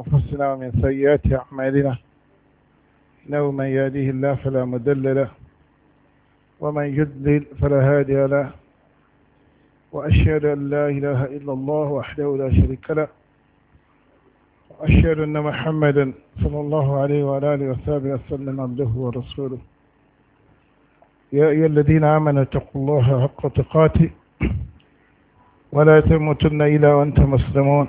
أنفسنا ومن سيئات أعمالنا إنه من يهديه الله فلا مدل له ومن يدلل فلا هادي له وأشهد أن لا إله إلا الله وحده لا شريك له وأشهد أن محمدا صلى الله عليه وعلى آله وصحبه وسلم عبده ورسوله يا أيها الذين آمنوا اتقوا الله حق تقاته ولا تموتن إلا وأنتم مسلمون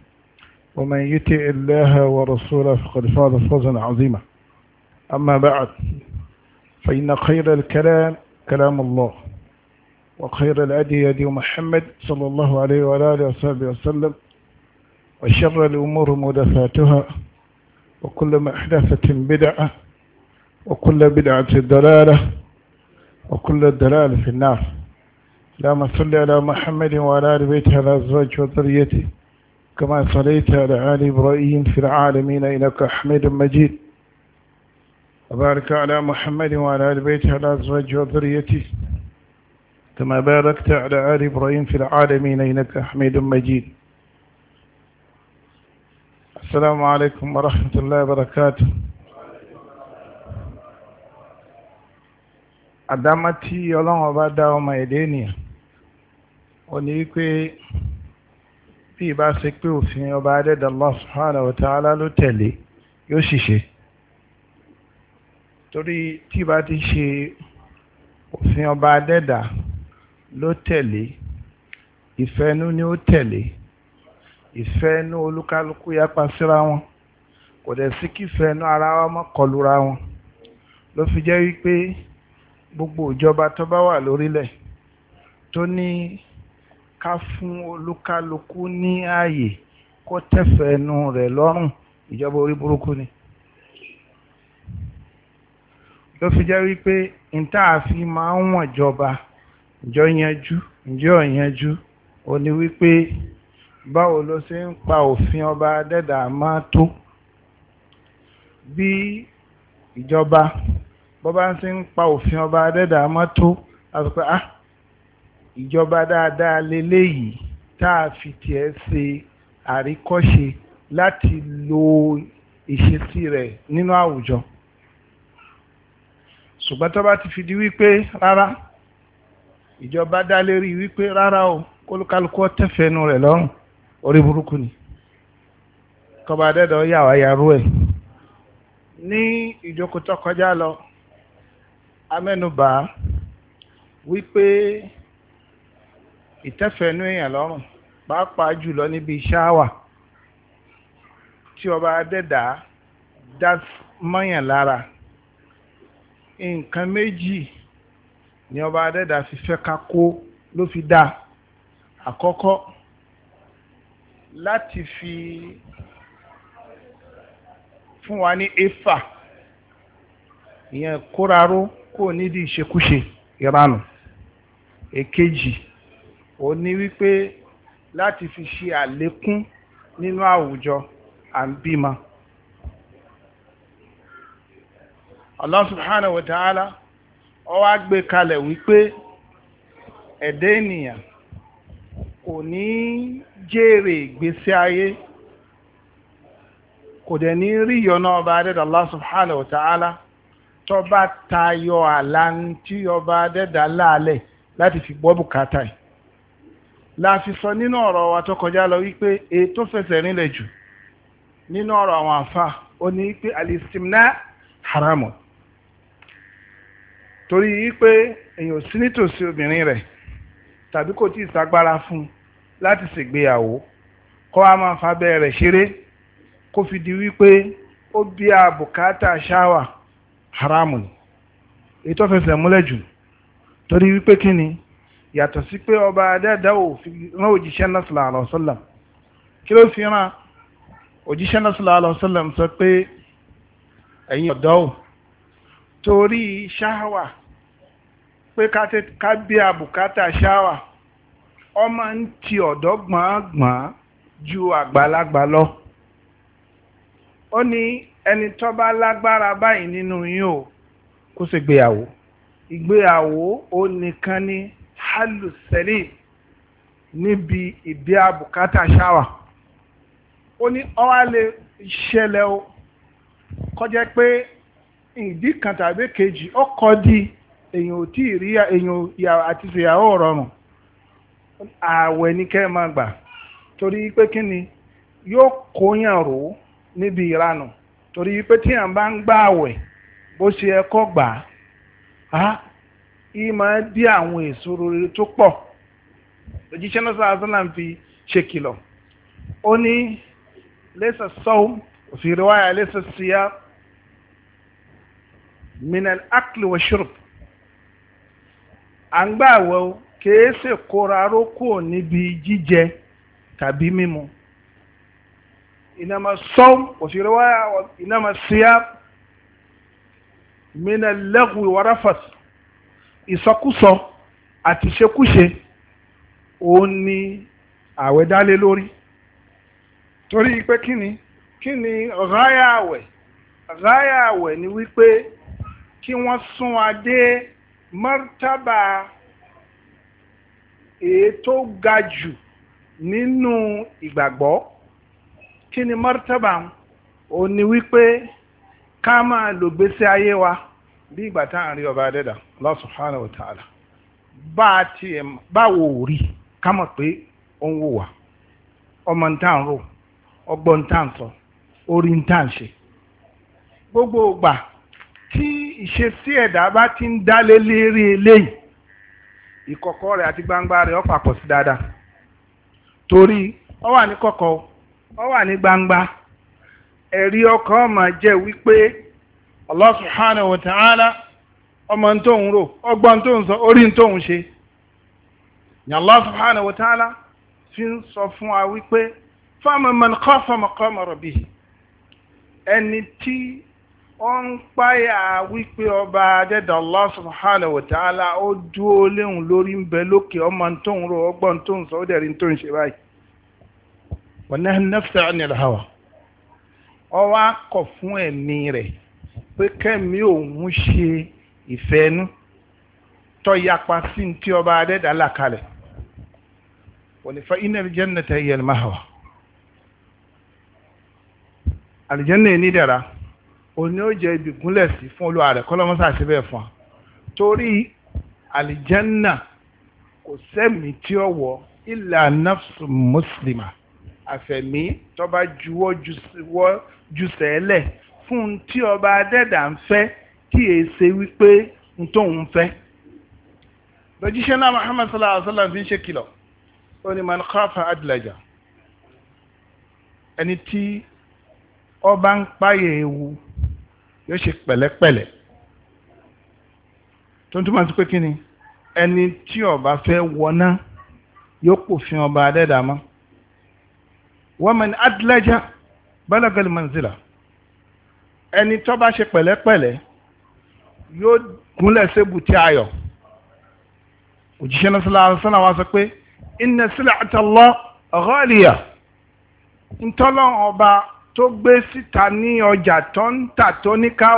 ومن يطع الله ورسوله فقد فاز فوزا عظيما أما بعد فإن خير الكلام كلام الله وخير الهدي هدي محمد صلى الله عليه وعلى آله وصحبه وسلم وشر الأمور محدثاتها وكل محدثة بدعة وكل بدعة ضلالة وكل ضلال في النار اللهم صل على محمد وعلى آل بيته على أزواجه وذريته كما صليت على آل إبراهيم في العالمين إنك حميد مجيد وبارك على محمد وعلى آل بيته الأزواج وذريته كما باركت على آل إبراهيم في العالمين إنك حميد مجيد السلام عليكم ورحمة الله وبركاته adamati ọlọ́run ọba dá ọmọ ẹ̀dẹ́ ó ní pé bí ìbá ṣe pé òfin ọba adẹ́dà Allah subhanahu wa ta'ala ló tẹ̀lé yóò ṣìṣe torí tí ìbá ti ṣe òfin ọba adẹ́dà ló tẹ̀lé ìfẹ́nú ni ó tẹ̀lé ìfẹ́nú olúkálukú yapa síra wọn kò dẹ̀ sí kí ìfẹ́nú ara wa mọ́ wọn ló fi jẹ́ wípé gbogbo ìjọba tó bá wà lórílẹ̀ tó ní ká fún olúkálukú ní ààyè kó tẹ́fẹ̀ẹ́nu rẹ̀ lọ́rùn ìjọba orí burúkú ni ló fi jẹ́ wípé ìtaàfi máa ń wọ̀n jọba ìjọ yanjú ìjọ yanjú ó ní wípé báwo ló ṣe ń pa òfin ọba dẹ́dà máa tó bí ìjọba bọ́bá ṣe ń pa òfin ọba dẹ́dà máa tó a sọ pé ah ìjọba dáadáa leléyìí tá a fi tiẹ̀ ṣe àríkọ́ṣe láti lo ìṣesí rẹ̀ nínú àwùjọ ṣùgbọ́n tó bá ti fi di wípé rárá ìjọba dá lérí wípé rárá o kólúkálukú tẹ̀fẹ́nu rẹ̀ lọ́rùn orí burúkú ni kọba adẹ́dọ̀ yà wá yarú ẹ̀ ní ìjókòó tó kọjá lọ amẹ́nubà wípé ìtẹ́fẹ̀ẹ́nú èèyàn lọ́rùn pàápàá jùlọ níbi ṣáwà tí ọba adẹ́dà dá mọ́yàn lára nǹkan méjì ni ọba adẹ́dà fi fẹ́ ká kó ló fi dá àkọ́kọ́ láti fi fún wa ní efa ìyẹn kóraró kò nídìí ìṣekúṣe ìranù èkejì. E òun ni wípé fi ṣe àlékún nínú àwùjọ à ń bímọ. Allah subhanahu wa ta'ala wá gbé kalẹ̀ wípé ẹ̀dẹ́ ènìyàn kò ní jèrè ìgbésí ayé kò dẹ̀ ní rí yọ̀nà ọba adẹ́dà Allah subhanahu wa ta'ala tayo bá tayọ àlá tí ọba adẹ́dà láàlẹ̀ fi gbọ́ bùkátà la fi sọ nínú ọ̀rọ̀ wa tó kọjá lọ wípé èyí tó fẹsẹ̀ rinlẹ̀ jù nínú ọ̀rọ̀ àwọn àfa ó ní wípé alistimna haramu torí wípé èèyàn sí nítòsí obìnrin rẹ̀ tàbí kò tíì sagbára fún láti ṣègbéyàwó kó a máa fa bẹ́ẹ̀rẹ̀ ṣeré kó fi di wípé ó bí a bùkátà ṣáwà haramu èyí tó fẹsẹ̀ múlẹ̀ jù torí wípé kí ni yàtọ̀ sí pé ọba adẹ́dá ò fi rán òjíṣẹ́ náà sallallahu alaihi wasallam kí ló fi rán òjíṣẹ́ náà sallallahu alaihi wasallam sọ pé ẹ̀yin ọ̀dọ́ ò torí ṣáwà pé ká bí àbùkátà ṣáwà ọmọ ń ti ọ̀dọ́ gbọ̀ngbọ̀n ju àgbàlagbà lọ ó ní ẹni tó bá lágbára báyìí nínú yín o kó ṣègbéyàwó ìgbéyàwó ó nìkan ni. Kani, mahalu salim níbi ìdí àbùkátà ṣáwà ó ní ọwá o kọjá pé ìdí kan tàbí kejì ó kọ́ di èyàn ò tí ì rí èyàn àti ìyàwó rọrùn ààwẹ̀ ní kẹ́ máa gbà torí pé kí ni yóò kóyàn rò ó níbi ìranù torí pé tíyàn bá ń gbà bó ṣe gbà yìí máa dí àwọn èso rere tó pọ̀ òjíṣẹ́ náà sáà sọ́nà fi ṣe kìlọ̀ ó ní lẹ́sà sọ́ọ́ fi riwaya lẹ́sà síyá minal akli wa shurb à ń gbà wọ kìí kóra rókò níbi jíjẹ tàbí mímu ìnàmà sọ́ọ́ òfi riwaya ìnàmà síyá minal lagwi wa rafas ìsọkúsọ àti ṣekúṣe òun ni àwẹ̀ dálé lórí torí pé kí ni kí ni ráyà àwẹ̀ ráyà àwẹ̀ ni wípé kí wọ́n sún adé mọ́tàbà èyí tó ga jù nínú ìgbàgbọ́ kí ni mọ́tàbà òun ni wípé ká máa lògbésí ayé wa. bí ìgbà tá rí ọba adẹ́dà Allah subhanahu wa ta'ala bá a tiẹ̀ báwo ò rí ká mọ̀ pé ó ń wò wá ọmọ ń tàn rò ọgbọ́n ń tàn sọ orí ń tàn ṣe gbogbo ìgbà tí ìṣesí ẹ̀dá bá ti ń dálé lérí eléyìí ìkọ̀kọ̀ rẹ̀ àti gbangba rẹ̀ ó papọ̀ sí dáadáa torí ó wà ní kọ̀kọ̀ ó wà ní gbangba ẹ̀rí ọkàn máa jẹ́ wípé Allah subhanahu wa ta'ala ọmọ tó ń rò ọgbọ́n tó ń sọ orí tó ń ṣe ni Allah subhanahu wa ta'ala fi ń sọ fún wa wípé fama man khafa maqama rabbihi ẹni tí ó ń páyà wípé ọba adẹ́dà Allah subhanahu wa ta'ala ó dúó léhùn lórí ń bẹ lókè ọmọ tó ń rò ọgbọ́n tó ń sọ ó dẹ̀rí tó ń ṣe báyìí wa kọ̀ fún ẹ̀mí rẹ̀ pé kẹ́mi òun ṣe ìfẹ́nu tó yapa sí ti ọba adẹ́dàá là kalẹ̀ wọ̀nìfà iná jẹ́nẹ̀tẹ̀ yẹlẹmà wà àlùjẹ́nà ẹni dára òní ó jẹ́ ibi gúnlẹ̀ sí fún olúwa rẹ̀ kọ́lọ́mọ́sá sí bẹ́ẹ̀ fún wa torí àlùjẹ́nà kò sẹ́mi tí ó wọ̀ illa nafsu muslima àfẹ̀mí tó bá juwọ́ ju sẹ́lẹ̀ fún un tí ọba adẹ́dà ń fẹ́ kí èé ṣe wípé n tó ń fẹ́. lójíṣẹ́ náà Muhammad sallallahu alaihi wa sallam fi ń ṣe kìlọ̀ ó ní man khafa adlaja ẹni tí ọba ń páyà ewu yóò ṣe pẹ̀lẹ́pẹ̀lẹ́ tó ń túmọ̀ kí ni ẹni tí ọba fẹ́ wọná yóò pòfin ọba adẹ́dà mọ́ wa man adlaja balagal manzila ẹni tó bá ṣe pẹ̀lẹ́pẹ̀lẹ́ yóò gúnlẹ̀ sébù tí a yọ òjíṣẹ́ náà sọ́lá sọ́lá wa sọ pé inna sil'ata Allah ghaliya ntọ́lọ́ ọba tó gbé síta ní ọjà tó ń tà tó ní ká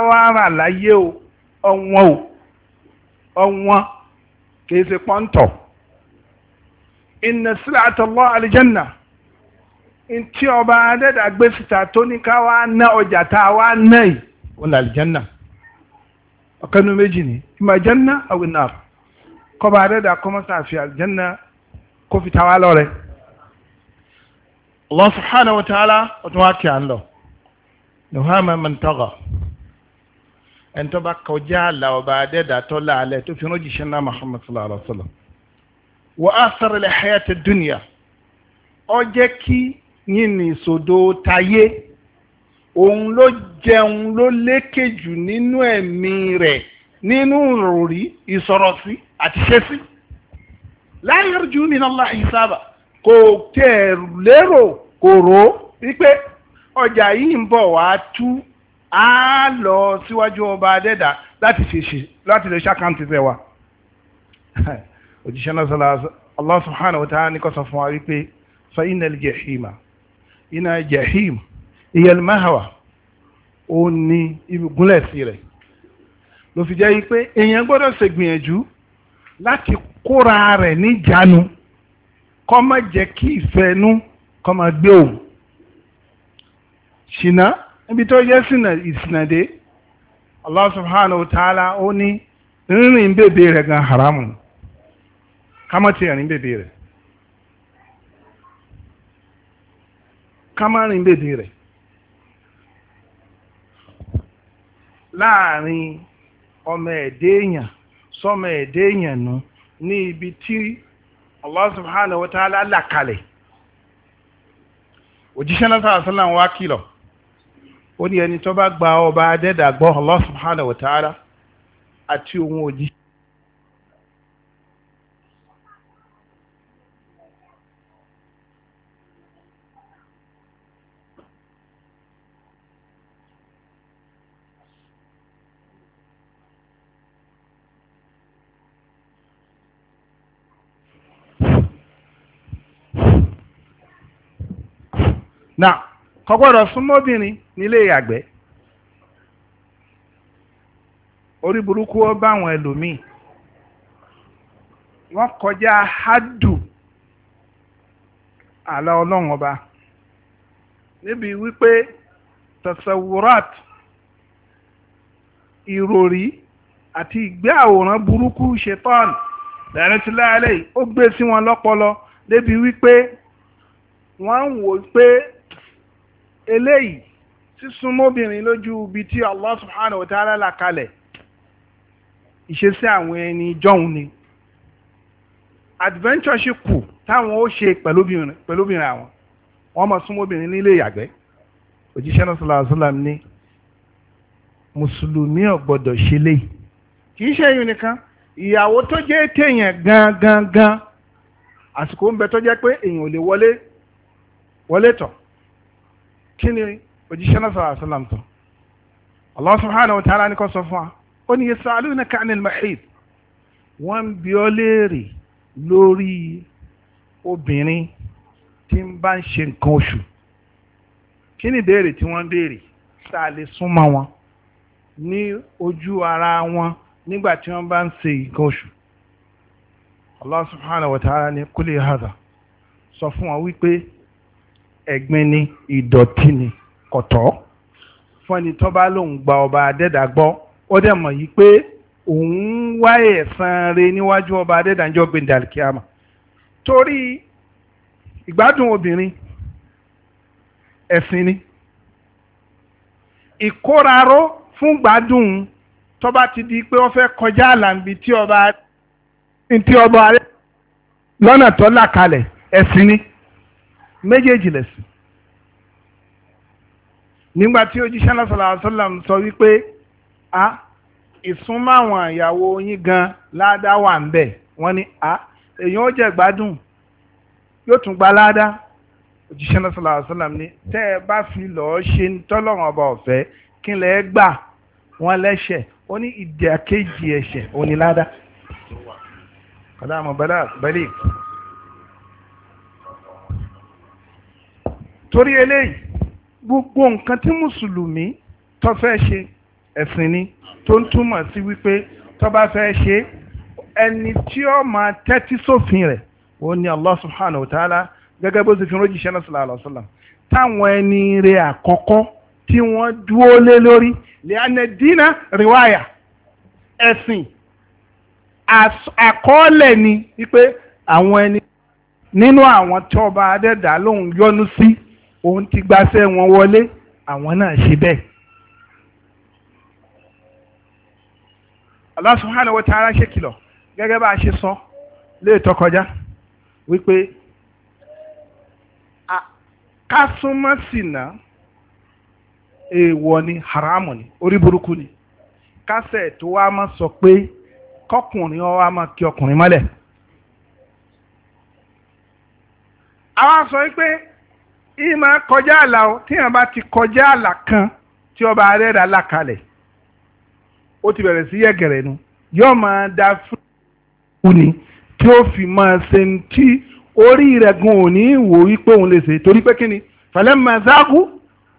láyé o ọ̀wọ́n o ọ̀wọ́n kì í ṣe pọ́ńtọ̀ inna sil'ata Allah al ntí ọba adẹ́dà gbé síta tó ní ká wá ná ọjà tá a wá ná yìí wọn là àlìjánná ọ̀kanú méjì ni ìmọ̀ àjánná àwọn náà kọba adẹ́dà kọ́mọ́sá àfi àlìjánná kó fi ta wá lọ́rẹ. Allah subhanahu wa ta'ala ọdún wa kì á ń lọ nuhama mantaga ẹni tó kọjá àlà ọba adẹ́dà tó láàlẹ̀ tó fi ránjì ṣẹ́ná Muhammad sallallahu alayhi wa sallam wa athara al-hayata ad-dunya jẹ́ kí. yìnyín ìsòdò tayé òun ló jẹun ló lékè jù nínú ẹ̀mí rẹ̀ nínú isorosi ìsọ̀rọ̀sí àti ṣẹ́sí láyọ̀rọ̀ jù min Allah ìsábà kò tẹ̀ lérò kò rò ó wípé ọjà yìí ń bọ̀ wá tú á lọ síwájú ọba adẹ́dà láti ṣèṣe láti lè ṣàkáǹtì tẹ̀ wá òjíṣẹ́ náà sọ̀rọ̀ Allah subhanahu wa ní kó fún wa wípé iná jahim ìyẹn mahawa ó ní ibùgúnlẹ̀ sí rẹ̀ ló fi jẹ́ pé èèyàn gbọ́dọ̀ ṣègbìyànjú láti kóra rẹ̀ níjàánu kó má jẹ́ kí ìfẹ́nu kó má gbé òun ṣìnà níbi tó yẹ sínà ìsìnàdé Allah subhanahu wa ta'ala ó ní rírìn bèbè rẹ̀ gan haramu kámọ́tì ẹ̀rín bèbè rẹ̀ kamarin lédè rẹ̀ láàrin ọmọ ẹ̀dẹ́ èèyàn sọmọ ẹ̀dẹ́ èèyàn nù ní ibi tí Allah subhanahu wa ta'ala òjíṣẹ́ náà sáà sọ́nà wá kìlọ̀ ó ní ẹni tó bá gba ọba adẹ́dàgbọ́ Allah subhanahu wa àti ohun òjíṣẹ́. na kò gbọ́dọ̀ súnmọ́bìnrin nílé ìyàgbẹ́ orí burúkú ó bá àwọn ẹlòmíì wọ́n kọjá hádù àlà ọlọ́run ọba níbi wípé tasawurat ìròrí àti ìgbé àwòrán burúkú ṣetán lẹ́nu tí láàlẹ́ yìí ó gbé sí wọn lọ́pọlọ débi wípé wọ́n ń wò pé eléyìí sísun mọ́bìnrin lójú ibi tí Allah subhanahu wa ta'ala là kalẹ̀ ìṣesí àwọn ẹni jọ́hun ni adventure ṣì kù táwọn ó ṣe pẹ̀lúbìnrin àwọn wọ́n máa sún mọ́bìnrin nílé ìyàgbẹ́ òjíṣẹ́ náà sallallahu alaihi wasallam ní mùsùlùmí ò ṣe lé kì í ṣe ẹ̀yìn nìkan ìyàwó tó jẹ́ téèyàn gan gan gan àsìkò ń bẹ tó jẹ́ pé èèyàn ò lè wọlé wọlé tọ̀ kí ni òjíṣẹ́ náà sọ̀rọ̀ àṣọ làǹtọ̀ Allah subhanahu wa ta'ala ní kò sọ fún wa ó ní yas'alunaka 'anil mahid wọ́n ń bi ọ́ léèrè lórí obìnrin tí ń bá ń ṣe nǹkan oṣù kí ni ìbéèrè tí wọ́n béèrè tá a lè súnmọ́ wọn ní ojú ara wọn nígbà tí wọ́n bá ń ṣe nǹkan oṣù Allah subhanahu wa ta'ala ní kúlẹ̀ hadha sọ fún wa wípé ẹ̀gbin ni ìdọ̀tí ni kọ̀tọ́ fúnni tó bá lòun gba ọba adẹ́dà gbọ́ ó dẹ̀ mọ̀ yí pé òun wá ẹ̀san re níwájú ọba adẹ́dà ńjọ́ gbẹ̀ndàlkíámà torí ìgbádùn obìnrin ẹ̀sìn ni ìkóraró fún gbádùn tó bá ti di pé ó fẹ́ kọjá àlàǹbì tí ọba tí ọba lọ́nà tó là kalẹ̀ ẹ̀sìn ni méjèèjì lẹ̀sìn nígbà tí òjíṣẹ́ náà sọ wípé a ìsúnmọ́ àwọn ìyàwó yín gan ládàá wà ń bẹ̀ wọ́n ní a èèyàn ó jẹ́ gbádùn yóò tún gba ládàá òjíṣẹ́ náà sọ̀rọ̀ àṣọlá ní tẹ́ ẹ bá fi lọ́ọ́ ṣe ń tọ́lọ́run ọba ọ̀fẹ́ kí n lẹ́ gbà wọ́n lẹ́ṣẹ̀ ó ní ìdàkejì ẹ̀ṣẹ̀ òní ládàá. kọ́dà àmọ́ bẹ́lẹ̀ bẹ́lẹ̀. torí eléyìí gbogbo nǹkan tí mùsùlùmí tó fẹ́ ṣe ẹ̀sìn ni tó ń túmọ̀ sí wípé tó bá fẹ́ ṣe ẹni tí ó máa tẹ́tí sófin rẹ̀ ó ní Allah subhanahu wa ta'ala gẹ́gẹ́ bó ti fi ránṣẹ́ náà sallallahu alaihi wasallam táwọn ẹni rẹ̀ àkọ́kọ́ tí wọ́n dúó lé lórí lẹ́yìn dínà rìwáyà ẹ̀sìn àkọọ́lẹ̀ ni wípé àwọn ẹni nínú àwọn tí ọba adẹ́dàá lòun yọ́nú sí. Si òun ti gbaṣẹ́ wọn wọlé àwọn náà ṣe bẹ́ẹ̀. Allah subhanahu wa ta'ala ṣe kìlọ̀ gẹ́gẹ́ bá a ṣe sọ léètọ́ kọjá wípé ká súnmọ́ sínà èèwọ̀ ni haramu ni orí burúkú ni kásẹ̀ tó wá máa sọ pé kọkùnrin ọ wá máa kí ọkùnrin mọ́lẹ̀. àwa sọ pé yìí máa kọjá àlà o tíyàn bá ti kọjá àlà kan tí ọba arẹ́ra là kalẹ̀ ó ti bẹ̀rẹ̀ sí yẹ̀gẹ̀rẹ̀ nu yóò máa da fún ni tí ó fi máa ṣe ń tí orí rẹ̀ gan ò ní wò wípé òun lè ṣe torí pé kí ni falamma zaagu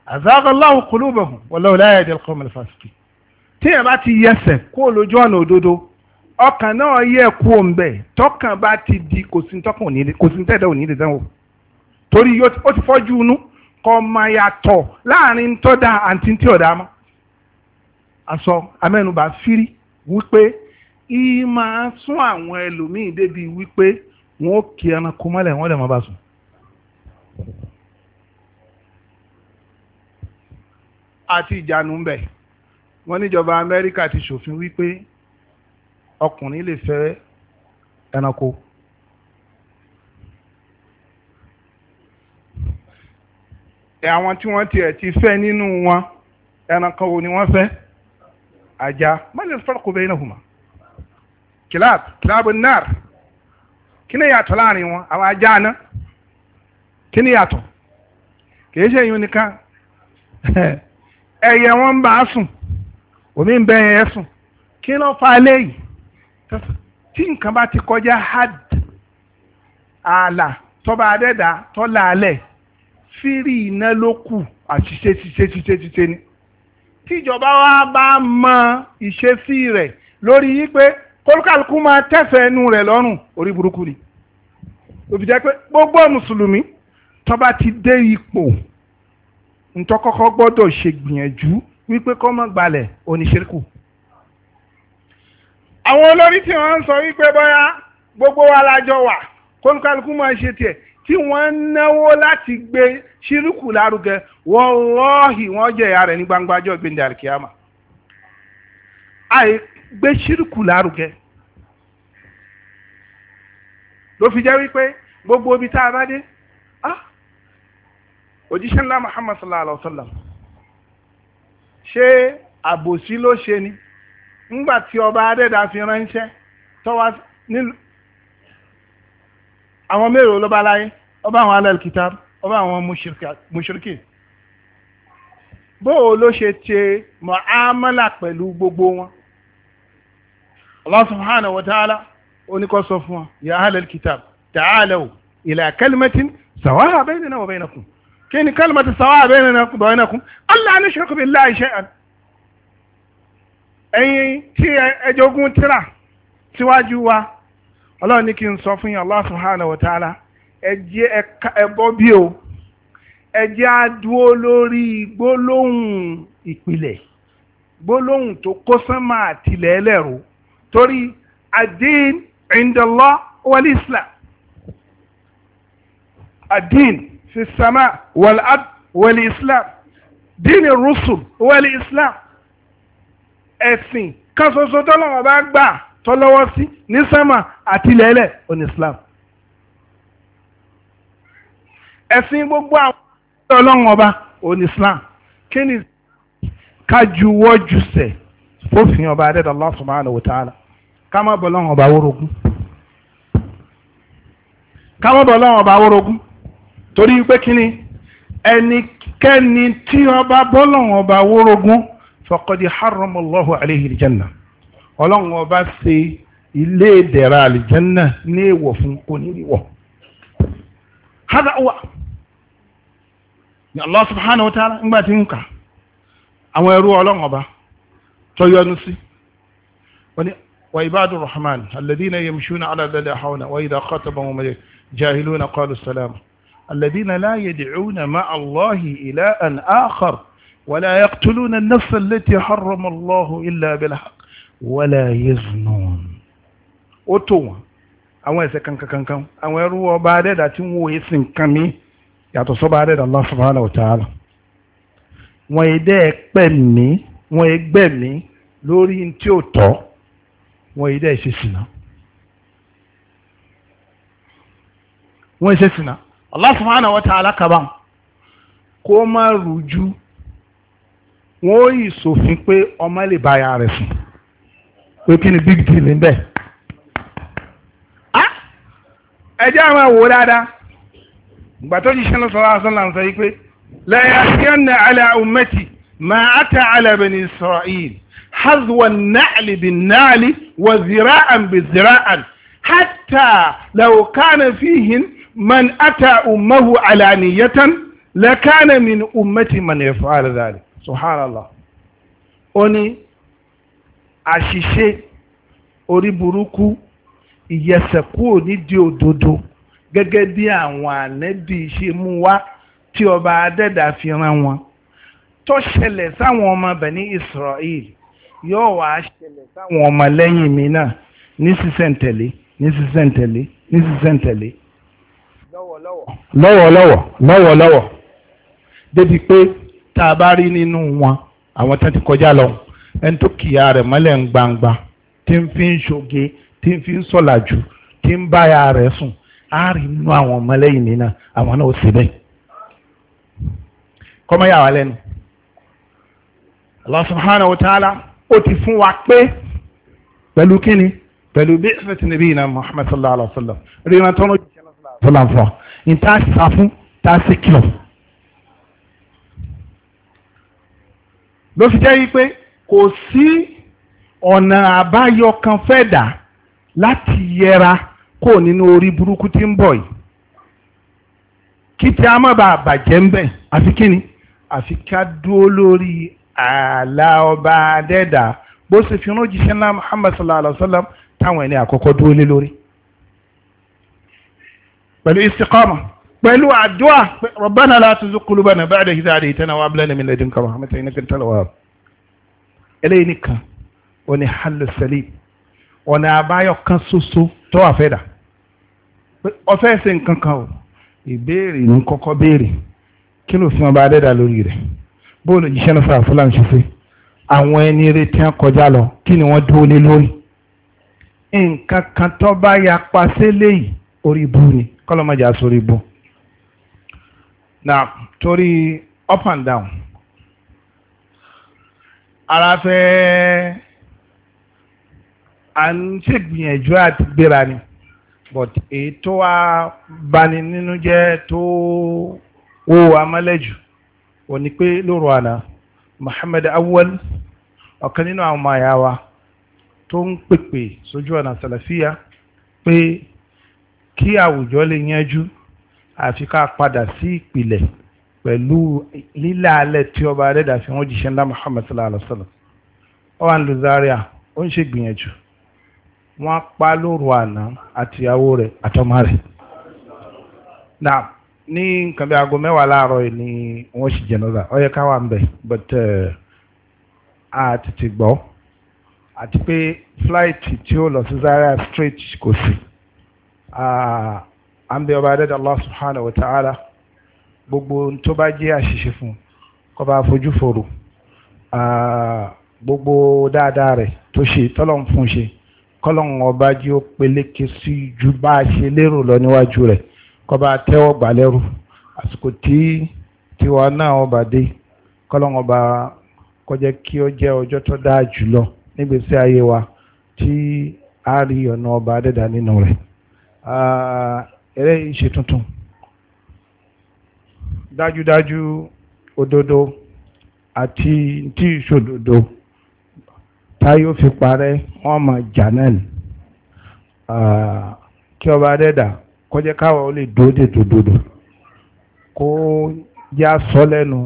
azaaga Allahu qulubahum wallahu la yahdi al-qawma al bá ti yẹsẹ̀ kó lójú ọ̀nà òdodo ọkàn náà yẹ kú òǹbẹ̀ tọkàn bá ti di kò òní lè dánwò. torí ó ti fọ́jú inú kọ́ máa yàtọ̀ láàrin tó da tí ò mọ́ amẹ́nubà wípé ìyí máa sún àwọn ẹlòmíì débi wípé wọn ó kí ẹranko mọ́lẹ̀ wọn lè má sùn. àti ìjànú ń àwọn tí wọ́n tiẹ̀ ti fẹ́ nínú wọn ẹranko wo ni wọ́n fẹ́ ajá mọ́lẹ̀ fọ́lọ́kù bẹ́ẹ̀ náà hùmà kìláàb kìláàb náà kí ni yàtọ̀ láàrin wọn àwọn ajá àná kí ni yàtọ̀ kìí ṣe yun nìkan ẹyẹ wọn ń sùn omi ń bẹ yẹn sùn kí fa eléyìí tí nǹkan bá ti kọjá hard ààlà tọ́ba adẹ́dà fírì iná ló kù àṣìṣe ṣiṣe ṣiṣe ṣiṣe ni tíjọba wa bá mọ ìṣesí rẹ̀ lórí yí pé kólúkàlùkù máa tẹ̀sẹ̀ ẹnu rẹ̀ lọ́rùn orí burúkú ni òbí jẹ́ pé gbogbo mùsùlùmí tọ́ba ti dé ipò ntọ́kọ́kọ́ gbọ́dọ̀ ṣe gbìyànjú wípé kọ́ mọ́ gbalẹ̀ oníṣẹ́kù. àwọn olórí tí wọ́n ń sọ wípé bóyá gbogbo wa lájọ wà kólúkàlùkù máa ṣe tiẹ̀ tí wọ́n ń náwó láti gbé ṣírùkù lárugẹ wọ́n lọ́ọ̀hì wọ́n jẹ ìyà rẹ̀ ní gbangba ọjọ́ ìgbéǹde àríkíámà àì gbé ṣírùkù lárugẹ ló fi jẹ́ wípé gbogbo ibi tá a bá dé ah, òjíṣẹ́ ńlá Muhammad sallallahu alaihi wa sallam ṣé àbòsí ló ṣe ni tí ọba adẹ́dà fi ránṣẹ́ tọ́wá àwọn mẹ́rin ló bá láyé ó bá àwọn alal kitab ó bá àwọn mushriki bóò ló ṣe ṣe muamala pẹ̀lú gbogbo wọn Allah subhanahu wa ta'ala ó ní kó sọ fún wọn ya alal kitab ta'alaw ila kalimatin sawa'a baynana wa baynakum kí ni kalimatu sawa'a baynana wa baynakum tí ẹjọ́gún tíra síwájú wa ọlọ́run ní kí n sọ fún yín Allah subhanahu wa ta'ala ẹjẹ́ ẹbọ́ bí o ẹjẹ́ adúó lórí gbólóhùn ìpìlẹ̀ gbólóhùn tó kó sánmà àtìlẹ̀ ẹlẹ́rú torí adin indallah wal islam adin fi wal ad wal islam dini rusul wal islam ẹ̀sìn kan ṣoṣo tọ́lọ́wọ́ bá gbà tọ́lọ́wọ́ sí ní sánmà àti ilẹ̀ẹ́lẹ̀ òní islam ẹ̀sìn gbogbo àwọn ọlọ́run ọba òní islam kí ni kájúwọ́júsẹ̀ fófin ọba adẹ́dàá Allah subhanahu wa ta'ala ká má bọ̀ lọ́run ọba wórogún ká má bọ̀ lọ́run ọba wórogún torí pé kí ni ẹnikẹ́ni tí ọba bọ́ ọba wórogún faqad harramallahu alayhi aljanna. ọlọ́run ọba ṣe ilé ìdẹ̀ra àlìjẹ́nà ní èèwọ̀ fún kò ní hada wa ni Allah subhanahu wa ta'ala ńgbà tí ń kà àwọn ẹrú ọlọ́run ọba tó yọ́nú sí wọ́n wa ibadu rahman alladina yamshuna ala dada hawna wa idha khatabahum jahiluna qalu salama alladina la yad'una ma allahi ilahan akhar ولا يقتلون النفس التي حرم الله إلا بالحق wala yaznun O to wọn àwọn ẹ̀ṣẹ̀ kankankan àwọn ẹrú ọba adẹ́dà tí wọn ò yé sí nǹkan mi yàtọ̀ sọ́ba adẹ́dà Allah subhanahu wa ta'ala wọn yìí dẹ́ pẹ́ mi wọn yìí gbẹ́ mi lórí tí ò tọ́ wọn yìí dẹ́ ṣe wọn yìí ṣe sìnà Allah subhanahu wa ta'ala kaba kó má rújú wọn ò yìí sòfin pé ọmọ lè bá ya rẹ̀ sùn. pé kí ni big deal ń bẹ̀. Ah! ẹjẹ́ àwọn àwò dáadáa ìgbà tó jíṣẹ́ lọ́sọ̀ láàṣọ là ń sọ yìí pé lẹ́yìn àṣìyàn ala ummati ma ata ala bani isra'il hazwa na'li bin na'li wa zira'an bi zira'an hatta law kana fihin man ata ummahu alaniyatan la kana min ummati man yaf'al dhalik subhanallah oni àṣìṣe orí burúkú ìyẹsẹ̀kúò nídìí òdodo gẹ́gẹ́ bí àwọn ànẹ́bí ṣe mú wá tí ọba adẹ́dà fi rán wọn tó ṣẹlẹ̀ sáwọn ọmọ bẹ̀ní Israel yóò wá ṣẹlẹ̀ sáwọn ọmọ lẹ́yìn mi náà ní sísẹ̀ntẹ̀lé ní sísẹ̀ntẹ̀lé ní sísẹ̀ntẹ̀lé lọ́wọ́lọ́wọ́ lọ́wọ́lọ́wọ́ lọ́wọ́lọ́wọ́ débi pé tá a bá rí nínú wọn àwọn tó ti kọjá lọ́hùn ẹni tó kìyà rẹ̀ mọ́lẹ̀ ń gbangba tí ń fi ń ṣoge tí ń fi ń sọ̀làjù tí ń báyà rẹ̀ sùn á rí inú àwọn ọmọlẹ́yìn nínà àwọn náà ó sì bẹ́ẹ̀. kọ́mọ́yà wà lẹ́nu Allah subhanahu wa ta'ala ó ti fún wa pé pẹ̀lú kíni pẹ̀lú bí ẹ̀sìn níbí iná Muhammad sallallahu alayhi wa sallam rí iná tọ́nu jù sọ́lá ń fọ́ ní tá a sá fún tá a sì kìlọ̀ ló fi jẹ́ yí pé kò sí ọ̀nà àbáyọ kan fẹ́ dà láti yẹra kó nínú orí burúkú tí ń bọ̀ yìí kí tí a má bàa bàjẹ́ ń bẹ̀ àfi kíni àfi ká dúró lórí ààlà ọba adẹ́dà bó ṣe fi rán jíṣẹ́ ńlá Muhammad sallallahu alaihi wa sallam táwọn ẹni àkọ́kọ́ dúró lé lórí pẹ̀lú istiqama pẹ̀lú àdúrà rabbana la tuzigh qulubana ba'da idh hadaytana wa hab lana min ladunka rahmatan innaka antal wahhab eléyìí nìkan ó ní hallu salim ọ̀nà àbáyọ kan soso tó wà fẹ́ dà ọfẹ́ ṣe nǹkan kan o ìbéèrè ń kọ́kọ́ béèrè kí ló fún ọba adẹ́dà lórí rẹ̀ bóòlù jíṣẹ́ náà fà fúlàní ṣoṣo àwọn ẹni retí ń kọjá lọ kí ni wọ́n dúró lé lórí nǹkan kan tó bá ya pa sílé yìí orí ibu ni kọ́lọ́mọjà sórí ibu na torí up and down. ara fẹ́ à ń ṣègbìyànjú àti gbéra ni but èyí tó wá bani nínú jẹ́ tó wó amálẹ́jù wọ́n ni pé lóru àná Muhammad Awwal ọ̀kan nínú àwọn ọmọ àyà wa tó ń pèpè sójú ọ̀nà sàlàfíà pé kí àwùjọ lè yanjú àfi ká padà sí ìpìlẹ̀. Si pẹ̀lú lílà alẹ́ tí ọba adẹ́dà fi wọ́n jíṣẹ́ ńlá Muhammad sallallahu alaihi wa sallam ọ wà ń lu Zaria ó ń ṣe gbìyànjú wọ́n pa lóru àná àtìyàwó rẹ̀ àtọmọ rẹ̀ náà ní nǹkan bí aago mẹ́wàá láàárọ̀ yìí ni wọ́n ṣì jẹ̀nọ́dà ọ yẹ ká wà ń bẹ̀ but eh, a tètè gbọ́ àti pé flight tí ó lọ sí Zaria straight kò sí ah, à ń bẹ ọba adẹ́dà Allah subhanahu wa ta'ala gbogbo tó bá jẹ́ àṣìṣe fún kó bá fojú fòrò gbogbo dáadáa rẹ̀ tó ṣe tọ́lọ́n fún ṣe kọ́lọ́n ọba jí ó peléke sí ju bá a ṣe lérò lọ níwájú rẹ̀ kó bá tẹ́wọ́ gbà lẹ́rù àsìkò tí tiwa náà ọba dé kọ́lọ́n ọba kó kí ó jẹ́ ọjọ́ tó dáa jùlọ nígbésí ayé wa tí a rí ọ̀nà ọba adẹ́dà nínú rẹ̀ eré ìṣe tuntun dájúdájú òdodo àti tí ìṣòdodo táyọ̀ fi parẹ́ wọ́n máa jà náà ni ah, kí ọba adẹ́dà kọjẹ́ káwa ó lè dúró dè tòdodo kó já sọ lẹ́nu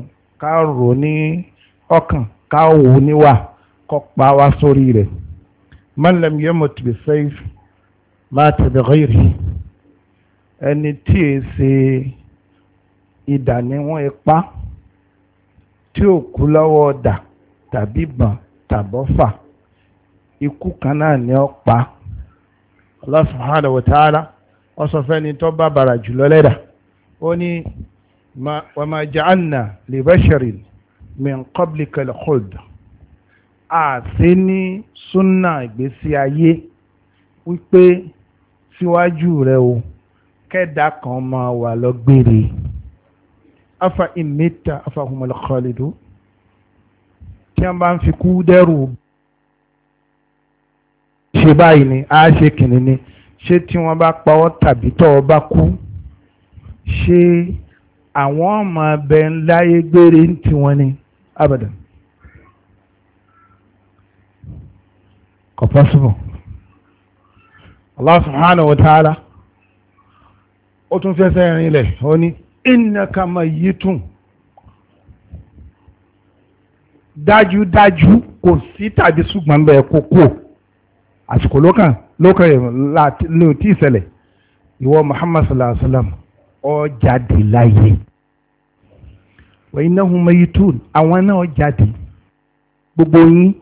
ká rò ní ọkàn ká wò níwà kọ́ pa wá sórí rẹ̀ man lam yamut bi sayf mata bi ghayri ẹni tí è ṣe ìdà ni wọ́n ipá tí ò kú lọ́wọ́ ọ̀dà tàbí ìbọn tàbọ́fà ikú kan náà ni ó pa Allah subhanahu wa ta'ala ó sọ fẹ́ni tó bá bàrà jùlọ lẹ́dà ó ní wa ma ja'alna li basharin min qablika al àti ní súnà ìgbésí ayé wípé síwájú rẹ o kẹ́dà kan máa wà lọ́gbére afa ìmẹ́ta afahumul khalidu tí wọ́n bá ń fi kú dẹ́rù ṣe báyìí ni a ṣe kìnìún ni ṣé tí wọ́n bá pa ọ́ tàbí tọ́ ọ bá àwọn ọmọ abẹ ńláyé gbére ń tiwọn ni abadan kò possible Allah subhanahu wa ta'ala ó tún fẹsẹ̀ rinlẹ̀ ní innaka mayyitun dájúdájú kò sí tàbí ṣùgbọ́n bẹ́ẹ̀ kó kú àsìkò lókàn lókàn ní ò tí ì ìwọ muhammad sallallahu alayhi wa sallam ó jáde láyé wa innahum mayyitun àwọn náà ó jáde gbogbo yín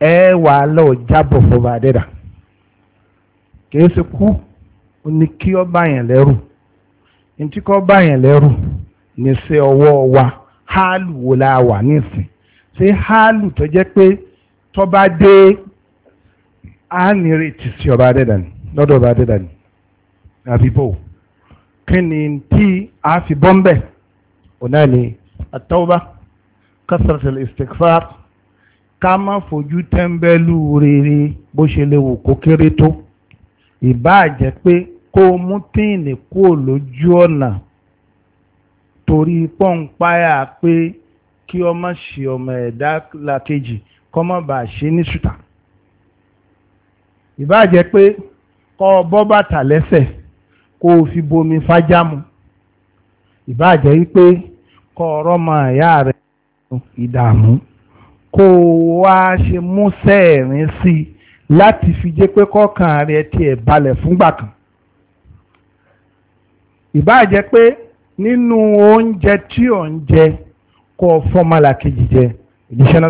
ẹ wà lọ jábọ̀ fọba àdẹ́dà kìí ṣe kú ó kí ọ bá yẹn lẹ́rù ntí kọ́ báyẹn lẹ́rù ní sí ọwọ́ wa háàlù wo la wà nísìn ṣé háàlù tó jẹ́ pé tó bá dé á nírètí sí ọba adẹ́dàní lọ́dọ̀ ọba adẹ́dàní àbí bò kí ni tí a fi bọ́m̀bẹ̀ ọ̀nà ni àtọ́wọ́bá kásàtìlì istikfar ká má fojú tẹ́ńbẹ́lú rere bó ṣe lè kó kéré tó ìbáà jẹ́ pé kó mú tíìnì kúrò lójú ọ̀nà torí pọ́ǹpáyà pé kí ọmọ ṣe ọmọ ẹ̀dá làkejì kọ́mọ bá ṣe ní ṣùtà ìbáàjẹ́ pé kọ́ bọ́ bàtà lẹ́sẹ̀ kó o fi bomi fájámu ìbáàjẹ́ wípé kọ́ ọ̀rọ̀ mọ ìyá rẹ̀ ìdààmú kó o wá ṣe mú sẹ́ẹ̀rín sí i láti fi jẹ́ pé kọ́kàn rẹ̀ tiẹ̀ balẹ̀ fúngbà kan. ìbáà jẹ́ pé nínú oúnjẹ tí ò ń jẹ kó o kejì jẹ ìdíṣẹ́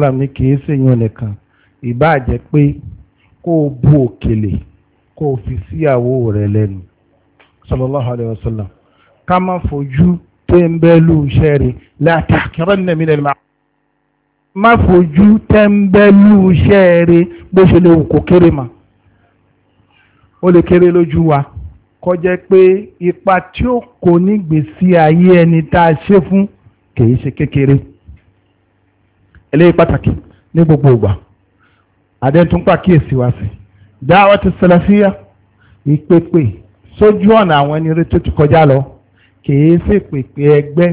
náà ní kì í nìkan ìbáà pé kó o bu òkèlè kó o fi síyàwó rẹ lẹ́nu sallallahu alayhi wa sallam ká má fojú tẹ́ńbẹ́lú iṣẹ́ rẹ̀ láti àkẹ́rọ̀ nínú mi lẹ́nu má fojú tẹ́ńbẹ́lú iṣẹ́ bó ṣe lè wù kó kéré ma, ó lè kéré lójú wa. kó jẹ́ pé ipa tí ó kó nígbèsí ayé ẹni tá a ṣe fún kìí ṣe kékeré eléyìí pàtàkì ní gbogbo ìgbà adẹ́túnpà kíyèsí wá sí dáwọ́ ti sẹlẹ̀fíà ìpèpè sójú ọ̀nà àwọn ẹni rí tó ti kọjá lọ kìí ṣe pèpè ẹgbẹ́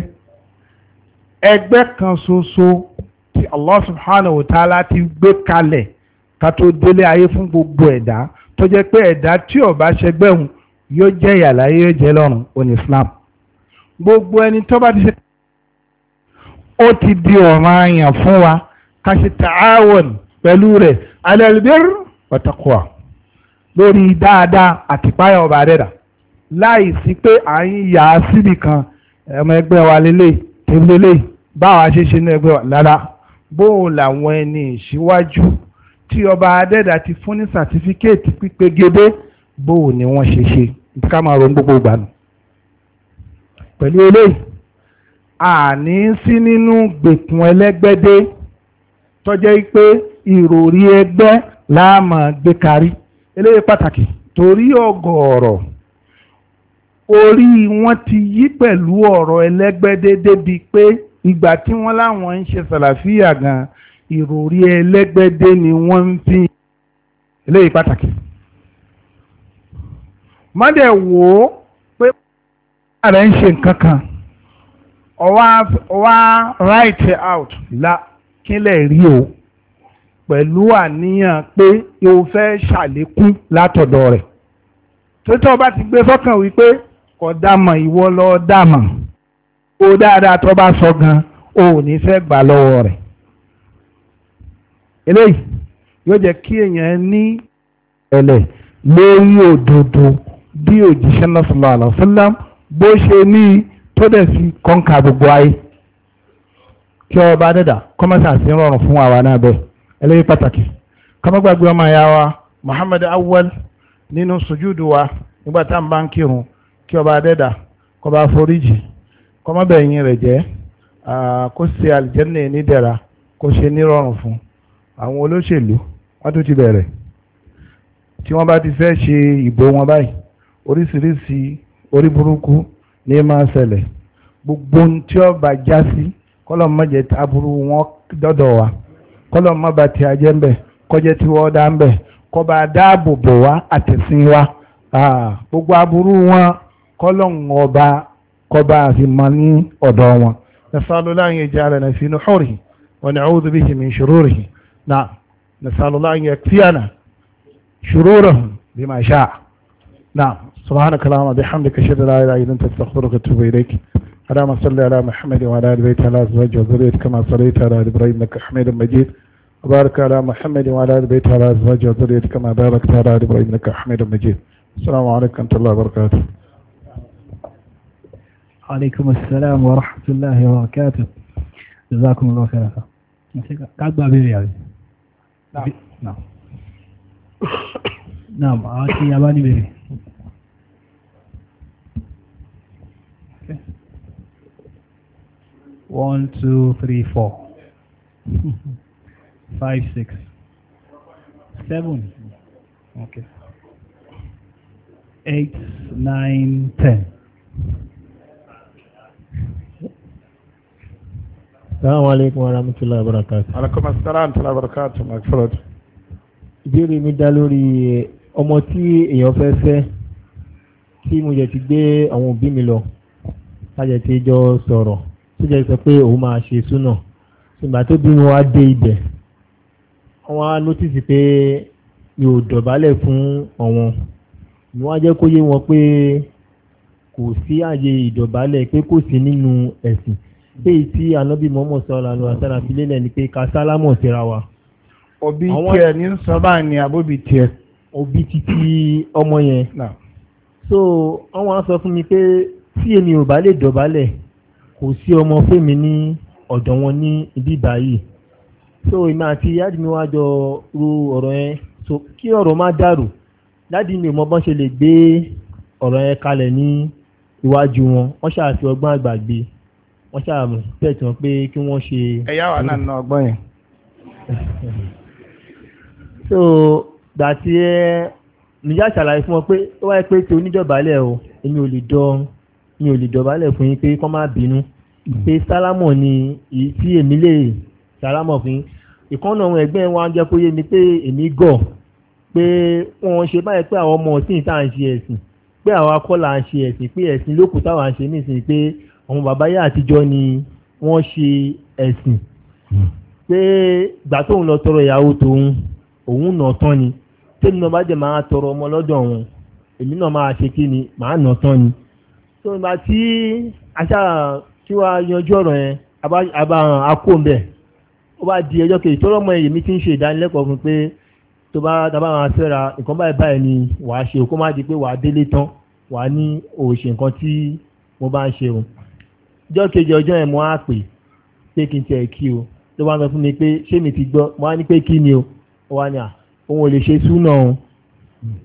ẹgbẹ́ kan ṣoṣo tí Allah subhanahu wa ta'ala ti gbé kalẹ̀ ká tó délé ayé fún gbogbo ẹ̀dá tó jẹ́ pé ẹ̀dá tí ó ṣẹgbẹ́ òun yóò jẹ́ ìyàlá yóò jẹ́ lọ́rùn òní Islam gbogbo ẹni tó bá ti ṣe ó ti di ọ̀ranyàn fún wa ká ṣe ta'awun pẹ̀lú rẹ̀ alẹ́lẹ́bẹ̀r ọ̀tọ̀kọ̀ọ́ lórí dáadáa àti páyà ọba rẹ̀ dà láì sí pé à ń yà á síbì kan ẹmọ ẹgbẹ́ wa lélẹ̀ tèmi báwa ṣe ṣe ní ẹgbẹ́ wa lára bóun làwọn ẹni ìṣíwájú tí ọba adẹ́dà ti fún ní sàtífíkẹ́ẹ̀tì pípegedé bóun ni wọ́n ṣe ṣe ká máa ronú gbogbo ìgbà nù pẹ̀lú eléyìí àní sí nínú gbèkùn ẹlẹ́gbẹ́dé tọ́jẹ́ pé ìròrí ẹgbẹ́ la máa gbé karí eléyìí pàtàkì torí ọ̀gọ̀ọ̀rọ̀ orí wọn ti yí pẹ̀lú ọ̀rọ̀ ẹlẹ́gbẹ́dé débi pé ìgbà tí wọ́n láwọn ń ṣe sàlàfíà gan ìròrí ẹlẹ́gbẹ́dé ni wọ́n ń fi eléyìí pàtàkì má dẹ̀ wò ó pé bàbá rẹ̀ ń ṣe nǹkan kan ọwá write out la kílẹ̀ rí o pẹ̀lú àníyàn pé o fẹ́ ṣàlékún látọ̀dọ̀ rẹ̀ tótó bá ti gbé fọ́kàn wípé kò dámọ̀ ìwọ lọ dámọ̀ o dáadáa tó bá sọ gan o ò ní fẹ́ gbà lọ́wọ́ rẹ̀ eléyìí yóò jẹ́ kí èèyàn ní ẹ̀lẹ̀ lórí òdodo bí òjíṣẹ́ náà sallallahu alaihi wasallam bó ṣe ní tó dẹ̀ sí kọ́ńkà gbogbo ayé kí ọba dẹ́dà kọ́mẹ́sà sí rọrùn fún àwa náà bẹ́ẹ̀ eléyìí pàtàkì kọ́mọ́gbàgbé ọmọ ìyá wa Muhammad Awwal nínú sùjúdù wa nígbà tá à ń bá ń kírun kí ọba dẹ́dà kọ́ba foríjì kọ́mọ́bẹ̀yìn rẹ̀ jẹ́ kó ṣe àlìjẹ́nà nídẹ̀ra kó ṣe nírọ̀rùn fún àwọn olóṣèlú wọ́n tó ti bẹ̀rẹ̀ tí wọ́n bá ti fẹ́ ṣe ìbò wọn báyìí oríṣiríṣi orí burúkú ní máa ṣẹlẹ̀ gbogbo ohun tí ó já sí kọ́lọ̀ mọ̀jẹ̀ wọn dọ́dọ̀ wa kọ́lọ̀ mọ̀ bá ti ajẹ́ mbe, kọjẹ́ tí wọ́n dá ń kọba dáàbò bò wá àtẹ̀sìn wa gbogbo aburú wọn kọba àfimọ́ ní ọ̀dọ̀ wọn. نسأل الله أن يجعلنا في نحوره ونعوذ سبحانك اللهم وبحمدك اشهد لا اله الا انت استغفرك واتوب اليك اللهم صل على محمد وعلى ال بيت على ازواج وذريته كما صليت على ال ابراهيم انك حميد مجيد وبارك على محمد وعلى ال بيت على ازواج وذريته كما باركت على ال ابراهيم انك حميد مجيد السلام عليكم ورحمه الله وبركاته عليكم السلام ورحمه الله وبركاته جزاكم الله خيرا قاعد بابي يعني نعم نعم نعم عاتي آه، ياباني بيبي one two three four five six seven okay eight nine ten. Assalamu alaikum wa rahmatullahi wa barakatuh. Alaikum assalam wa barakatuh, Macford. Ìbéèrè mi dá lórí ọmọ tí èèyàn fẹ́ fẹ́ tí mo jẹ̀ ti gbé àwọn òbí mi lọ. Tájẹ̀ tí jọ sọ̀rọ̀ tó jẹ́ sọ pé òun máa ṣe súnà ìgbà tó bí wọn á dé ibẹ̀ wọn á nọ́tìsì pé yóò dọ̀bálẹ̀ fún ọ̀wọ́n ni wọ́n á jẹ́ kó yé wọn pé kò sí àyè ìdọ̀bálẹ̀ pé kò sí nínú ẹ̀sìn pé tí anábì mọ́mọ́ sọ́ra lọ àtàrà filé lẹ̀ ni pé ká sálámọ̀ síra wa. òbí tiẹ̀ ní sọ́bà ni àbóbi tiẹ̀. òbí títí ọmọ yẹn. so wọ́n á sọ fún mi pé tí èmi ò bá lè dọ̀bálẹ̀ kò sí ọmọ fẹ́mi ní ọ̀dọ̀ wọn ní ibi báyìí so èmi àti yáàdì mi wá jọ ro ọ̀rọ̀ yẹn so kí ọ̀rọ̀ má dàrú láti mi mọ bọ́n ṣe lè gbé ọ̀rọ̀ yẹn kalẹ̀ ní iwájú wọn wọ́n ṣàfi ọgbọ́n àgbàgbé wọ́n ṣàmù tẹ̀tì wọn pé kí wọ́n ṣe. ẹ̀yà wà náà ná ọgbọ́n yẹn. so gbàtí ẹ nìyá ṣàlàyé fún wọn pé ó wáyé pé tí oníjọba lẹ̀ o èmi ò lè dán mi ò lè dọ̀bálẹ̀ fún yín pé kọ́ má bínú pé sálámọ̀ ni tí èmi lè sálámọ̀ fún yín ìkànnà àwọn ẹgbẹ́ wa ń jẹ́ kó yé mi pé èmi gọ̀ pé wọ́n ṣe báyìí pé àwọn ọmọ ọ̀sìn tá à ń ṣe ẹ̀sìn pé àwa kọ́ là ń ṣe ẹ̀sìn pé ẹ̀sìn ló kù táwa ń ṣe nísìnyí pé àwọn bàbá yá àtijọ́ ni wọ́n ṣe ẹ̀sìn pé gbà tóun lọ tọrọ ìyàwó tóun òun nà tán ni tẹ́mi bá jẹ́ máa tọrọ ọmọ lọ́dọ̀ wọn èmi náà máa ṣe kí ni màá nà tán ni so ìgbà tí aṣá tí wàá yanjú ọ̀rọ̀ yẹn àbáhàn akóńbẹ̀ ó bá di ẹjọ́ kejì tọ́rọ mọ èyí mi ti ń ṣe ìdánilẹ́kọ̀ọ́ fún pé tó bá dábàá máa fẹ́ra nǹkan báyìí báyìí ni wàá ṣe kó má di pé wàá délé tán wàá ní òòṣè nǹkan tí mo bá ń ṣe o ọjọ́ kejì ọjọ́ yẹn mo á pè pé kí n tiẹ̀ kí o ló bá ń sọ fún mi pé ṣé mi ti gbọ́ mo á ní pé kí ni o wà ní à òun ò lè ṣe súnà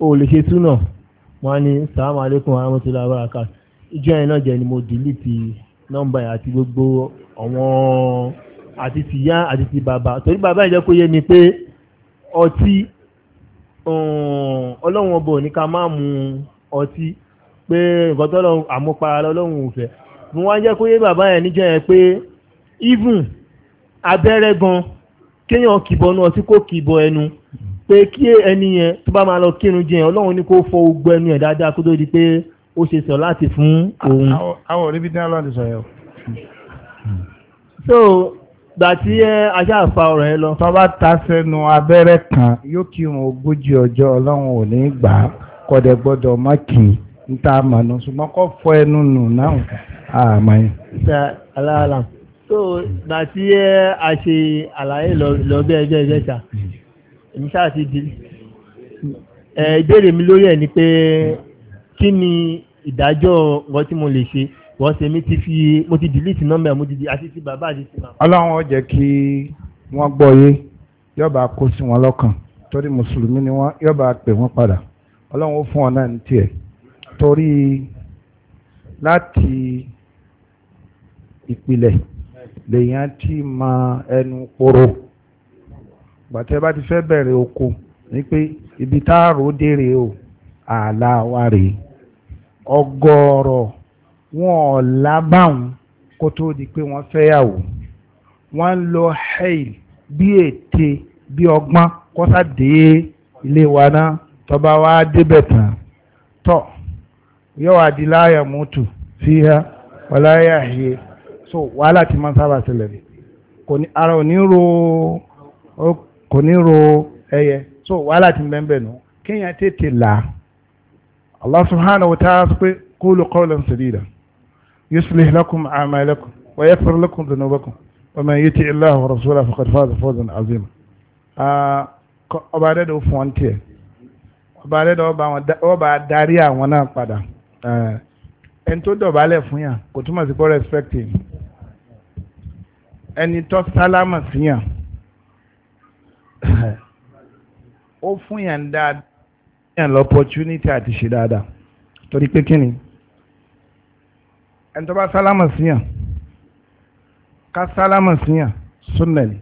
o ò lè ṣe súnà mo á ní sàmàlẹ́kùn àwọn tó lábára káàkiri ìjọ yẹn náà jẹ́ ni mo dìlítì nọ́mbà yẹn àti gbogbo àwọn àti ti yá àti ti bàbá torí bàbá yẹn jẹ́ kó yé mi pé ọtí um, ọlọ́run ọbọ̀ ní ká má mu ọtí pé nǹkan tó lọ́run àmupara lọ́lọ́run ò fẹ́ mo wá jẹ́ kó yé bàbá yẹn níjọ yẹn pé even abẹ́rẹ́ gan kéèyàn kìbọnú ọtí kó kìbọ ẹnu pé kí ẹni yẹn tó bá máa lọ kírun jẹun ọlọ́run ní kó fọ gbogbo ẹnu ẹ̀ dáadáa kó tó di pé ó ṣe sọ láti fún òun. àwọn orí bídá lọ́dún sọ yẹ o. so gbà tí ẹ aṣáàfà ọ̀rọ̀ ẹ lọ. tó bá ta sẹ́nu abẹ́rẹ́ kan yóò kí wọn ogójì ọjọ́ ọlọ́run ò ní gbà á kọ́dẹ̀ gbọ́dọ̀ má kì í ń ta àmàna ṣùgbọ́n kọ́ fọ ẹnu nù náà àmọ́ yẹn. ṣe aláàlá so gbà tí ẹ àṣe àlàyé lọ bí ẹgbẹ́ ẹgbẹ́ ṣá èmi ṣáà ti di ìbéèrè mi lórí ẹ̀ ni pé kí ni ìdájọ́ wọ́n tí mo lè ṣe wọ́n ṣe mi ti fi mo ti delete nọ́mbà mo ti di àti ti bàbá àti ti màmá. ọlọ́run ó jẹ́ kí wọ́n gbọ́ yé yọba kó sí wọn lọ́kàn torí mùsùlùmí ni wọ́n yọba pè wọ́n padà ọlọ́run ó fún ọ náà ní tiẹ̀ torí láti ìpìlẹ̀ lèyàn ti ma ẹnu kóró gbàtẹ́ bá ti fẹ́ bẹ̀rẹ̀ oko ni pé ibi tá a rò dé rèé o ààlà wa rèé Ọgọrọ wọn ò lábàwọn kó tó di pé wọ́n fẹ́yàwó wọ́n lọ hail bí ète bí ọgbọ́n kọ́sá dé ilé wa náà tọba wa débẹ̀ tán tọ́ di láyà mútu fíhá ọláyà ṣe so wàhálà ti máa sábà ṣẹlẹ̀ kò so wàhálà ti bẹ́ẹ̀ bẹ́ẹ̀ nù Allah subhanahu wa ta'ala sọ pé qulu qawlan sadida yuslih lakum a'malakum wa yaghfir lakum dhunubakum wa man yuti' Allaha wa rasulahu faqad faza fawzan 'azima ọba rẹ̀ dọ̀ fún ọ́ntì ọba rẹ̀ dọ̀ ọba darí àwọn náà padà ẹni tó dọ̀bálẹ̀ fún yàn kò túmọ̀ sí kó respect him ẹni tó sálámà sí yàn ó fún yàn dáadáa yàn lọ opportunity àti ṣe dáadáa torí pé kí ni ẹni tó bá sálámà síyàn ká sálámà síyàn súnnẹ̀lì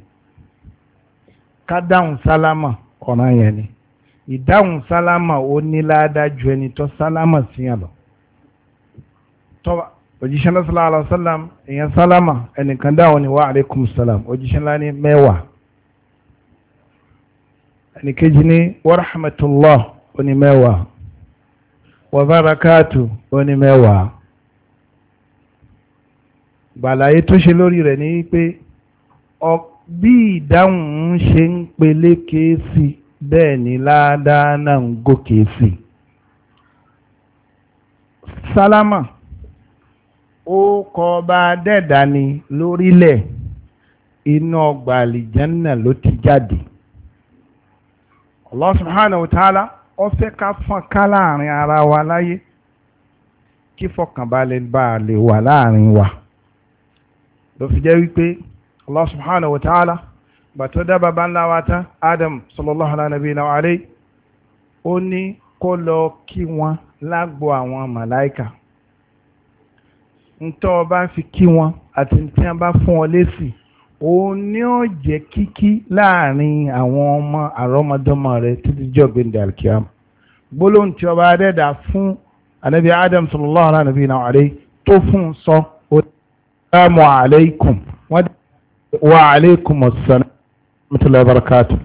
ká dáhùn sálámà ọ̀ràn yẹn ni ìdáhùn sálámà ó ní láàdá ju ẹni tó sálámà síyàn lọ tọ́ba òjíṣẹ́ náà sallallahu alaihi wasallam èèyàn sálámà ẹnìkan dáhùn ni wa alaikum salam òjíṣẹ́ ńlá ní mẹ́wàá ẹnìkejì ní wa rahmatullah ó ní mẹ́wàá wa barakatu ó ní mẹ́wàá gbàlàyé tó ṣe lórí rẹ̀ ní pé bí ìdáhùn ṣe ń peléke sí bẹ́ẹ̀ ni ládàá náà ń gòkè sí sálámà ó kọ bá dẹ́ẹ̀dá ni lórílẹ̀ inú ọgbà àlìjánná ló ti jáde Allah subhanahu wa ta'ala ó fẹ́ ká fọ́n ká láàrin ara wa láyé kí fọkànbalẹ̀ bá a lè wà láàrin wa ló fi jẹ́ wípé Allah subhanahu wa ta'ala bàtọ́ dá bàbá ńlá wa tán Adam sallallahu alayhi wa alayhi ó ní kó lọ kí wọn lágbo àwọn màláìkà ntọ́ ọba fi kí wọn àti tí wọn bá fún ọ lésì òun ni ó jẹ́ kíkí láàrin àwọn ọmọ àrọ́mọdọ́mọ rẹ̀ títí jọ́gbìn dàlkíam gbólóhùn tí ọba adẹ́dà fún anabi adam sallallahu alayhi wa alayhi tó fún sọ ó dáàmú alaykum wọ́n wà alaykum ọ̀sán mẹ́tàlá barakatu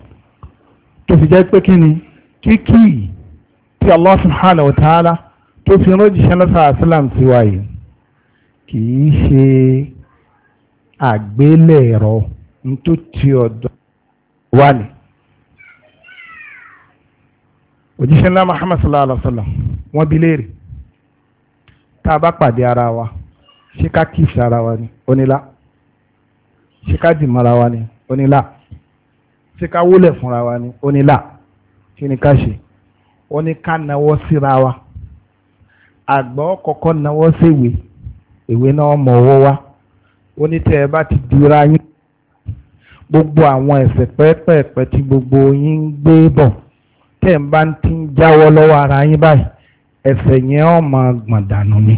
tó fi jẹ́ pé kí kíkí tí allah subhanahu wa ta'ala tó fi rọ́jìṣẹ́ lọ́sàá sílám sí wáyé kì í ṣe àgbélẹ̀rọ tó ti ọ̀dọ̀ wà ní. òjíṣẹ́ ńlá Muhammad sallallahu wa sallam wọ́n bi léèrè tá a bá pàdé ara wa ṣé ká kíìsì ara wa ni onílá ṣé ká dìmọ́ra wa ni onílá ṣé ká wólẹ̀ fúnra wa ni onílá kí ni ká ṣe wọ́n ní ká nawọ́ síra wa àgbọ̀ kọ́kọ́ nawọ́ séwèé ìwé náà mọ̀ ọwọ́ wa onítẹ̀ ẹ bá ti dira yín gbogbo àwọn ẹ̀ṣẹ̀ pẹ́ẹ́pẹ́ẹ̀pẹ́ tí gbogbo yín ń gbé bọ̀ tẹ̀ ń bá ti ń jáwọ́ lọ́wọ́ ara yín báyìí ẹ̀ṣẹ̀ yẹn ọ̀ máa gbọ̀n dànù ni.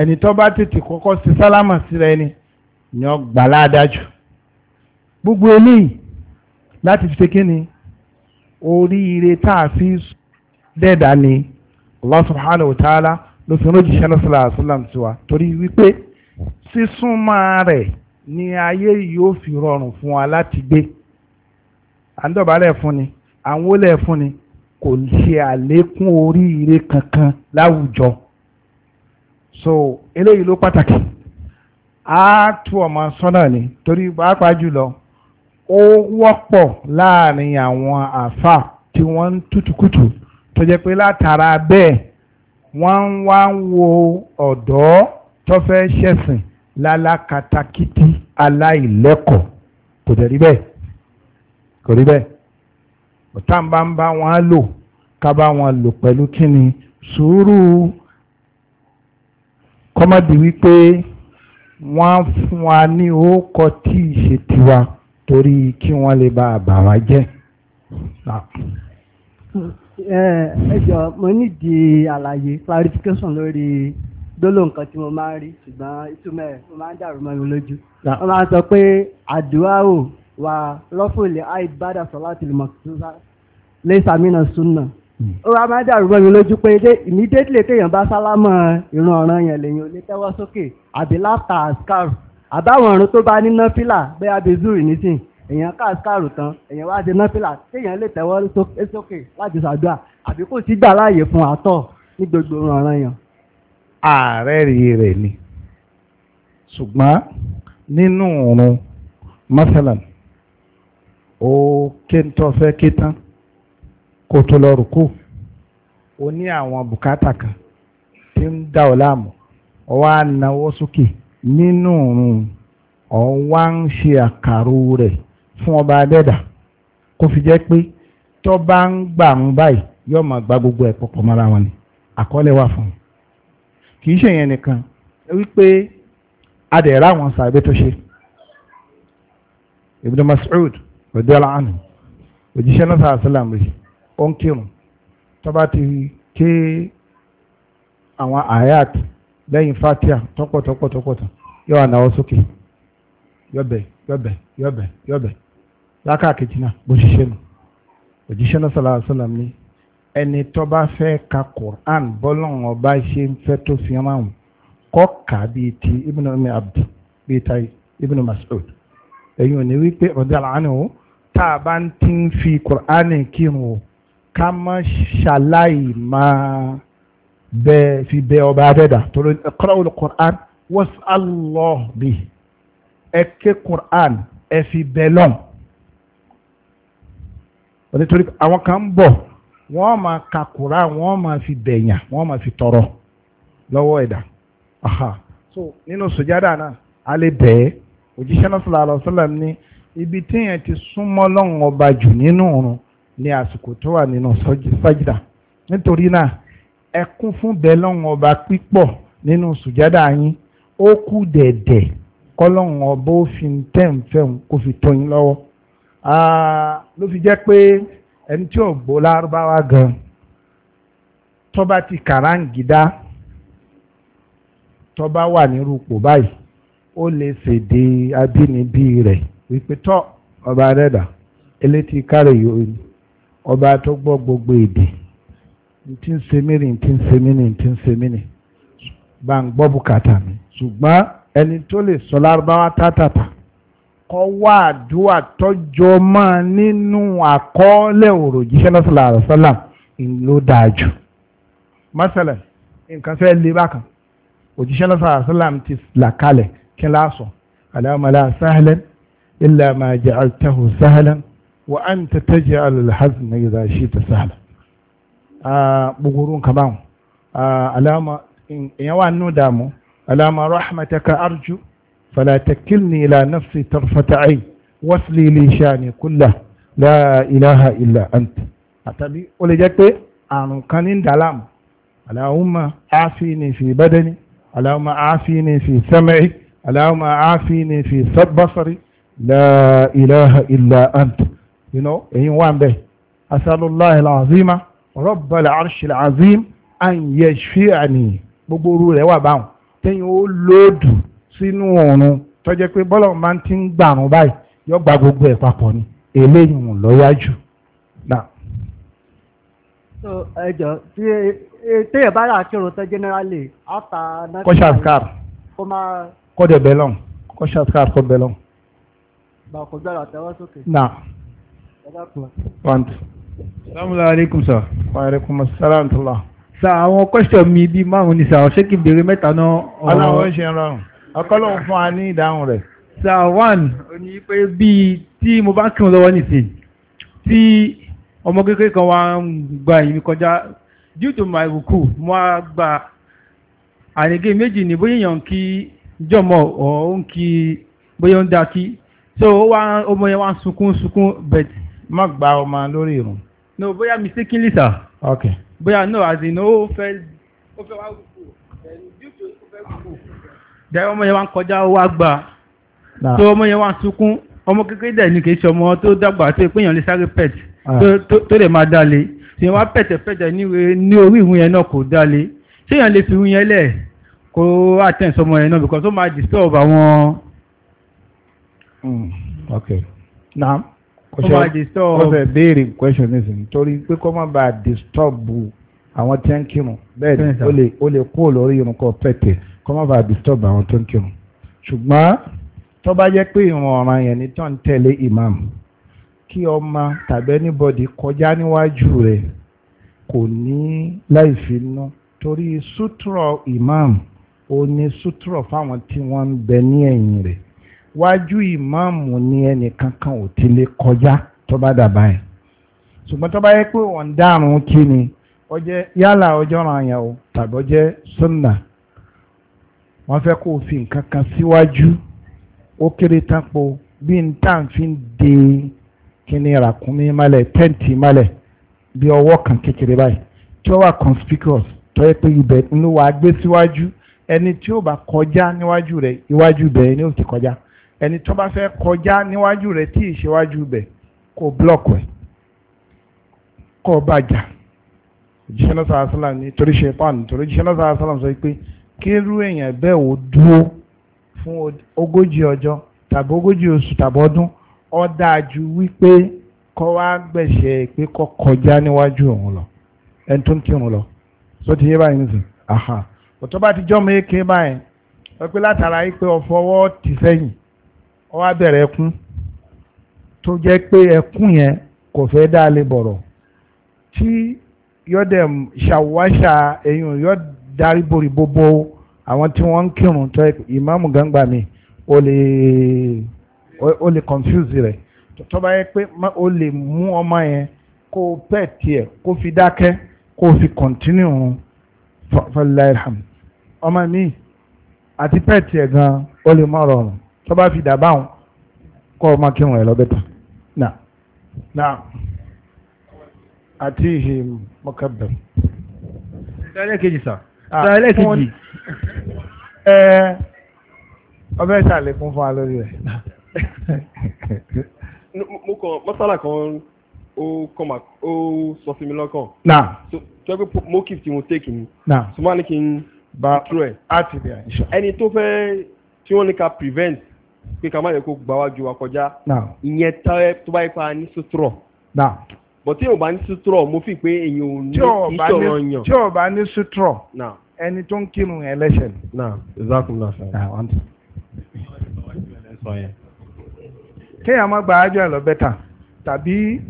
ẹni tó bá tètè kọ́kọ́ sí sálámà síra ẹni ni ọ gbà ládájú gbogbo eléyìí láti fi ṣe kí ni oríire tá a fi dẹ́ẹ̀dá ni Allah subhanahu wa ta'ala lọ́sọ̀rọ̀ jíṣẹ́ lọ́sọ̀rọ̀ àṣọlám ti wa torí wípé sísúnmọ́ rẹ̀ ni ayé yóò fi rọrùn fún wa láti gbé à ń dọ̀bálẹ̀ fún ni à ń wólẹ̀ fún ni kò ṣe àlékún oríire kankan láwùjọ so eléyìí ló pàtàkì A tú ọmọ sọ́nà ni torí pàápàá jùlọ ó wọ́pọ̀ láàrin àwọn àáfàá tí wọ́n ń tútùkùtù tó jẹ́ pé látara bẹ́ẹ̀ wọ́n ń wá ń wo ọ̀dọ́ tó fẹ́ ṣẹ̀sìn lálákatakítí aláìlẹ́kọ̀ọ́ kò dẹ̀ rí bẹ́ẹ̀ kò rí bẹ́ẹ̀ ọ̀tá ń bá ń bá wọn lò ká bá wọn lò pẹ̀lú kíni sùúrù kọ́mọ́dì wípé wọ́n fún wa ní òókọ tí ìṣe tiwa torí kí wọ́n lè bá a bà wá jẹ́ ẹjọ́ mo nídìí àlàyé clarification lórí gbólóhùn kan tí mo máa ń rí ṣùgbọ́n ìtumọ̀ ẹ̀ mo máa ń dàrú mọ́ mi lójú. wọ́n máa ń sọ pé àdúrà ò wà lọ́fọ̀lẹ̀ àìbádà salatil maktuba lẹ́sàmínà hmm. súnà ó wá máa dàrú mọ́ mi lójú pé immediately téèyàn bá sálámọ̀ ìrun ọ̀ràn yẹn lèyìn ò lè tẹ́wọ́ sókè àbí láta àscarf àbáwọn ọ̀run tó bá ní náfìlà bẹ́ẹ̀ abẹ́zúrì nísìn èèyàn káàkárò tán èèyàn wá di nọ́fìlà téèyàn lè tẹ̀wọ́ sókè láti ṣàdúrà àbí kò sí gbà láàyè fún àtọ̀ ní gbogbo ọ̀ràn yàn. ààrẹ rí rẹ̀ ni ṣùgbọ́n nínú òun masalan ó ké ń tọ́ fẹ́ ké tán kó tó lọ rùkú ó ní àwọn bùkátà kan tí ń dà ọ́ láàmú ọ wá náwó sókè nínú òun ọ̀ wá ń ṣe àkàrò rẹ̀ fún ọba adẹ́dà kó fi jẹ́ pé tó bá ń gbà ń báyìí yóò máa gba gbogbo ẹ̀ pọ̀pọ̀ mọ́ra wọn ni àkọọ́lẹ̀ wà fún un kì í ṣe yẹn nìkan wípé adẹ̀rẹ̀ àwọn tó ṣe Ibn òjíṣẹ́ náà ó ń kírun tó bá ti ké àwọn ayat lẹ́yìn fatia tọ́pọ̀tọ́pọ̀tọ́pọ̀tọ́ yóò wà sókè yọ̀bẹ̀ yọ̀bẹ̀ láká kejì náà bó ṣiṣẹ́ nù òjíṣẹ́ náà sọ̀rọ̀ àṣọlá mi ẹni tó bá fẹ́ ka Quran bọ́lọ́run ọba ṣe ń fẹ́ tó fi hàn áwọn kọ́ kà bíi ti ibùnà mi abdu bíi ta ibùnà Mas'ud ẹ̀yin ò ní wípé ọ̀dà àánú o tá a bá ń ti fi Quran kírun o ká má ṣàlàyé máa bẹ fi bẹ ọba abẹ́dà torí iqra'ul Quran was'al Allah bihi ẹ ké Quran ẹ fi bẹ lọ́n nítorí àwọn kan ń bọ̀ wọ́n máa kakura wọ́n máa fi bẹ̀yàn wọ́n máa fi tọrọ lọ́wọ́ ẹ̀dá aha so nínú sùjádà náà a lè bẹ̀ẹ́ òjíṣẹ́ náà sallallahu alaihi wasallam ní ibi téèyàn ti súnmọ́ lọ́hùn ọba jù nínú òrun ní àsìkò tó wà nínú sájídà nítorí náà ẹ kún fún bẹ́ẹ̀ lọ́hùn ọba pípọ̀ nínú sùjádà yín ó kú dẹ̀dẹ̀ kọ́lọ́hùn ọba ó fi tẹ̀ ń fẹ́ kó fi tọ́ lọ́wọ́ Ah, ló fi jẹ́ pé ẹni tí ò gbọ́ lárúbáwá gan tọ́ba ti kàráǹgídá tọ́ba wà nírúpò báyìí ó lè ṣèdè abínibí rẹ̀ wípé tọ́ ọba rẹ̀dà elétí kárẹ̀ yòó ni ọba tó gbọ́ gbogbo èdè ntí ń ṣe mìíràn ntí ń ṣe mìíràn ntí ń ṣe mìíràn bá ń gbọ́ bùkátà mi ṣùgbọ́n ẹni tó lè sọ lárúbáwá tátàtà kọ́ wá àdúrà tọ́jọ́ máa nínú àkọọ́lẹ̀ ọ̀rọ̀ jíṣẹ́ náà sọ̀rọ̀ àrọ̀sọ́là ló dáa jù. mọ́sálẹ̀ nǹkan fẹ́ lé bákan òjíṣẹ́ náà sọ̀rọ̀ àrọ̀sọ́là ti là kalẹ̀ kí láà sọ. aláàmàlà sahlan illa ma ja'altahu sahlan wa anta taj'alu al-hazna idha shi'ta sahlan. gbogbo orun kan báwọn alama ìyẹn wà nínú dààmú alama rahmataka arju. فلا تكلني إلى نفسي طرفة عين وصلي لي شاني كله لا إله إلا أنت àtàbí ó lè jẹ́ pé àrùn kan ní dàlámù aláhùnmá áfíìní fi bẹ́dẹ́ni aláhùnmá áfíìní fi sẹ́mẹ́ì aláhùnmá áfíìní fi sọ́bọ́sọ́rí la ilaha illa ant yìnyín èyí wà ń bẹ̀ asálùláhi làzíma rọ́bàlà arṣìlá azim an yẹ ṣíàní gbogbo orú rẹ̀ wà báwọn tẹ́yìn ó lóòdù sínú òrun tó jẹ́ pé bọ́lọ̀ máa ti ń gbàrún báyìí yóò gba gbogbo ẹ̀ papọ̀ ni eléyìí ń lọ́yà jù. so ẹ jọ tí téèyàn bá rà kírun tán generally after nine. kọ́ṣà kó máa. kó dẹ̀ bẹ́ẹ̀ lọ́n kọ́ṣà scar kó bẹ́ẹ̀ lọ́n. tẹ́wọ́ sókè. na want. salaamaleykum sir. wa aleykum sa àwọn question mi bíi márùn-ún ni sa ọ̀ṣẹ́kì béèrè mẹ́ta náà. aláwọ̀ ṣe ń rọrùn ọkọlọ́run fún wa ní ìdáhùn rẹ̀. sir one oní pé bíi tí mo bá kírun lọ́wọ́ nìsín tí ọmọ kékeré kan wá ń gba ìmí kọjá due to my ruku mo á gba àrègé méjì ní bóyá èèyàn kí jọmọ ọ̀ ń kí bóyá ń da kí so ọmọ yẹn wá ń sunkún sunkún but. má gba ọmọ lórí irun. no bóyá mistakenly sir. okay bóyá no as in ó fẹ́ ó fẹ́ wá rúkú jẹ́ ọmọ yẹn wá ń kọjá ó wá gbà tó ọmọ yẹn wá ń sunkún ọmọ kékeré dẹ̀ ní kìí ṣe ọmọ tó dàgbà tó ìpéyàn lè sáré pẹ̀t ah. tó lè máa dalẹ̀ ṣèyàn wá pẹ̀tẹ̀ pẹ̀tẹ̀ ní orí ìwé yẹn náà kò dalẹ̀ ṣèyàn lè fi ìwé yẹn lẹ̀ kó àtẹ̀sọ́ ọmọ yẹn náà because ó máa disturb àwọn. Hmm. ok naam kò ṣe ó fẹ́ béèrè question nísìnyí torí pé kó má bàa disturb àwọn tí ń kírun bẹ́ẹ̀ ni ó lè kúrò lórí irun kan pẹ̀tẹ̀ kọ́mọ́ bá disturb àwọn tó ń kírun ṣùgbọ́n tó bá jẹ́ pé ìrun ọ̀ràn yẹn ni tó ń tẹ̀lé imam kí ọmọ tàbí anybody kọjá níwájú rẹ̀ kò ní láìfi nú torí sútúrọ̀ imam ó ní sútúrọ̀ fáwọn tí wọ́n ń bẹ ní ẹ̀yìn rẹ̀ wájú imam ni ẹnì kankan ò ti lè kọjá tó bá dàbá yẹn ṣùgbọ́n tó bá yẹ pé wọ́n ń dárun kí ni yálà ọjọ́ ràn yẹn o tàbí ọjẹ́ sunnah wọ́n fẹ́ kó o fi nǹkan kan síwájú ó kéré tán po bí n tá n fi de kíni ràkúnmí malẹ̀ tẹ́ǹtì malẹ̀ bí ọwọ́ kan kékeré báyìí tí ó wà conspicuous tó yẹ pé ibẹ̀ ló wàá gbé síwájú ẹni tí ó bá kọjá níwájú rẹ̀ iwájú bẹ̀ ni ó ti kọjá ẹni tó bá fẹ́ kọjá níwájú rẹ̀ tí ìṣèwájú bẹ̀ kò blọ́ọ̀kù ẹ̀ kò bàjá òjíṣẹ́ náà sàásàlám ní torí ṣe pàánù torí òjíṣẹ́ náà sàásàlám sọ pé kírú èèyàn bẹ́ẹ̀ ò dúró fún ogójì ọjọ́ tàbí ogójì oṣù tàbí ọdún ó dáa ju wípé kọ́ wá gbẹ̀ṣẹ̀ pé kọ́ kọjá níwájú òun lọ ẹni tó ń kírun lọ sọ ti yé báyìí nìsín aha ọ̀tọ́ bá ti jọ́ mọ́ eke báyìí wọ́n pé látara yìí pé ọ̀fọwọ́ ti sẹ́yìn ọ wá bẹ̀rẹ̀ ẹkún tó jẹ́ pé ẹkún yẹn kò fẹ́ dá lé bọ̀rọ̀ tí yọ́dẹ̀ ṣàwáṣà ẹ̀yìn yọ́dẹ̀ darí borí gbogbo àwọn tí wọ́n ń kírun tó ìmáàmù gangba mi ó lè ó lè confuse rẹ̀ tó bá yẹ pé ó lè mú ọmọ yẹn kó pẹ́ tiẹ̀ kó fi dákẹ́ kó fi continue fọláìhàm ọmọ mi àti pẹ́ tiẹ̀ gan ó lè mọ̀ rọrùn tó bá fi dàbá wọn kọ́ ọmọ kírun ẹ̀ lọ́bẹ̀tà náà náà àti ìhìn mọ́kàbẹ̀rẹ̀. ìdálẹ́kejì sáà. Ah, ẹlẹ́kejì eh, ọbẹ̀ ṣàlékún fún wa lórí rẹ̀. mo kàn mọ́sálà kan ó kàn máa ó sọ sí mi lọ́kàn. na tó yẹ pé mo kìí tí mo tẹ́kì ni. na tó máa ní kí n bá tú ẹ̀. àti bẹ̀rẹ̀ ìṣọ. ẹni tó fẹ́ tí wọ́n ní ká prevent pé ká má yẹ kó gbà wá ju wa kọjá. na ìyẹn tó bá yẹ ní sotrọ. na bọ̀ tí ò bá ní sutrọ̀ mo fi pé èyàn ò ní ìṣòro yàn. tí ò bá ní sutrọ̀ ẹni tó ń kírun ẹlẹ́ṣẹ̀. Ah, kéèyàn má gba ájọ ẹ̀ lọ bẹ́tà tàbí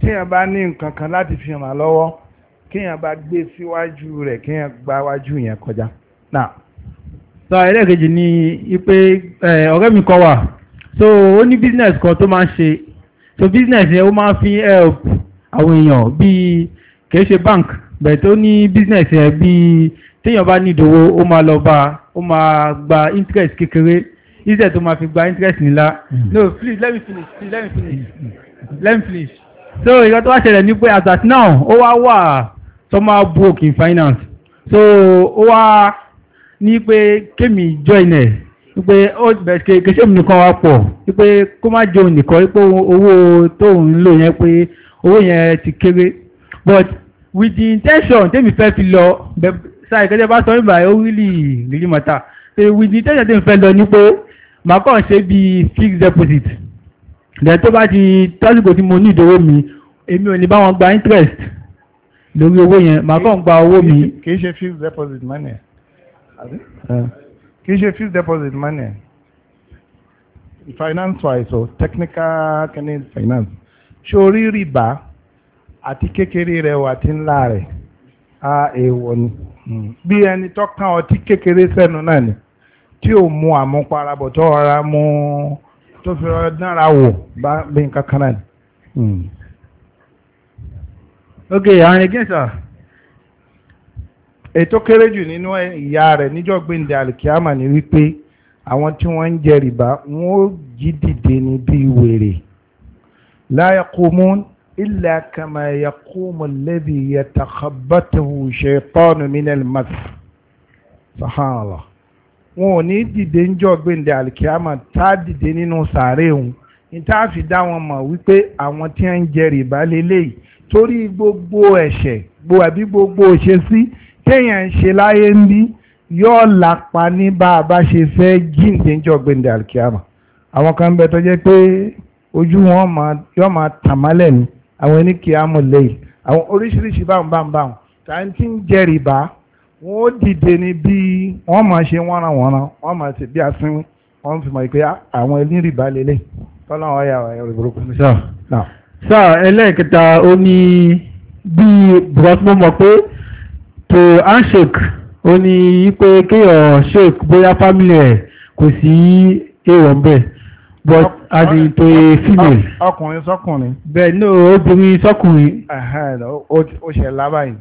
kéèyàn bá ní nǹkan kan láti fi ràn lọ́wọ́ kéèyàn bá gbé síwájú rẹ̀ kéèyàn gba wájú yẹn kọjá. sọ ẹlẹ́kejì ni ipe eh, ọ̀rẹ́ mi kọ wà so ó ní business kan tó máa ń ṣe so business yẹn ó máa fi help àwọn èèyàn bíi kìí ṣe bank bẹ̀ẹ̀ tó ní business yẹn bíi téèyàn bá nídòwó ó máa lọ bá ó máa gba interest kékeré iṣẹ́ tó máa fi gba interest ńlá hmm. no please let me finish please let me finish let me finish so ìgbà tó wá ṣẹlẹ̀ ní pé as at now ó wá wà tó máa broke in finance so ó wá ní pé kémi join ẹ̀ wípé ó bẹ̀rẹ̀ kéṣẹ́ mi nìkan wá pọ̀ wípé kó má jẹun nìkan wípé owó tóun ń lò yẹn pé owó yẹn ti kéré but with the intention tèmi fẹ́ fi lọ ṣáà ìkẹ́jẹ́ bá sọ nígbà ó really really matter so with the intention tèmi fẹ́ lọ ní pé màá kàn ṣe bí fixed deposit then tó bá ti tásìkò tí mo ní ìdówó mi èmi ò ní bá wọn gba interest lórí owó yẹn màá kàn gba owó mi. kì í ṣe fixed deposit money kì í ṣe fixed deposit money finance wise o technical kind of finance sórí rìbá àti kékeré rẹ̀ wà tí ńlá rẹ̀ a èèwọ̀ ni hmm. bí ẹni tó ọtí kékeré sẹ́nu náà ni tí ò mu àmupara tó rọra mu tó fi rọra dára wò bá bí nǹkan kan náà ni. Hmm. Okay, àrùn again ètò kéré jù nínú ìyà rẹ̀ níjọ́ gbéǹde alikiyama ni wípé àwọn tí wọ́n ń jẹ rìbá wọ́n jí dìde ní bí wèrè لا يقومون إلا كما يقوم الذي يتخبطه شيطان من المس سبحان الله wọn ò ní dìde ń jọ gbẹ̀ǹdẹ̀ àlìkíyàmọ̀ tá a dìde nínú sàárè òun ní tá a fi dá wọn mọ̀ wípé àwọn tí wọ́n ń jẹ rìbá lélẹ́yìí torí gbogbo ẹ̀ṣẹ̀ gbogbo àbí gbogbo òṣèṣí téèyàn ń ṣe láyé ń bí yóò lápa ní bá a bá ṣe fẹ́ jíǹde ń jọ gbẹ̀ǹdẹ̀ àlìkíyàmọ̀ àwọn kan bẹ tó jẹ́ pé ojú wọn yóò máa tàmálẹ̀ ni àwọn ẹni kì í amú lẹ́yìn àwọn oríṣiríṣi báwọn báwọn báwọn tàǹtí ń jẹ rìbá wọn ó dìde ni bí wọn máa ṣe wọ́nranwọ́nra wọn máa ṣe bí asínwó wọn fi mọ̀ pé ah, àwọn ẹni rìbá lélẹ̀ tọ́lá wọn yà wọ́n rẹ̀ burúkú. sọ ẹlẹ́ẹ̀kẹta ó ní bí because mo mọ̀ pé to handshake ó ní pé kéèyàn shake bóyá family ẹ̀ kò sí èèwọ̀ bẹ́ẹ̀ but as in to a female. ọkùnrin sọkùnrin. bẹ́ẹ̀ ní obìnrin sọkùnrin. ó ṣe lábàáyé.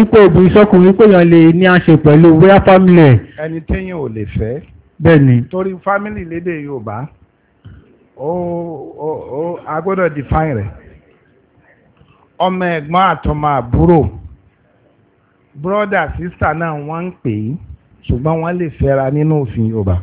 ipò obìnrin sọkùnrin pé èèyàn lè ní àṣẹ pẹ̀lú wíyá family. ẹni téèyàn ò lè fẹ́. bẹ́ẹ̀ ni. torí family lédè Yorùbá ó ó ó a gbọ́dọ̀ define rẹ̀ ọmọ ẹ̀gbọ́n àtọmọ àbúrò brother sister náà wọ́n ń pè é ṣùgbọ́n wọ́n lè fẹ́ra nínú òfin Yorùbá.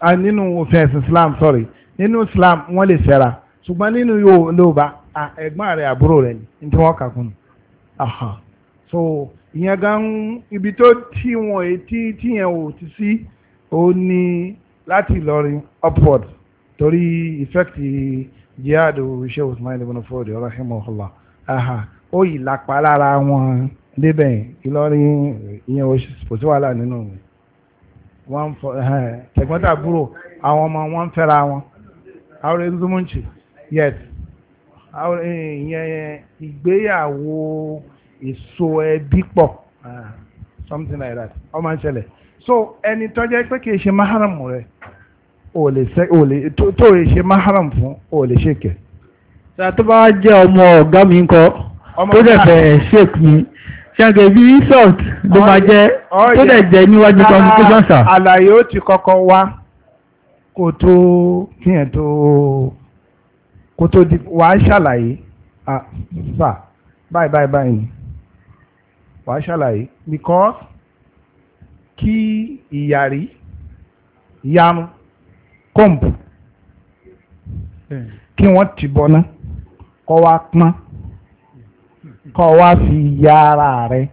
Ah, nínú òfin ẹ̀sìn Islam sorry nínú Islam wọ́n lè fẹ́ra ṣùgbọ́n nínú Yorùbá ah, ẹ̀gbọ́n rẹ̀ àbúrò rẹ̀ ní tí wọ́n kà kún un so ìyẹn gan ibi tó tí wọn etí tí yẹn ò ti sí ó ní láti Ìlọrin upward torí effect jihad Sheikh Usman ibn Fodio ọ̀rọ̀ rahimahullah ó yìí lápá lára wọn débẹ̀ Ìlọrin ìyẹn ò sì pòsíwàlà nínú rẹ̀ wọ́n fọ eh, tẹ̀gbọ́ntàbúrò àwọn ọmọ wọn fẹ́ra wọn àwọn ezumunchi yes àwọn ìyẹn ìgbéyàwó èso ẹbí pọ̀ ah, something like that ọmọ ń ṣẹlẹ̀ so ẹni tó jẹ́ pé kì í ṣe maharam rẹ̀ ò lè ṣe ò lè tó lè ṣe maharam fún ò lè ṣe kẹ̀. ṣàtúbà jẹ́ ọmọ ọ̀gá mi ń kọ́ tó dẹ̀ fẹ́ ṣèkú mi ṣẹ́gẹ̀ bí resort ló máa jẹ́ tó dẹ̀ jẹ́ níwájú communication sir. àlàyé ó ti kọ́kọ́ wá kó tó kíyàn tó kó tó di wàá ṣàlàyé sà báyìí báyìí báyìí wàá ṣàlàyé because kí ìyàrí yam hmm. kọ́ǹpù kí wọ́n ti bọ́ná kọ́ wá pọ́n kọ́ wá fi ya ara rẹ̀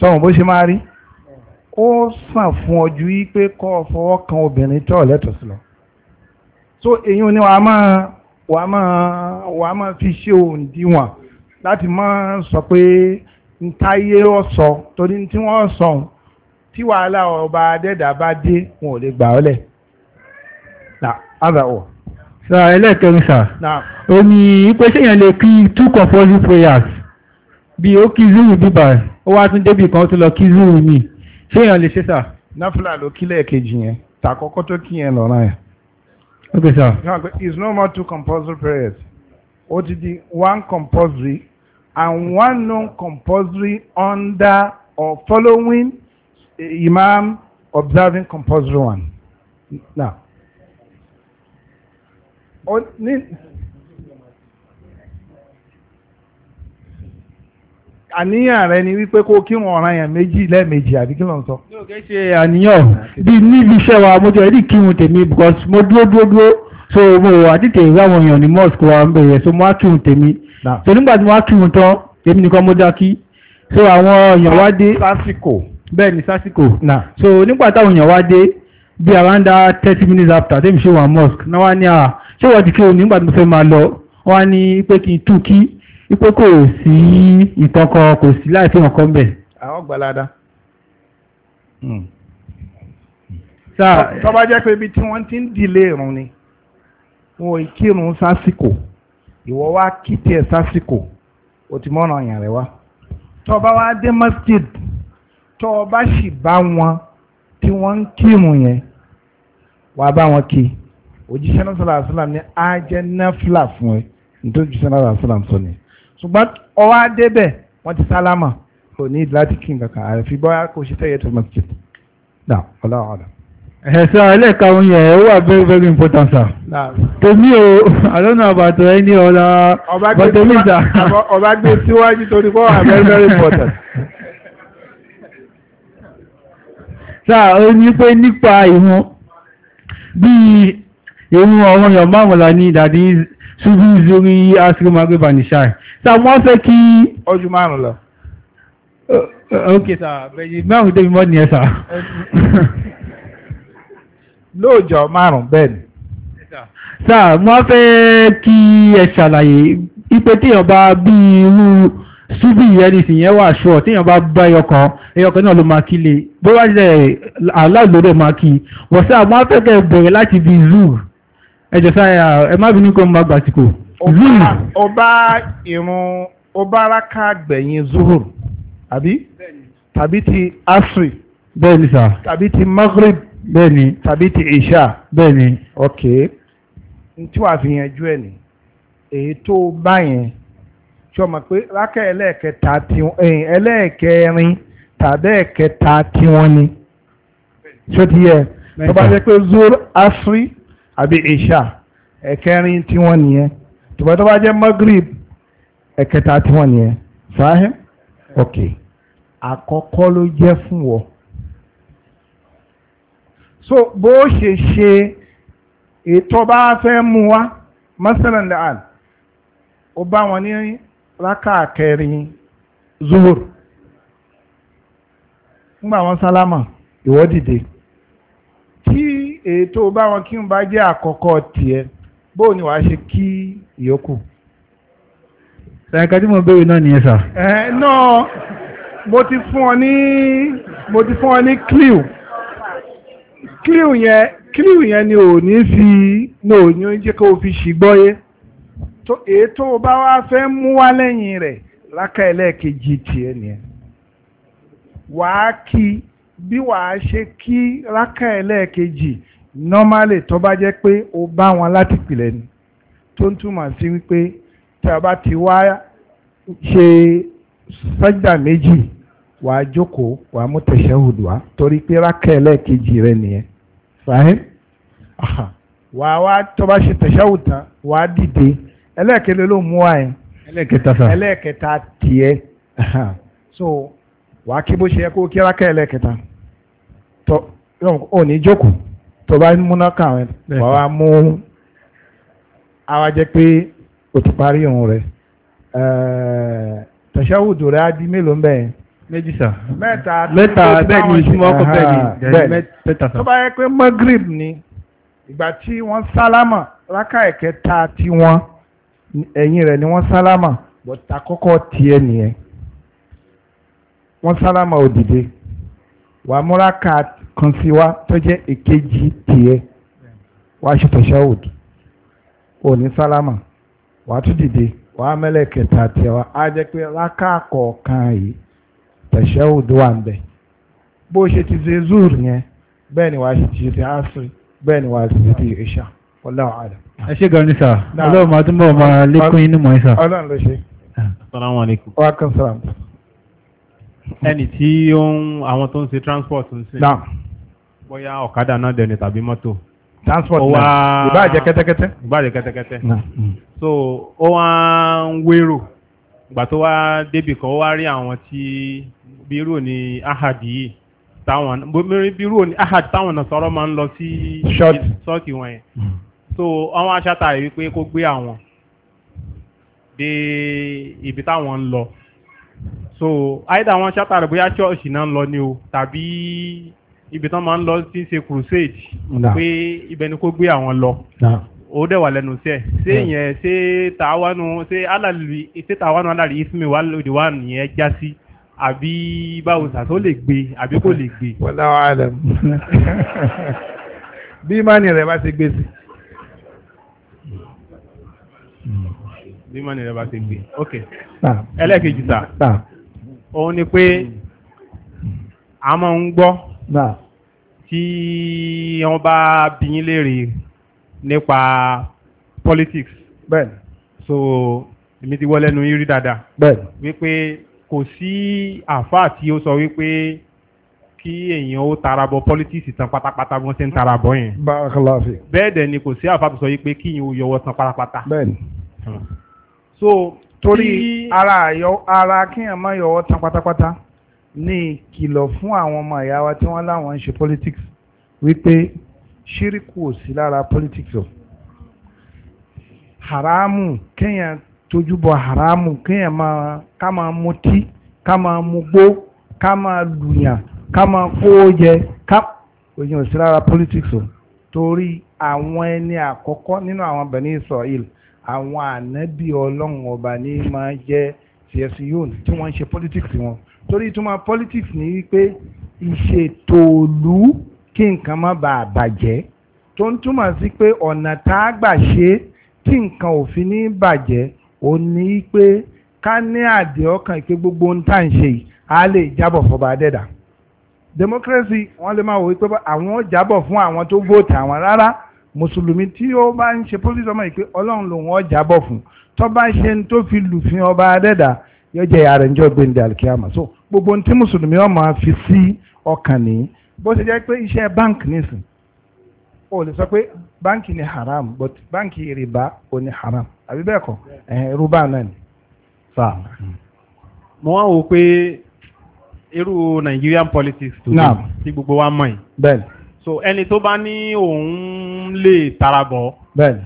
sọ̀rọ̀ bó ṣe máa rí ó sàn fún ọ wípé kọ́ fọwọ́ kan obìnrin tọ́ lẹ́tọ̀ọ́ lọ so èyí ni wàá máa wàá máa wàá máa fi ṣe òǹdíwọ̀n láti máa sọ pé ntáyé ó sọ torí tí wọ́n sọ tí wàhálà ọba adẹ́dà bá dé wọn ò lè gbà ọ́ lẹ̀ nà ábàwọ̀ sà ẹlẹ́kẹrin sà ó ní pé ṣéyàn lè kí two compulsory prayers bí ó kí zuru bíbà ó wá tún débì kan tó lọ kí mi ṣé èèyàn lè ṣe sà. náfìlà ló kí lẹ́ẹ̀kejì yẹn tàkọ́kọ́ tó kí yẹn lọ́ra yẹn. ok sir. no it's no more two compulsory prayers ó ti di one compulsory and one non-compulsory under or following imam observing compulsory one. now. àníyàn rẹ ni wípé kó kírun ọ̀ràn yẹn méjì lẹ́ẹ̀mejì àbí kí ló ń sọ. yóò kẹ́ ṣe àníyàn ah, bíi níbi iṣẹ́ wa mo jẹ́ rí kírun tèmi because mo dúró dúró dúró so mo wà tètè ráwọn èèyàn ni mosque wa ń bẹ̀rẹ̀ so mo á kírun tèmi so nígbà tí mo á kírun tán èmi nìkan mo dá so àwọn èèyàn wá dé sásìkò bẹ́ẹ̀ ni sásìkò so nígbà táwọn èèyàn wá dé bí around thirty minutes after tèmi ṣe wà mosque náà wá ní à ah, ṣé wọ́n ti kírun nígbà tí kí wípé kò sí ìkankan kò sí láì fi hàn kan bẹ̀. àwọn gbalada. Hmm. tó bá jẹ́ pé ibi tí wọ́n ti ń dìlé irun ni wọn ò kírun sásìkò ìwọ wá kí tiẹ̀ sásìkò o ti mọ́ràn àyàn rẹ wá. tó bá wá dé masjid tó bá sì bá wọn tí wọ́n ń kírun yẹn wàá bá wọn kí òjíṣẹ́ náà sọ̀rọ̀ àṣàlám ní ajẹ́ náfìlà fún ẹ nítorí òjíṣẹ́ náà sọ̀rọ̀ àṣàlám sọ nìyẹn ṣùgbọ́n ọwọ́ adébẹ̀ wọ́n ti sálámà kò ní láti kí nǹkan kan àfi bọ́yá kò ṣe tẹ́yẹ tó máa jẹ dà ọlọ́ọ̀ọ́dà. ẹ̀sẹ̀ ẹlẹ́ka ohun yẹn ó wà very very important sir. tèmi o àlọ́nà àbàtọ̀ ẹni ọ̀la bọ́tẹ́mìtà. ọba gbé síwájú torí pé wà very very important. sáà ó ní pé nípa ìhun bíi ìhun ọ̀rọ̀ yọ̀ márùn-ún la ní that is ṣubú ìzórí àṣírí magreba nìṣáì sá wọ́n fẹ́ kí ọdún márùn lọ uh, uh, ok sá bẹ̀yìn márùn débi mọ́ nìyẹn sá lóòjọ́ márùn bẹ́ẹ̀ ni sá wọ́n fẹ́ kí ẹ ṣàlàyé ipe téèyàn bá bí irú ṣubú ìyẹn nìsín yẹn wà ṣọ téèyàn bá bá ẹyọkan ẹyọkan náà ló máa kí lè bó wá jẹ aláàlóde máa kí wọ́n sá wọ́n fẹ́ kẹ́ bẹ̀rẹ̀ láti bí zoo ẹjọ sáyà ẹ má bínú kó ń bá gbàsìkò. ọba irun ọba araka gbẹ̀yìn zuhur àbí tàbí ti asri. bẹ́ẹ̀ni sà. tàbí ti maghrib. bẹ́ẹ̀ni. tàbí ti isha. bẹ́ẹ̀ni. ok tí wàá fi yanjú ẹ ní èyí tó bá yẹn sọmọ pé rákà ẹlẹ́ẹ̀kẹta tiwọn ẹlẹ́ẹ̀kẹrin tàbí ẹ̀kẹta tiwọn ni ṣó ti yẹ tó jẹ́ pé zuhur asri. àbí ìṣà ẹ̀kẹrin tí wọ́n nìyẹn tùbọ̀ tó bá jẹ́ magrib ẹ̀kẹta tí wọ́n ok àkọ́kọ́ ló jẹ́ fún so bó ṣe ṣe ètò bá fẹ́ mú wa masalan da'an ó bá wọn ní rákà ètò bá wọn kí n bá jẹ́ àkọ́kọ́ tiẹ̀ bó ni wàá ṣe kí ìyókù. ṣàkà tí mo béèrè náà nìyẹn sà. ẹ náà mo ti fún ọ ní mo ti fún ọ ní clew clew yẹn clew yẹn ni ò ní fi ní òyìn jẹ́ kó o fi ṣìgbọ́yé ètò bá wá fẹ́ mú wá lẹ́yìn rẹ̀ lákà ẹlẹ́ẹ̀kejì tiẹ̀ nìyẹn wàá kí bí wàá ṣe kí rákà ẹlẹ́ẹ̀kejì normally tó bá jẹ́ pé o bá wọn láti pìlẹ̀ ni tó ń túmọ̀ sí wípé tí a bá ti wá ṣe sájà méjì wàá jókòó wàá mú tẹ̀síhùdù wá torí pé rákẹ́ ẹlẹ́ẹ̀kejì rẹ nìyẹn fàáhìn wàá wá tó bá ṣe tẹ̀síhùdù tán wàá dìde ẹlẹ́ẹ̀kẹ́lẹ́ ló mú wáyé ẹlẹ́ẹ̀kẹta ẹlẹ́ẹ̀kẹta tiẹ̀ so wàá kí bó ṣe yẹ kó kí rákẹ́ ẹlẹ́ẹ̀kẹta tó ò ní jókòó tó bá múná kàwé wà wá mú àwa jẹ́ pé o ti parí irun rẹ̀ tàṣàwùdù rẹ̀ á di mélòó mbẹ́ méjì sà mẹ́ta mẹ́ta bẹ́ẹ̀ ni ìṣúná ọkọ̀ bẹ́ẹ̀ ni mẹ́ta sà. tó bá yẹ pé magrib ni ìgbà tí wọ́n sálámà rákà ẹ̀kẹta tí wọ́n ẹ̀yìn rẹ̀ ni wọ́n sálámà bọ̀tà kọ́kọ́ tiẹ̀ nìyẹn wọ́n sálámà òdìdé wàá kan sí wa tó jẹ́ èkejì tiẹ̀ wàá ṣe tashahud òní sálámà wàá tún dìde wàá mẹ́lẹ̀ kẹta tiẹ̀ wa á jẹ́ pé rákà kọ̀ọ̀kan yìí wà ń bẹ̀ bó ṣe ti ṣe zuur yẹn bẹ́ẹ̀ ni wàá ṣe ti ṣe ti asiri bẹ́ẹ̀ ni wàá ṣe ti ṣe ìṣà wallahu a'lam. ẹ ṣe gan ni sà ọlọ́run máa tún bọ̀ máa ẹni tí ó ń àwọn tó ń ṣe transport ń sìn. náà bóyá ọ̀kadà náà dẹni tàbí mọ́tò. transport náà ìbá jẹ́ kẹ́tẹ́kẹ́tẹ́. ìbá jẹ́ kẹ́tẹ́kẹ́tẹ́. so ó wá ń wérò ìgbà tó wá débì kan ó wá rí àwọn tí bírò ní ahadi yìí táwọn bírò ní ahadi táwọn náà sọ̀rọ̀ máa ń lọ sí ṣọ́ọ̀kì wọn yẹn so àwọn aṣáta yìí pé kó gbé àwọn dé ibi táwọn ń lọ so either wọn ṣátàrẹ̀ bóyá ṣọ́ọ̀ṣì náà ń lọ ni o tàbí ibi tán máa ń lọ sí ṣe crusade pé ibẹ̀ ni kó gbé àwọn lọ ó dẹ̀ wà lẹ́nu sí ẹ̀ ṣé ìyẹn ṣé tàwánu ṣé alàlì ṣé tàwánu alàlì ismi wà lòdì wà nìyẹn já sí àbí báwo sàtó lè gbé àbí kò lè gbé. wọ́n láwọn àlẹ́ bí mánì rẹ̀ bá ṣe gbé sí. bí mánì rẹ̀ bá ṣe gbé ok ẹlẹ́kejì sà òun ni pé hmm. a mọ̀ ń gbọ́ tí wọ́n bá bi yín nípa politics. ben so èmi ti wọ́ lẹ́nu yín rí dáadáa. bẹ́ẹ̀ni. wípé kò sí àáfàá tí ó sọ wípé kí èèyàn ó tarabọ politics tán pátápátá bí wọ́n ṣe ń tarabọ yẹn. bárakàlá fi. bẹ́ẹ̀ dẹ̀ ni kò sí àáfàá tó sọ wípé kí èèyàn yọwọ́ tán pátápátá. so torí ara àyọ ara kíyàn má yọ ọ́ tán pátápátá ní ìkìlọ̀ fún àwọn ọmọ ìyá wa tí wọ́n láwọn ń ṣe politics wípé ṣíríkù ò sí lára politics o haramu kíyàn tójúbọ haramu kíyàn máa ká máa mutí ká máa mugbó ká máa lùyàn ká máa kó jẹ ká òyìn ò sí lára politics o torí àwọn ẹni àkọ́kọ́ nínú àwọn Bani Israel àwọn ànábì ọlọ́run ọba ní máa jẹ́ cscon tí wọ́n ń ṣe politics wọn torí ìtumọ̀ politics ní wípé ìṣètòlú kí nǹkan má bàa bàjẹ́ tó ń túmọ̀ sí pé ọ̀nà tá a gbà ṣe tí nǹkan ò fi ní bàjẹ́ ò ní pé ká ní àdé ọkàn pé gbogbo ohun tá à ń ṣe yìí á lè jábọ̀ fọba adẹ́dà democracy wọ́n lè máa wò wípé àwọn ó jábọ̀ fún àwọn tó vote àwọn rárá mùsùlùmí tí ó bá ń ṣe pólítì ọmọ ìpè ọlọ́run lòun ọjà bọ̀ fún tó bá ṣe ń tó fi lùfin ọba adẹ́dà yóò jẹ́ ìyá rẹ̀ níjọ́ gbẹ̀ǹdẹ̀ àlùkìyàmà so gbogbo ohun tí mùsùlùmí ọmọ fi sí ọkàn nìyí bó ṣe jẹ́ pé iṣẹ́ báǹkì nìsín o lè sọ pé báǹkì ni haram but báǹkì rìbá o ni haram àbí bẹ́ẹ̀ kọ́ irú bá náà ni. mo wá wò pé irú Nigerian politics tó ti gbogbo wa mọ̀ yìí so ẹni tó bá ní òun lè tarabọ̀ bẹ́ẹ̀ni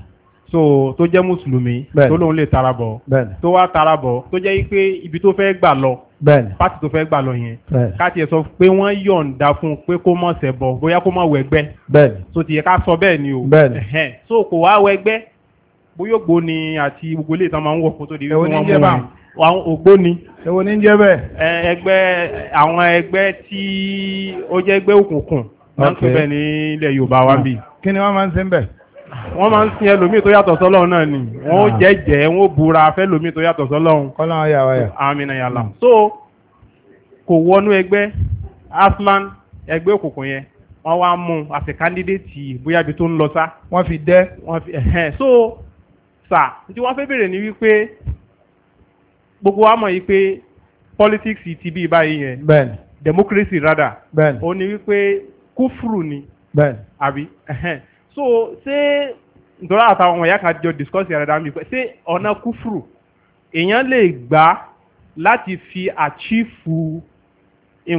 so tó jẹ́ mùsùlùmí bẹ́ẹ̀ni tó lóun lè tarabọ̀ bẹ́ẹ̀ni tó wá tarabọ̀ tó jẹ́ pé ibi tó fẹ́ gbà lọ bẹ́ẹ̀ni pátì tó fẹ́ gbà lọ yẹn káti ẹ̀ sọ pé wọ́n yọ̀ǹda fún un pé kó mọ̀ ṣẹbọ bóyá kó mọ̀ wẹ̀gbẹ́ bẹ́ẹ̀ni so tìyẹ ká sọ bẹ́ẹ̀ ni o bẹ́ẹ̀ni so kò wá wẹ̀gbẹ́ bóyá ògbóni àti gbogbo ilé ìtàn máa ń wọ̀ kó tó di wípé wọ́n mú wọn àwọn ògbóni. èwo ní jẹ́ bẹ́ẹ̀. ẹgbẹ́ àwọn ẹgbẹ́ tí ó jẹ́ ẹgbẹ́ òkùnkùn wọ́n tún bẹ̀ ní ilẹ̀ Yorùbá wa bí. Ah. kí ni wọ́n máa ń sin bẹ̀. wọ́n máa ń sin ẹlòmíì tó yàtọ̀ sọ́lọ́run náà ni wọ́n ah. jẹ́jẹ́ wọ́n búra fẹ́ lòmíì tó yàtọ̀ sọ́lọ́run. kọ́lá wọn yà wáyà. amina yàlá. Hmm. so kò wọnú ẹgbẹ́ asman ẹgbẹ́ òkùnkùn yẹn wọ́n wá mú àti kándídéètì bóyá ibi tó ń lọ sá. wọ́n fi dẹ́. so sà tí wọ́n fẹ́ bèrè ní wípé gbogbo wa mọ̀ yìí pé politics ti bí báyìí yẹn. bẹ́ẹ̀ni. democracy rather. bẹ́ẹ̀ni. ó ní wípé kúfùrù ni. bẹ́ẹ̀ àbí so ṣé nítorí àtàwọn ọmọ ìyá kan jọ discuss yàrá dáhùn mi pé ṣé ọ̀nà kúfùrù èèyàn lè gbà láti fi àchífù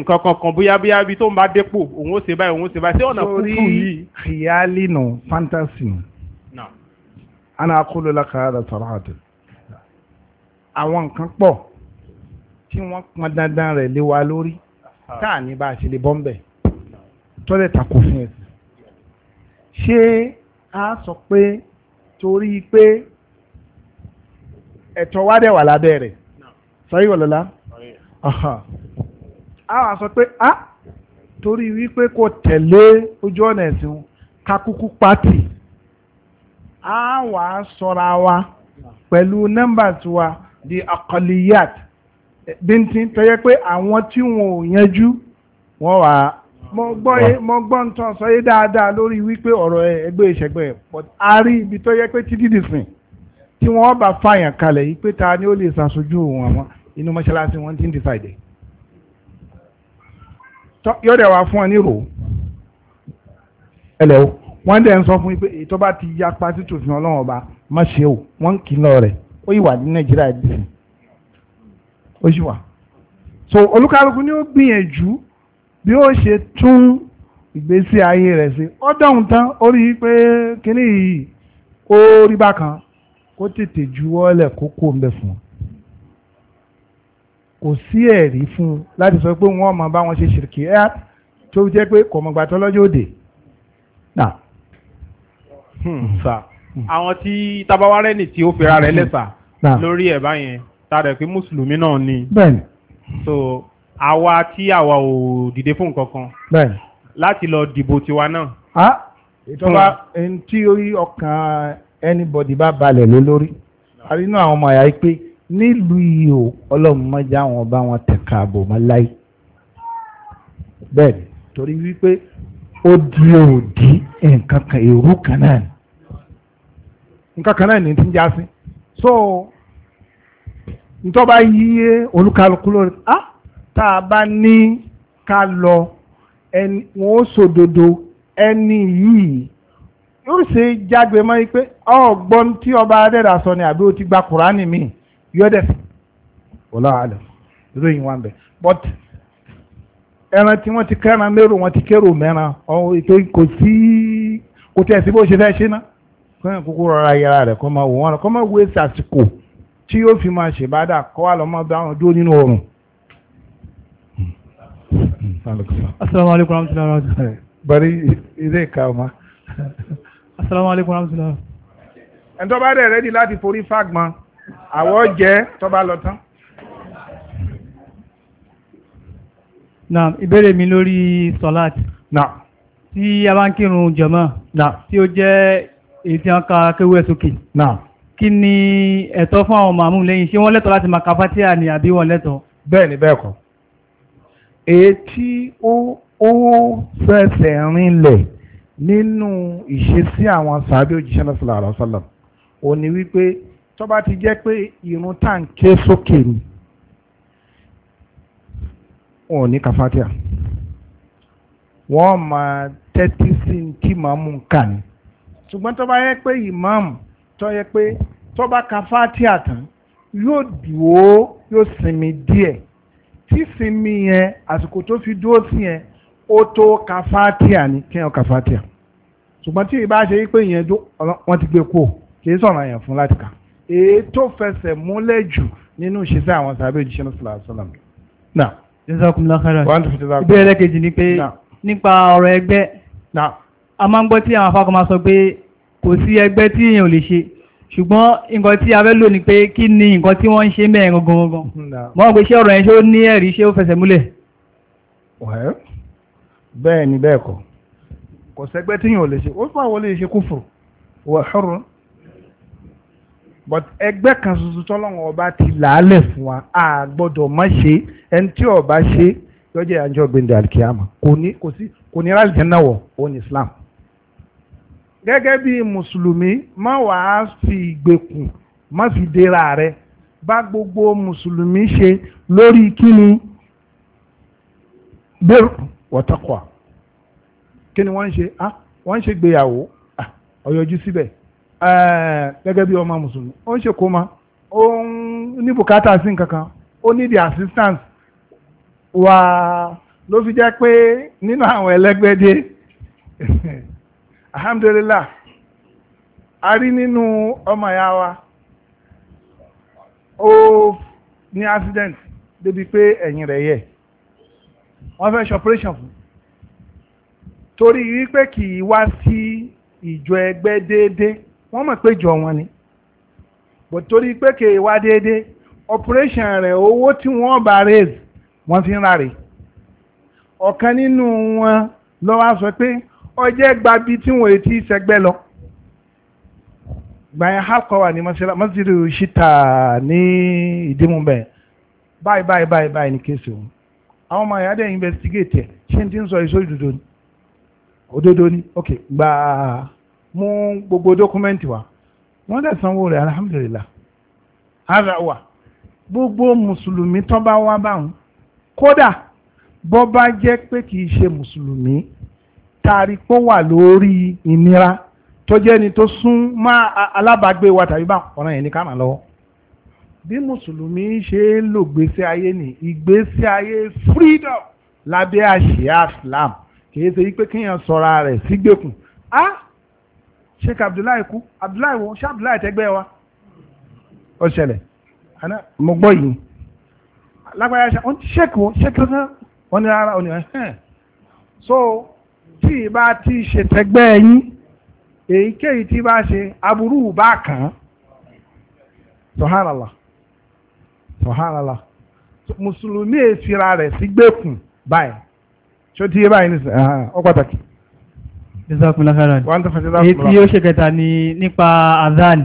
nǹkan kankan bóyá bóyá bí tó ń bá dépò òun ó ṣe báyìí òun ó ṣe báyìí ṣé ọ̀nà kúkú yìí. torí ìyáálì nù fantasy. ana akóló lákàrà rẹ sọ̀rọ̀ àdùn. àwọn nǹkan pọ̀ tí wọ́n pọn dandan rẹ̀ lé lórí tá ní bá a ṣe lè bọ́ ń bẹ̀ tọ́lẹ̀ tako fún ṣé a sọ pé torí pé ẹ̀tọ́ wa dẹ̀ wà lábẹ́ rẹ̀ sọ́yí wọ̀lọ́lá a wà sọ pé a ah, torí wípé kò tẹ̀lé ojú ọ̀nà ẹ̀sìn kakuku pati a wà sọra wa pẹ̀lú nọ́mbà tiwa di akọliyat bíntín tó yẹ pé àwọn tí wọn ò yanjú wọn wà mo gbọ́ mo gbọ́ ń tán sọ yé dáadáa lórí wípé ọ̀rọ̀ ẹgbẹ́ ìṣẹ̀gbẹ́ but a rí ibi tó yẹ pé títí dìsìn tí wọ́n bá fàyàn kalẹ̀ yìí pé ta ni ó lè ṣàṣojú òun àwọn inú mọ́ṣáláṣí wọ́n ti ń decide. yóò dẹ̀ wá fún ọ ní rò ẹlẹ́ o wọ́n dẹ̀ ń sọ fún yín pé ètò bá ti ya pa fún ọlọ́run ọba má ṣe o wọ́n kì í lọ rẹ̀ ó yìí wà ní nàìjíríà dìsìn ó sì wà. so olúkálùkù ni ó gbìyànjú bí ó ṣe tún ìgbésí ayé rẹ̀ ṣe ó dọ̀hún tán ó rí i pé kíní yìí ó rí bákan kó tètè juwọ́lẹ̀ kó kó ń bẹ fún un kò sí ẹ̀rí fún un láti sọ pé wọ́n mọ̀ bá wọn ṣe ṣìrìkì ẹ́ tó jẹ́ pé kò mọ̀gbà tó lọ́jọ́ òde. Hmm, àwọn tí tabawarẹ́ nì tí ó fira rẹ̀ lẹ́sà lórí ẹ̀ báyẹn tá pé mùsùlùmí náà ni. bẹ́ẹ̀ni. so àwa tí àwa ò dìde fún nǹkan kan láti lọ dìbò tiwa náà. ìjọba tí ọkàn anybody bá balẹ̀ lé lórí àrínú àwọn ọmọ àyà pé nílùú yìí o ọlọ́run mọ́jà wọn bá wọn tẹ̀ka ààbò mọ́ láì bẹ́ẹ̀ torí wípé ó di òdì nǹkan kan èrú kan náà ni nǹkan kan náà ni ti ń já so ntọ́ba yíyé olúkálukú lórí ah tá a bá ní ká lọ wọn ó sòdodo ẹni yìí yóò ṣe jágbe mọ́ pé ọgbọ́n tí ọba adẹ́dà sọ ni àbí o ti gba kùránì mi yọ́dẹ̀ wọlá àlẹ́ ìròyìn wa ń bẹ̀ but ẹran tí wọ́n ti kẹ́ran lérò wọ́n ti kérò mẹ́ran ọ̀hún ìpè kò sí kò tẹ̀ sí bó ṣe fẹ́ ṣe ná kọ́yìn kúkú rọra yẹra rẹ̀ kọ́ máa wò wọ́n kọ́ máa wé sàsìkò tí yóò fi máa ṣèbádà kọ́ wà lọ́mọ bá wọn dúró nínú oòrùn asalaamu aleykum rahmatulah rahmatulah. bari ilé ìka ọmọ. asalaamu aleykum rahmatulah. ẹni tó bá dẹ̀ rẹ́dí láti forí fáàgbọ́n àwọ̀ jẹ́ tó bá lọ tán. na ìbéèrè mi lórí sọláàt. na. tí a bá ń kírun jọ̀mọ́. na. tí ó jẹ́ èyí tí wọ́n ka kéwú ẹ̀ sókè. na. kí ni ẹ̀tọ́ fún àwọn màmú lẹ́yìn ṣé wọ́n lẹ́tọ̀ọ́ láti máa ka fatia ni àbí wọ́n lẹ́tọ̀ọ́. bẹ́ẹ̀ ni bẹ́ẹ̀ kọ́ ètí ó ó fẹsẹ̀ rinlẹ̀ nínú ìṣesí àwọn sàábé òjíṣẹ́ lọ́sọ̀lá àrọ́sọ̀lá ò ní wípé tó bá ti jẹ́ pé irun tá ń ké sókè ni wọn ò ní kàfátíà wọ́n máa tẹ́tí sí kí màmú kà ní ṣùgbọ́n tó bá yẹ pé ìmáàmù tó yẹ pé tó bá kàfátíà tán yóò dùn ó yóò sinmi díẹ̀ tí sinmi yẹn àsìkò tó fi dúró sí yẹn ó tó kàfátíà ní kéèyàn kàfátíà ṣùgbọ́n tí ìbá ṣe pé ìyẹn wọ́n ti gbé kú kì í sọ̀rọ̀ yẹn fún láti kà èyí tó fẹsẹ̀ múlẹ̀ jù nínú ìṣesẹ́ àwọn sàbẹ̀ òjíṣẹ́ náà sọ̀rọ̀ àṣọ náà. jazakumullahu khairan ìbéèrè kejì ni pé nípa ọ̀rọ̀ ẹgbẹ́ ṣùgbọ́n nǹkan tí a fẹ́ lò ní pé kí ni nǹkan tí wọ́n ń ṣe mẹ́rin gangan gangan mọ́ pé ṣé ọ̀rọ̀ yẹn ṣé ó ní ẹ̀rí ṣé ó fẹsẹ̀ múlẹ̀. bẹ́ẹ̀ ni bẹ́ẹ̀ kọ́ kò sẹ́gbẹ́ tí yìí ò lè ṣe ó fà wọlé ṣe kúfùrù wà hurun but ẹgbẹ́ kan ṣoṣo tọ́lọ́run ọba ti làálẹ̀ fún wa a gbọ́dọ̀ má ṣe ẹni tí ọba ṣe yọjẹ́ àjọ gbẹ̀ndẹ̀ àlìkíyàmà kò ní kò sí kò ní rálì jẹ́ náà wọ̀ òun Islam. gẹ́gẹ́ bí mùsùlùmí má wàá fi ìgbèkùn má fi dèrà rẹ bá gbogbo mùsùlùmí ṣe lórí kíni bẹ́rù wọ́tọ́kọ̀ kíni wọ́n ń ṣe ah, wọ́n ń ṣe gbéyàwó ọ̀yọ́jú ah, síbẹ̀ eh, gẹ́gẹ́ bí ọmọ mùsùlùmí ó ń ṣe kó ma ó ń ní bùkátà sí nǹkan kan ó ní the assistance ló fi jẹ́ pé nínú àwọn ẹlẹ́gbẹ́dẹ́. alhamdulillah a rí nínú ọmọ ìyá wa ó ní accident débi pé ẹ̀yìn rẹ̀ yẹ̀ wọ́n fẹ́ ṣe operation fún torí wípé kì í wá sí ìjọ ẹgbẹ́ déédéé wọ́n mọ̀ pé jọ wọn ni but torí pé kì í wá déédéé operation rẹ̀ owó tí wọ́n bá raise wọ́n fi ń rà rè ọ̀kan nínú wọn ló sọ pé ọjẹ́ gbabi tí wọ́n ti sẹ́gbẹ́ lọ gbàyẹn halkọ wà ní masiri ṣíta ní ìdímú bẹ́ẹ̀ báyìí báyìí báyìí báyìí ní kéèsì òun àwọn ọmọ ìyá investigate ẹ̀ ṣé n ti ń sọ èso òdodo ni òdodo ni ok gbàá mú gbogbo dọ́kúmẹ́ntì wa wọ́n dẹ̀ sanwó rẹ̀ alhamdulillah ara wa gbogbo mùsùlùmí tó bá báwọn kódà bọ́ jẹ́ pé kì í ṣe mùsùlùmí taari pé wà lórí ìnira tó jẹ́ ni tó sún mọ́ alábàágbé wa tàbí bá ọ̀ràn yẹn ní ká máa lọ́wọ́. bí mùsùlùmí ṣe ń lò gbèsè ayé ní ìgbésí ayé freedom lábẹ́ àṣìá islam kì í ṣe wípé kéèyàn sọra rẹ̀ sígbèkùn. a sheikh abdullahi kú abdullahi wo ṣé abdullahi tẹ́gbẹ́ wa ó ṣẹlẹ̀ mo gbọ́ yìí lágbáyà sheikh wo sheikh kankan wọ́n ní rárá ó so tí ìbá ti ṣètẹ́gbẹ́ yín èyíkéyìí tí bá ṣe aburú bá kàn án subhanallah subhanallah mùsùlùmí èsìra rẹ̀ sí gbẹ̀kùn báyìí ṣó tí yé báyìí nìsín ọ pàtàkì. jazakumullahu khairan èyí tí yóò ṣe kẹta ni nípa azan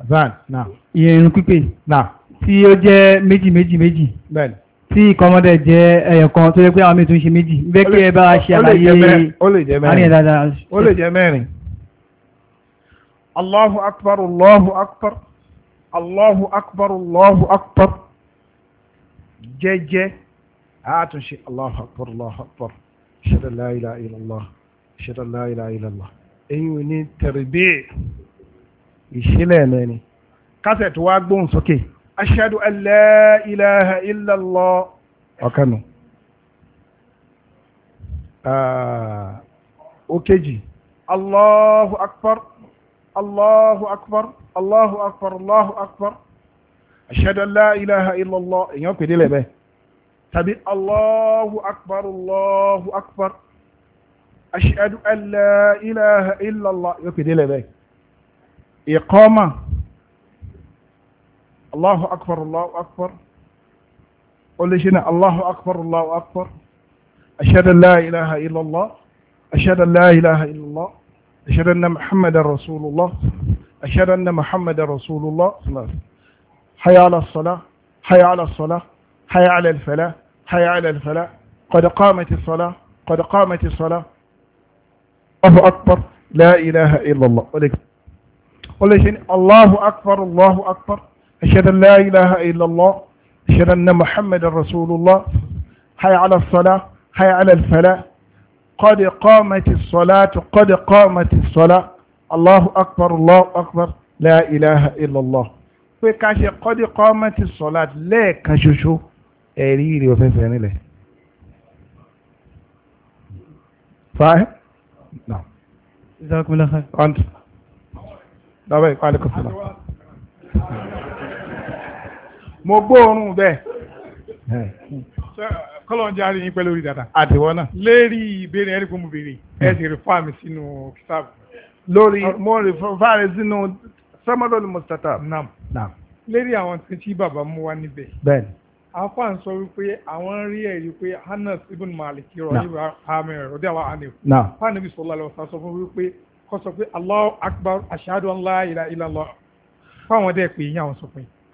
azan na ìyẹn irun pípé na tí ó jẹ́ méjì méjì méjì bẹ́ẹ̀ tí ìkọmọdé jẹ́ ẹ̀yọ̀kan tó yẹ pé àwọn mìí tún ṣe méjì bẹ́ kí ẹ bá ṣe àlàyé àárín ẹ̀dàdà ó lè jẹ́ mẹ́rin Allahu akbar Allahu akbar Allahu akbar Allahu akbar jẹ́jẹ́ àtúnṣe Allahu akbar Allahu akbar ṣẹlẹ̀ la ilaha illallah ṣẹlẹ̀ la ilaha illallah ò ní tẹ̀rẹ̀bí ìṣílẹ̀ mẹ́rin kásẹ̀ tó wá gbóhùn sókè. Okay ashhadu an la ilaha illa Allah ọ̀kanu ah, òkejì allahu akbar allahu akbar allahu akbar allahu akbar ashhadu an la ilaha illa Allah èyàn pè délẹ̀ bẹ́ẹ̀ tàbí allahu akbar allahu akbar ashhadu an la ilaha illa Allah èyàn pè délẹ̀ ìkọ́mà الله أكبر الله أكبر قل لشنا الله أكبر الله أكبر أشهد أن لا إله إلا الله أشهد أن لا إله إلا الله أشهد أن محمد رسول الله أشهد أن محمد رسول الله حي على الصلاة حي على الصلاة حي على الفلاح حي على الفلاح قد قامت الصلاة قد قامت الصلاة الله أكبر لا إله إلا الله قل لي الله الله أكبر, الله أكبر أشهد أن لا إله إلا الله أشهد أن محمد رسول الله حي على الصلاة حي على الفلاح قد قامت الصلاة قد قامت الصلاة الله أكبر الله أكبر لا إله إلا الله pé قد قامت الصلاة لا sọ́láàtì lẹ́ẹ̀kan ṣoṣo ẹ̀rí ìrì نعم جزاكم الله خير أنت لا ọ̀n. dábàá ìpàdé mo gbóòórùn bẹ́ẹ̀ kọlọ́njẹ́ àárín yín pẹ̀lú orí dada. àdìwọ́ náà. lérí ìbéèrè ẹ̀rí fún mi béèrè ẹ̀ sì rí fáàmì sínú kìtàbù. lórí mo rí fáàmì sínú sẹ́mọ́dọ̀ ni mo tata. naam naam. lérí àwọn tí tí bàbá mu wá níbẹ̀. bẹ́ẹ̀ni. afa sọ wípé àwọn rí ẹ̀rí pé ibn Malik rọ ibà hami rẹ ọdẹ àwọn àná. naam. fáànù bí sọlá lọ sọ fún wípé sọ pé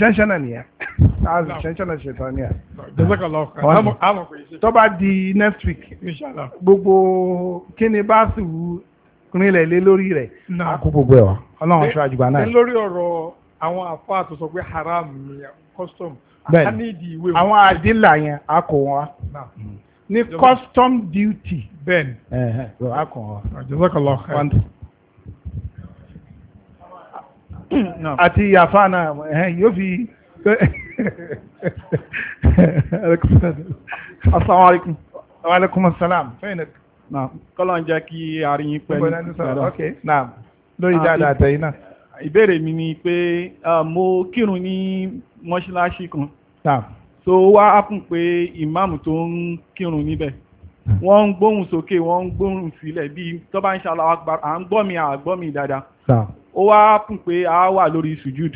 ṣẹ́ńṣẹ́nà nìyẹn ṣẹ́ńṣẹ́nà ṣètò nìyẹn. tó bá di next week gbogbo kí ni bá sì wú rinlẹ̀ lé lórí rẹ̀ àkó gbogbo ẹ̀ wá ọlọ́run ṣe àjùgbà náà. lórí ọ̀rọ̀ àwọn àfọ àtọ̀sọ pé haram ni custom a ní ìdí ìwé àwọn àdìlà yẹn a kò wọn wá custom duty. bẹ́ẹ̀ni a kò wọn wá. àti ìyàfa náà yóò fi asalaamualeykum waaleykum asalaam fẹ́yìn náà. kọ́lọ̀ ń jẹ́ kí àríyìn pẹ̀lú A lórí ah, dáadáa tẹ̀yìn náà. ìbéèrè mi ni pé mo kírun ní mọ́ṣáláṣí kan so wá ápùn pé ìmáàmù tó ń kírun níbẹ̀ wọ́n ń gbóhùn sókè wọ́n ń gbóhùn sílẹ̀ bí tó bá ń ṣàlọ́ àgbà à ń dáadáa ó wá pùn pé a wà lórí sujud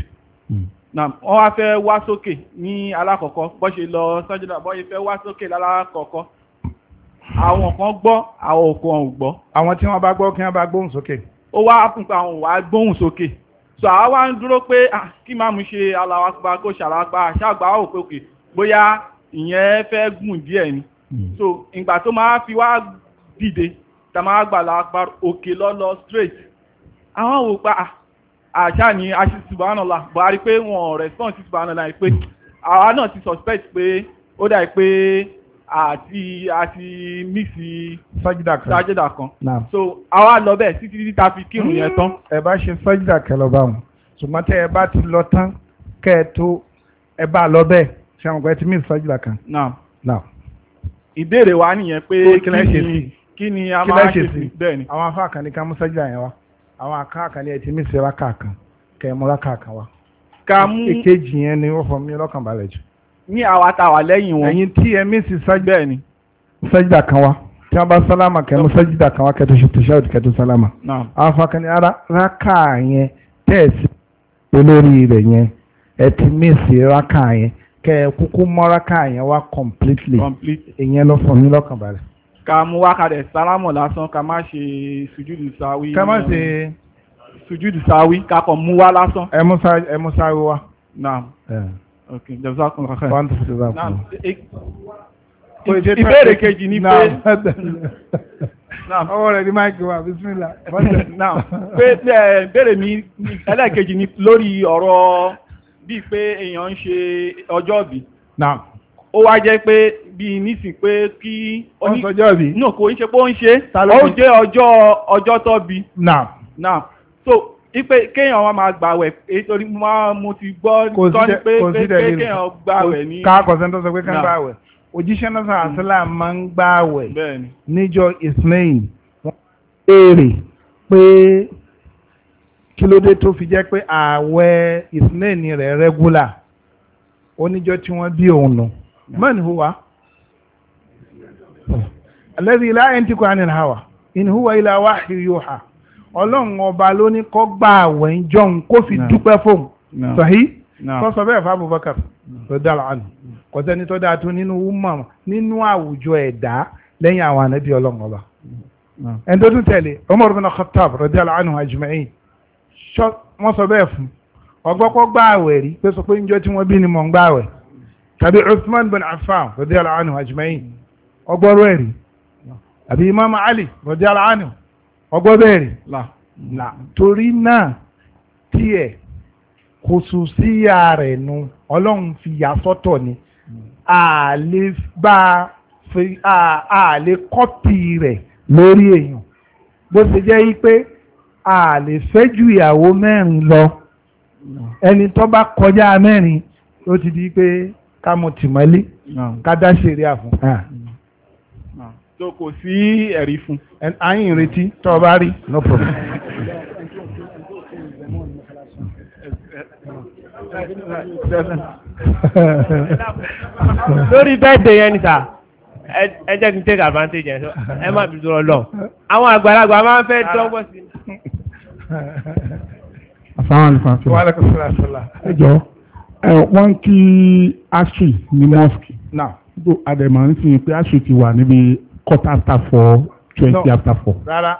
hmm. na wọ́n wá fẹ́ wá sókè ní alákọ̀ọ́kọ́ bọ́ ṣe lọ sọ́jọ́dá bọ́ ṣe fẹ́ wá sókè lálákọ̀ọ́kọ́ àwọn kan gbọ́ àwọn òkú ọ̀hún gbọ́. àwọn tí wọ́n bá gbọ́ kí wọ́n bá gbóhùn sókè. ó wá pùn pé àwọn wà gbóhùn sókè so àwa wá ń dúró pé ah, kí máa mú ṣe aláwàpá kó ṣàlápá ṣàgbà òkè òkè bóyá ìyẹn fẹ́ gùn díẹ̀ ni hmm. so ìgbà tó máa fi wá dìde tá máa gbà straight àwọn wò pa ah, àṣà ni aṣíṣubánàlá buhari pé wọn respond sí subhanallah pé àwa náà ti suspect pé ó dà pé àti àti mísì sájídà kan so àwa lọ bẹ́ẹ̀ títí títí ta fi kírun yẹn tán. ẹ bá ṣe sájídà kẹlọ bá wọn ṣùgbọ́n ẹ bá ti lọ tán kẹ ẹ tó ẹ bá lọ bẹ́ẹ̀ ṣe àwọn ọ̀gbẹ́ ti mísì sájídà kan. ìbéèrè wa nìyẹn pé kí ni a máa ṣe sí bẹ́ẹ̀ ni. àwọn afáàkàn ní ká mú sájídà yẹn wá àwọn akáàkà ni ẹ ti mí sẹ́ra kàkàn kẹ́ ẹ múra kàkàn wa. ká mú yẹn ni wọ́n fọ mí lọ́kàn balẹ̀ jù. ní àwa tá a wà lẹ́yìn wọn. ẹ̀yin tí ẹ mí sì sájúdà ni. sájúdà kan wa tí wọ́n bá sálámà kẹ́ mú sájúdà kan wa kẹ́tọ́ ṣètò ṣáàdì kẹ́tọ́ sálámà. àwọn afọkànnì ara rákà yẹn tẹ̀sí olórí rẹ̀ yẹn ẹ ti mí sí rákà yẹn kẹ́ kúkú mọ́ rákà yẹn wá completely. completely. ìyẹn ló fọ mí lọ́kàn balẹ̀ ká mú wákàtẹ̀ sálámọ̀ lásán ká má ṣe sùjúdù sáwí. ká má ṣe. sùjúdù sáwí ká kàn mú wá lásán. ẹ mú sáré ẹ mú sáré wá. naam ok jẹ́bùsákùn kankan. wọ́n ti fi jẹ́bùsákùn. naam e-, e-, ìbéèrè kejì ni pé. naam ọwọ́ rẹ̀ ní máìkì wa bisimilá. naam pé béèrè mi ẹlẹ́ẹ̀kejì ni lórí ọ̀rọ̀ bíi pé èèyàn ń ṣe ọjọ́ ìbí. naam ó wá jẹ́ pé bí nísìn pé kí ọjọ́ bí no kò ń ṣe pé ó ń ṣe ó jẹ́ ọjọ́ ọjọ́ tó now now so ipe kéèyàn wọn máa gbàwẹ̀ nítorí mo ti gbọ́ nítorí pé kéèyàn gbàwẹ̀ ní. ká kọ̀sẹ́ńtọ́ sọ pé kéèyàn gbàwẹ̀ òjíṣẹ́ náà sọ àṣìlá máa ń gbàwẹ̀ níjọ́ ismail wọ́n béèrè pé kí ló dé tó fi jẹ́ pé ààwẹ̀ ismail rẹ̀ rẹ́gúlà oníjọ́ tí wọ́n bí òun nù. No من هو الذي لا yantiqu anil الهوى؟ إن هو illa وحي يوحى. ọlọ́run ọba ló ní kọ́ gba àwẹ̀ ń jọun kó fi dúpẹ́ fóun sọ̀hí tó sọ bẹ́ẹ̀ fún Abubakar tó dára àná kò sẹ́ni tó dáa tó nínú umma nínú àwùjọ ẹ̀dá lẹ́yìn àwọn ànábì ọlọ́run ọba ẹni tó tún tẹ̀lé Umar bin Khattab radiyallahu anhu ajma'in wọ́n sọ bẹ́ẹ̀ fún ọgbọ́kọ́ gba àwẹ̀ rí pé sọ pé ń tí wọ́n bí ni mò ń gba àwẹ̀ tàbí Uthman bin Affan radiyallahu anhu ajma'in ọgbọ́rọ̀ ẹ̀rí àbí Imam Ali radiyallahu anhu ọgbọ́rọ̀ ẹ̀rí torí náà tiẹ̀ kò sùn sí ìyá rẹ̀ nu ọlọ́run fi yà sọ́tọ̀ ni a lè bá a lè kọ́pì rẹ̀ lórí èèyàn bó ṣe jẹ́ yí pé a lè fẹ́ ju ìyàwó mẹ́rin lọ ẹni tó bá kọjá mẹ́rin ó ti di pé ká mu tìmọ́lé ká dá ṣeré àfún. Ah. Ah. so kò sí ẹ̀rí fún. à ń ìrètí tó o bá rí no problem. lórí bẹ́ẹ̀dẹ̀ yẹn ni sà ẹ jẹ́ kí n take advantage yẹn ẹ má bìí dúró lọ àwọn àgbàlagbà máa ń fẹ́ dọ́gbọ́n sí i. asalaamualeykum. wa aleykum salaam. ẹ jọ̀ọ́ wọ́n kí ashi ní mosque náà àdèmọ̀ ń sìn pé ashi ti wà níbi quarter after four twenty no. after four. rárá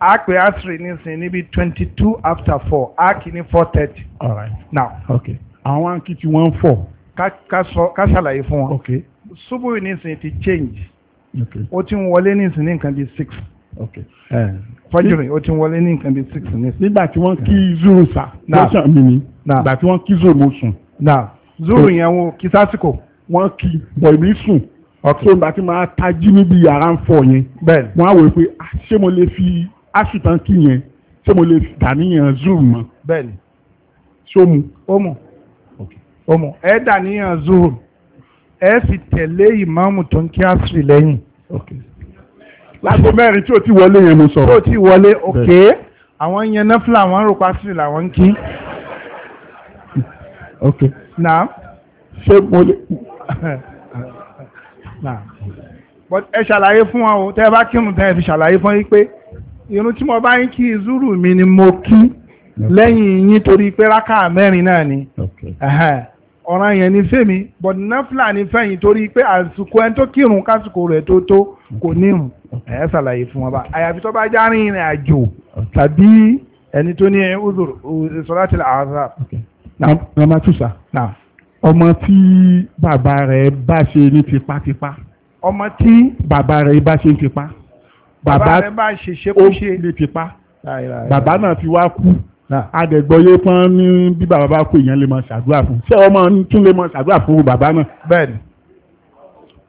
a pè asiri nísìn níbi twenty two after four a kì ní four thirty. all right now. okay àwọn akitì wọn fọ. ká ká sọ ká ṣàlàyé fún wọn. okay. subu nísìn ti change. okay. ó ti ń wọlé nísìn ní nǹkan bíi six fajiri ó ti wọlé ní nǹkan bíi six ní. nígbà tí wọ́n kí zuru sa lọ́sàn mi ni nígbà tí wọ́n kí zuru mo sùn. zuru yẹn wo kí sásìkò. wọ́n kí bọ̀ ìmí sùn so nígbà tí màá tají níbi yàrá ń fọ yẹn wọ́n á wò pé ṣé mo lè fi aṣùtàn kí yẹn ṣé mo lè dà níyàn zuru mọ́. bẹ́ẹ̀ni ṣó mu. ó ẹ dà níyàn zuru ẹ sì tẹ̀lé ìmáàmù tó ń kí àṣírí lẹ́yìn láago mẹ́rin tí ò ti wọlé yẹn mo sọ. tí ò ti wọlé òkè àwọn yẹn náfìlà àwọn rò pàṣẹ làwọn ń kí. ok na. ṣé mo lè. na but ẹ ṣàlàyé fún wọn o tẹ ẹ bá kírun tẹ ẹ fi ṣàlàyé fún yín pé irun tí mo bá ń kí zuru mi ni mo kí lẹ́yìn yín torí pé rákà mẹ́rin náà ni. Okay. Uh -huh ọ̀ràn yẹn ni fẹ́mi but nafla ni fẹ́yìn torí pé àsìkò ẹni tó kírun kásìkò rẹ̀ tó tó kò nírun ẹ̀ ṣàlàyé fún wọn bá àyàfi tó bá já rìn ìrìn àjò tàbí ẹni tó ní uzur sọláṣẹ àhàzà. mama tusa ọmọ tí bàbá rẹ̀ bá ṣe ní tipátipá. ọmọ tí bàbá rẹ̀ bá ṣe ní tipa. bàbá rẹ̀ bá ṣe ṣekúṣe. ó ní bàbá náà ti wá kú adẹ̀gbọ́yé pọ́n ní bí bàbá bá kú èèyàn lè máa ṣàdúrà fún ṣé ọmọ tún lè máa ṣàdúrà fún bàbá náà. bẹ́ẹ̀ni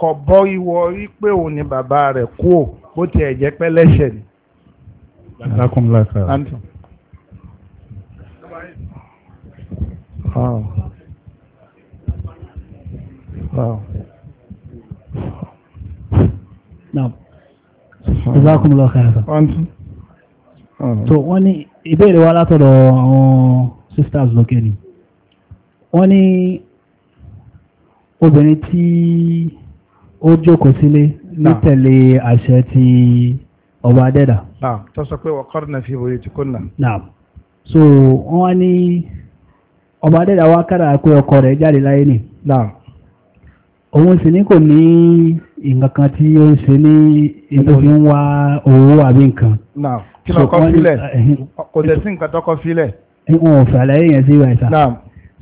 kò bọ ìwọ rí pé òun ni bàbá rẹ̀ kú ò bó tiẹ̀ jẹ́ pé lẹ́sẹ̀ ni. Wow. Wow. Now, جزاكم الله خيرا so wọ́n ní ìbéèrè wa látọ̀dọ̀ àwọn sisters lókè ni wọ́n ní obìnrin tí ó jókòó sílé ní tẹ̀lé àṣẹ ti ọba adẹ́dà. tó sọ pé waqarna fi buyutikunna. so wọ́n ní ọba adẹ́dà wá kára pé ọkọ rẹ̀ jáde láyé ni. òun sì ní kò ní nǹkan tí ó ń ṣe ní ètò fi ń wá owó àbí nǹkan. kí ló kọ́ sílẹ̀ eh, eh, kò tẹ̀ sí nǹkan tó kọ́ sílẹ̀. Eh, wọn ò fàlàyé yẹn sí ìwà ìta.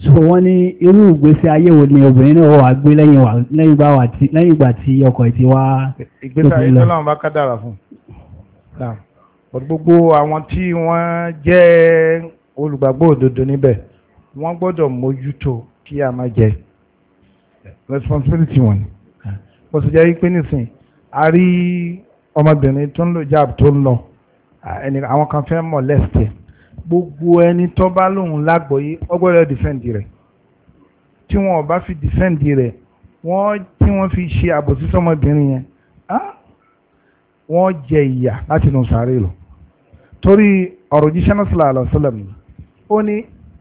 so wọ́n ní irú ìgbésí ayé wo ni obìnrin náà wà gbé lẹ́yìn ìgbà tí ọkọ ẹ̀ ti wá. ìgbésí ayé tó lọ́wọ́ bá fún gbogbo àwọn tí wọ́n jẹ́ olùgbàgbọ́ òdodo níbẹ̀ wọ́n gbọ́dọ̀ mójútó kí a máa jẹ responsibility wọn ni bó ṣe jẹ́ pé nísìn a rí ọmọbìnrin tó ń lò jab tó ń lọ àwọn kan fẹ́ mọ̀ lẹ́sìtẹ̀ gbogbo ẹni tó bá lóun lágbọ̀ọ́yé ọgbọ́dọ̀ dìfẹ́ǹdì rẹ̀ tí wọn bá fi dìfẹ́ǹdì rẹ̀ wọ́n tí wọ́n fi ṣe àbòsí sọmọbìnrin yẹn wọ́n jẹ ìyà láti nù sáré lọ torí ọ̀rọ̀ jíṣẹ́ náà sallallahu alaihi wasallam ó ní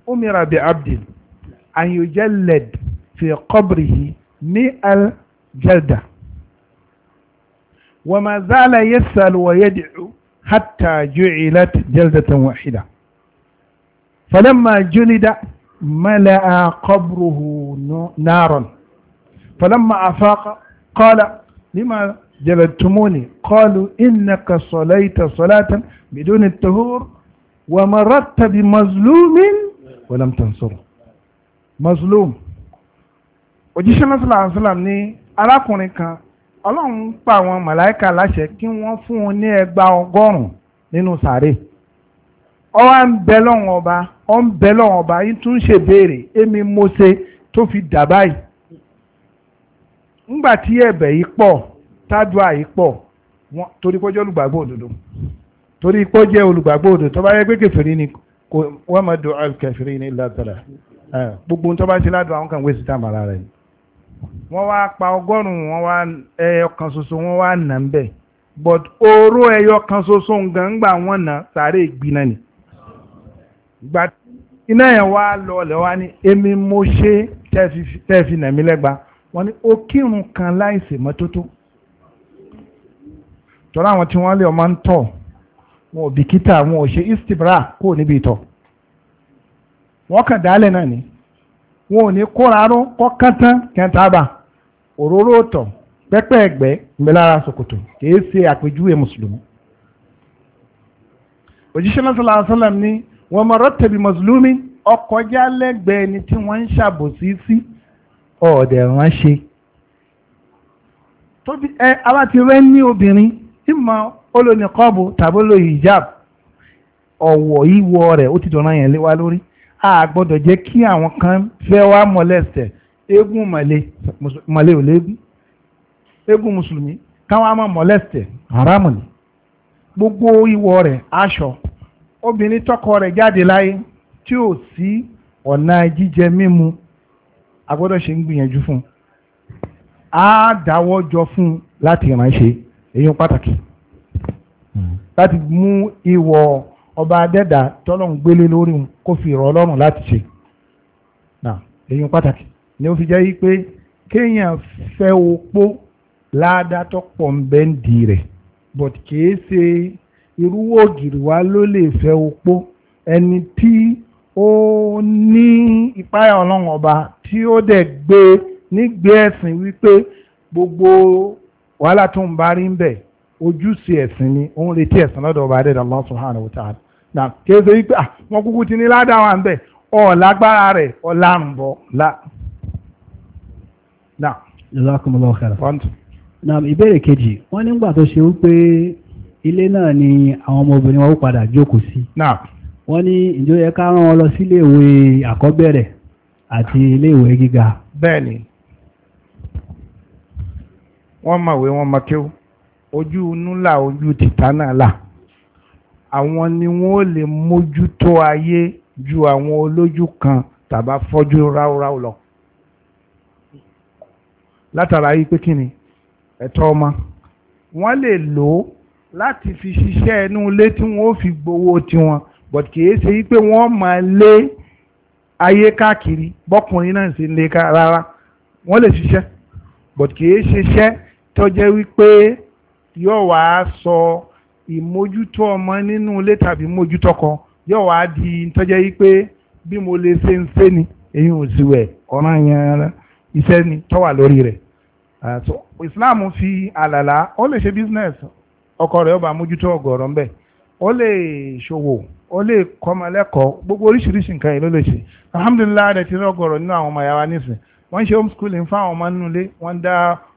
umira bi abdin an yujalad fi qabrihi ní al جلدة وما زال يسأل ويدعو حتى جعلت جلدة واحدة فلما جلد ملأ قبره نارا فلما أفاق قال لما جلدتموني قالوا إنك صليت صلاة بدون التهور ومرت بمظلوم ولم تنصره مظلوم òjíṣẹ́ náà sọ́lá àṣọ́lá ní arákùnrin kan ọlọ́run pa àwọn màláìka láṣẹ kí wọ́n fún un ní ẹgbà ọgọ́rùn-ún nínú sàárè ó wá ń bẹ lọ́wọ́n ọba ó ń bẹ lọ́wọ́n ọba yín tún ṣe béèrè èmi mo ṣe tó fi dà báyìí ńgbà tí ẹ̀bẹ̀ yìí pọ̀ tádùá yìí pọ̀ wọ́n torí pé jẹ́ olùgbàgbọ́ òdodo torí pé jẹ́ olùgbàgbọ́ òdodo tó yẹ pé kèfèrí ni kò wọ́n máa dùn àìkèfèrí ní ìlà tọ́lá gbogbo ohun ṣe ládùn àwọn kan wé tàmàlà rẹ̀ ni wọ́n wá pa ọgọ́rùn-ún wọ́n wá ẹyọ kan ṣoṣo wọ́n wá nà ń bẹ̀ but oró ẹyọ kan ṣoṣo gbàngbà wọ́n nà sáré ìgbiná ni gbà iná yẹn wá lọ ọ̀lẹ́ wá ní èmi mo ṣe tẹ́ẹ̀fì nà mí lẹ́gba wọ́n ní ó kírun kan láìsè mọ́tótó tọ́lá àwọn tí wọ́n lé ọmọ ń tọ̀ wọn ò bìkítà wọn ò ṣe istibra kúrò níbi ìtọ̀ wọ́n kàn dálẹ̀ náà ni wọn ò ní kóra rún kọ́kántán kẹntàbà òróró ọ̀tọ̀ pẹ́pẹ́ ẹ̀gbẹ́ ìmẹ́lára ṣòkòtò kìí ṣe àpèjúwe mùsùlùmí. òjíṣẹ́ náà sọ̀rọ̀ àṣọlẹ̀ ní wọ́n mọ̀ rọ́tẹ̀bí mùsùlùmí ọkọjá lẹ́gbẹ̀ẹ́ ẹni tí wọ́n ń ṣàbòsí sí ọ̀ọ́dẹ̀ wọn ṣe. tóbi ẹ ara ti ní obìnrin ìmọ̀ olónìkọ́bù tàbí olóyìí hijab ọ̀wọ̀ ìwọ rẹ̀ ó ti dọ̀nà yẹn léwa lórí a gbọ́dọ̀ jẹ́ kí àwọn kan fẹ́ wá mọ̀lẹ́sẹ̀ eégún mọ̀lẹ́ ò léégún eégún mùsùlùmí káwọn máa mọ̀lẹ́sẹ̀ haramu ni gbogbo ìwọ rẹ̀ aṣọ obìnrin tọkọ rẹ̀ jáde láyé tí ò sí ọ̀nà jíjẹ mímu a gbọ́dọ̀ ṣe ń gbìyànjú fún un a dáwọ́ jọ fún un láti ránṣẹ́ èyí pàtàkì hmm. láti mú ìwọ ọba adẹ́dà tọ́lọ́run gbélé lórí wọn kó fi rọ̀ ọlọ́run láti ṣe náà èyí pàtàkì ni ó fi jẹ́ yí pé kéèyàn fẹ́ opó ládàá tó pọ̀ ń bẹ́ ń di rẹ̀ but kìí ṣe irú ògìrì wa ló lè fẹ́ opó ẹni tí ó ní ìpáyà ọlọ́run ọba tí ó dẹ̀ gbé nígbé ẹ̀sìn wípé gbogbo wàhálà tó ń bá rí ń bẹ̀ ojúṣe ẹ̀sìn ni ó ń retí ẹ̀sìn lọ́dọ̀ ọba adẹ́dàá Allah subhanahu wa ta'ala. náà kìí ṣe wípé wọn kúkú ti ní ládàá wà ń bẹ ọ̀làgbára rẹ̀ ọ̀làǹbọ̀ la. náà. jazakumullahu ìbéèrè kejì wọ́n nígbà tó ṣe wípé ilé náà ni àwọn ọmọbìnrin wọn ó padà jókòó sí. náà. wọ́n ní ìjọ yẹ ká rán wọn lọ síléèwé iléèwé àkọ́bẹ̀rẹ̀ àti iléèwé gíga. bẹ́ẹ̀ni wọ́n wé wọ́n mọ̀ kéw ojú inú là ojú tìta náà là. àwọn ni wọ́n lè mójútó ayé ju àwọn olójú kan tàbá fọ́jú ráúráú lọ látara yí pé kí ni ẹ̀tọ́ ọmọ wọ́n lè lò ó láti fi ṣiṣẹ́ inú ilé tí wọ́n fi gbowó tiwọn but kìí ṣe yí pé wọ́n máa lé ayé káàkiri bọ́kùnrin náà sì lè ká rárá wọ́n lè ṣiṣẹ́ but kìí ṣiṣẹ́ tó jẹ́ wípé yóò wá sọ. So, ìmójútó ọmọ nínú ilé tàbí mójútó kan yóò wá di tọ́jẹ́ yí pé bí mo lè ṣe ń ṣe ni èyí ò sí wẹ̀ ọ̀ràn yẹn iṣẹ́ ni tó wà lórí rẹ̀ Islam fi àlàlà ó lè ṣe business ọkọ rẹ̀ ó bá mójútó ọgọ̀rọ̀ ń bẹ̀ ó lè ṣòwò ó lè kọ́mọ lẹ́kọ̀ọ́ gbogbo oríṣiríṣi nǹkan yìí ló lè ṣe alhamdulilayi rẹ̀ ti rí ọgọ̀rọ̀ nínú àwọn ọmọ ìyá wa wọ́n ń ṣe homeschooling fún àwọn ọmọ nínú ilé wọ́n dá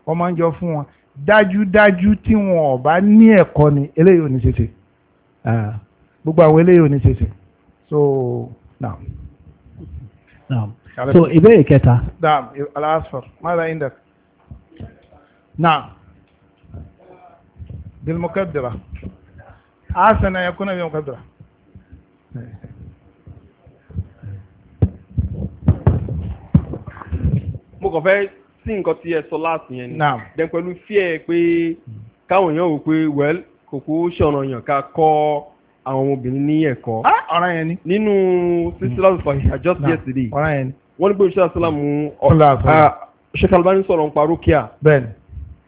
ọmọ oúnjẹ fún wọn dájúdájú tí wọn ò bá ní ẹ̀kọ́ ni eléyìí ò ní ṣe ṣe gbogbo àwọn eléyìí ò ní ṣe ṣe so now. now. so ìbéèrè kẹta. naam alaasfar mada indak naam bilmukaddira asana yakuna bilmukaddira. mo kàn fẹ́ sí nǹkan tí ẹ sọ láti yẹn ni dẹ̀ pẹ̀lú fíẹ̀ pé káwọn èèyàn wò pé well kòkó ṣọ̀nà yàn ká kọ́ àwọn ọmọbìnrin ní ẹ̀kọ́. Ah, ọ̀rọ̀ yẹn ni. nínú sísílá ọ̀sán ìṣàjọ́ sí ẹ̀sìn dè. ọ̀rọ̀ yẹn ni. wọ́n ní pé oṣù ah, àṣàlámù Sheikh Albani sọ̀rọ̀ nípa rúkìá. bẹ́ẹ̀ni.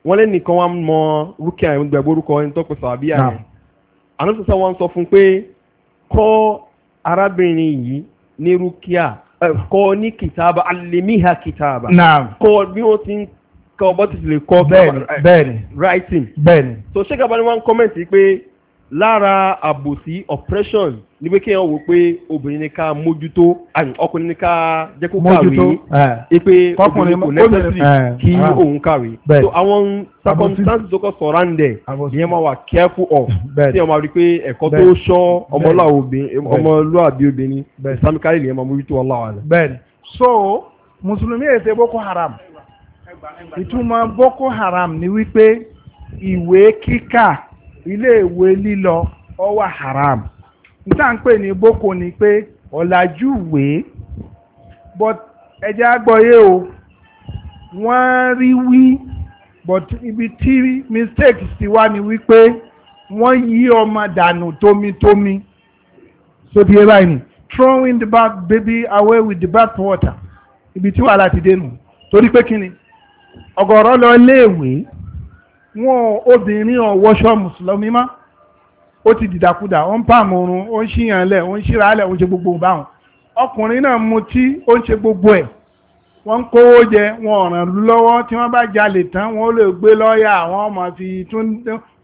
wọ́n lé nìkan wá mọ rúkìá yẹn gbàgbé orúkọ ẹni tó pèsè àbí àyẹ̀. àná sọ́sọ́ wọn sọ fún pé kọ́ arábìnrin yìí ní rúkìá kọ́ ní kìtàbà alimiha kìtàbà. naam kọ́ bí wọ́n ti ń kọ́ bọ́tìsì lè kọ́. bẹ́ẹ̀ni bẹ́ẹ̀ni writing. bẹ́ẹ̀ni. so ṣé kábàánì wọn kọ́mẹ̀ntì pé lára àbòsí oppression ní pé kéèyàn wò pé obìnrin ni ká mójútó ọkùnrin ni ká jẹ́ kó kàwé é pé obìnrin kò necessary kí òun kàwé so àwọn circumstances tó kọ́ surround ẹ̀ ìyẹn máa wà careful of tí wọ́n máa rí pé ẹ̀kọ́ tó ṣọ́ ọmọlúwàbí obìnrin islamically lè máa mójútó ọláwà rẹ̀. bẹ́ẹ̀ni so mùsùlùmí ètè boko haram ìtumọ̀ boko haram ni wípé ìwé kíkà iléèwé lílọ ó wà haram níta ń pè ní boko ni pé ọ̀làjú wèé but ẹja gbọ́yé o wọ́n rí wí but ibi tí mistake ti wá ni wípé wọ́n yí ọmọ dànù tómitómi sóbi ẹ báyìí ni throwing the bath baby away with the bath water ibi tí wàhálà ti dé nù torí pé kí ni ọ̀gọ̀rọ̀ lọ léèwé wọn obìnrin ọ̀wọ́ṣọ́ mùsùlùmí mọ́ ó ti dìdàkudà ó ń pààmù oorun ó ń ṣìyànlẹ̀ ó ń ṣíralẹ̀ ó ń ṣe gbogbo báwọn ọkùnrin náà mutí ó ń ṣe gbogbo ẹ̀ wọ́n ń kówó jẹ wọn ọ̀ràn lù lọ́wọ́ tí wọ́n bá jalè tán wọ́n lè gbé lọ́ọ̀yà wọ́n máa fi tún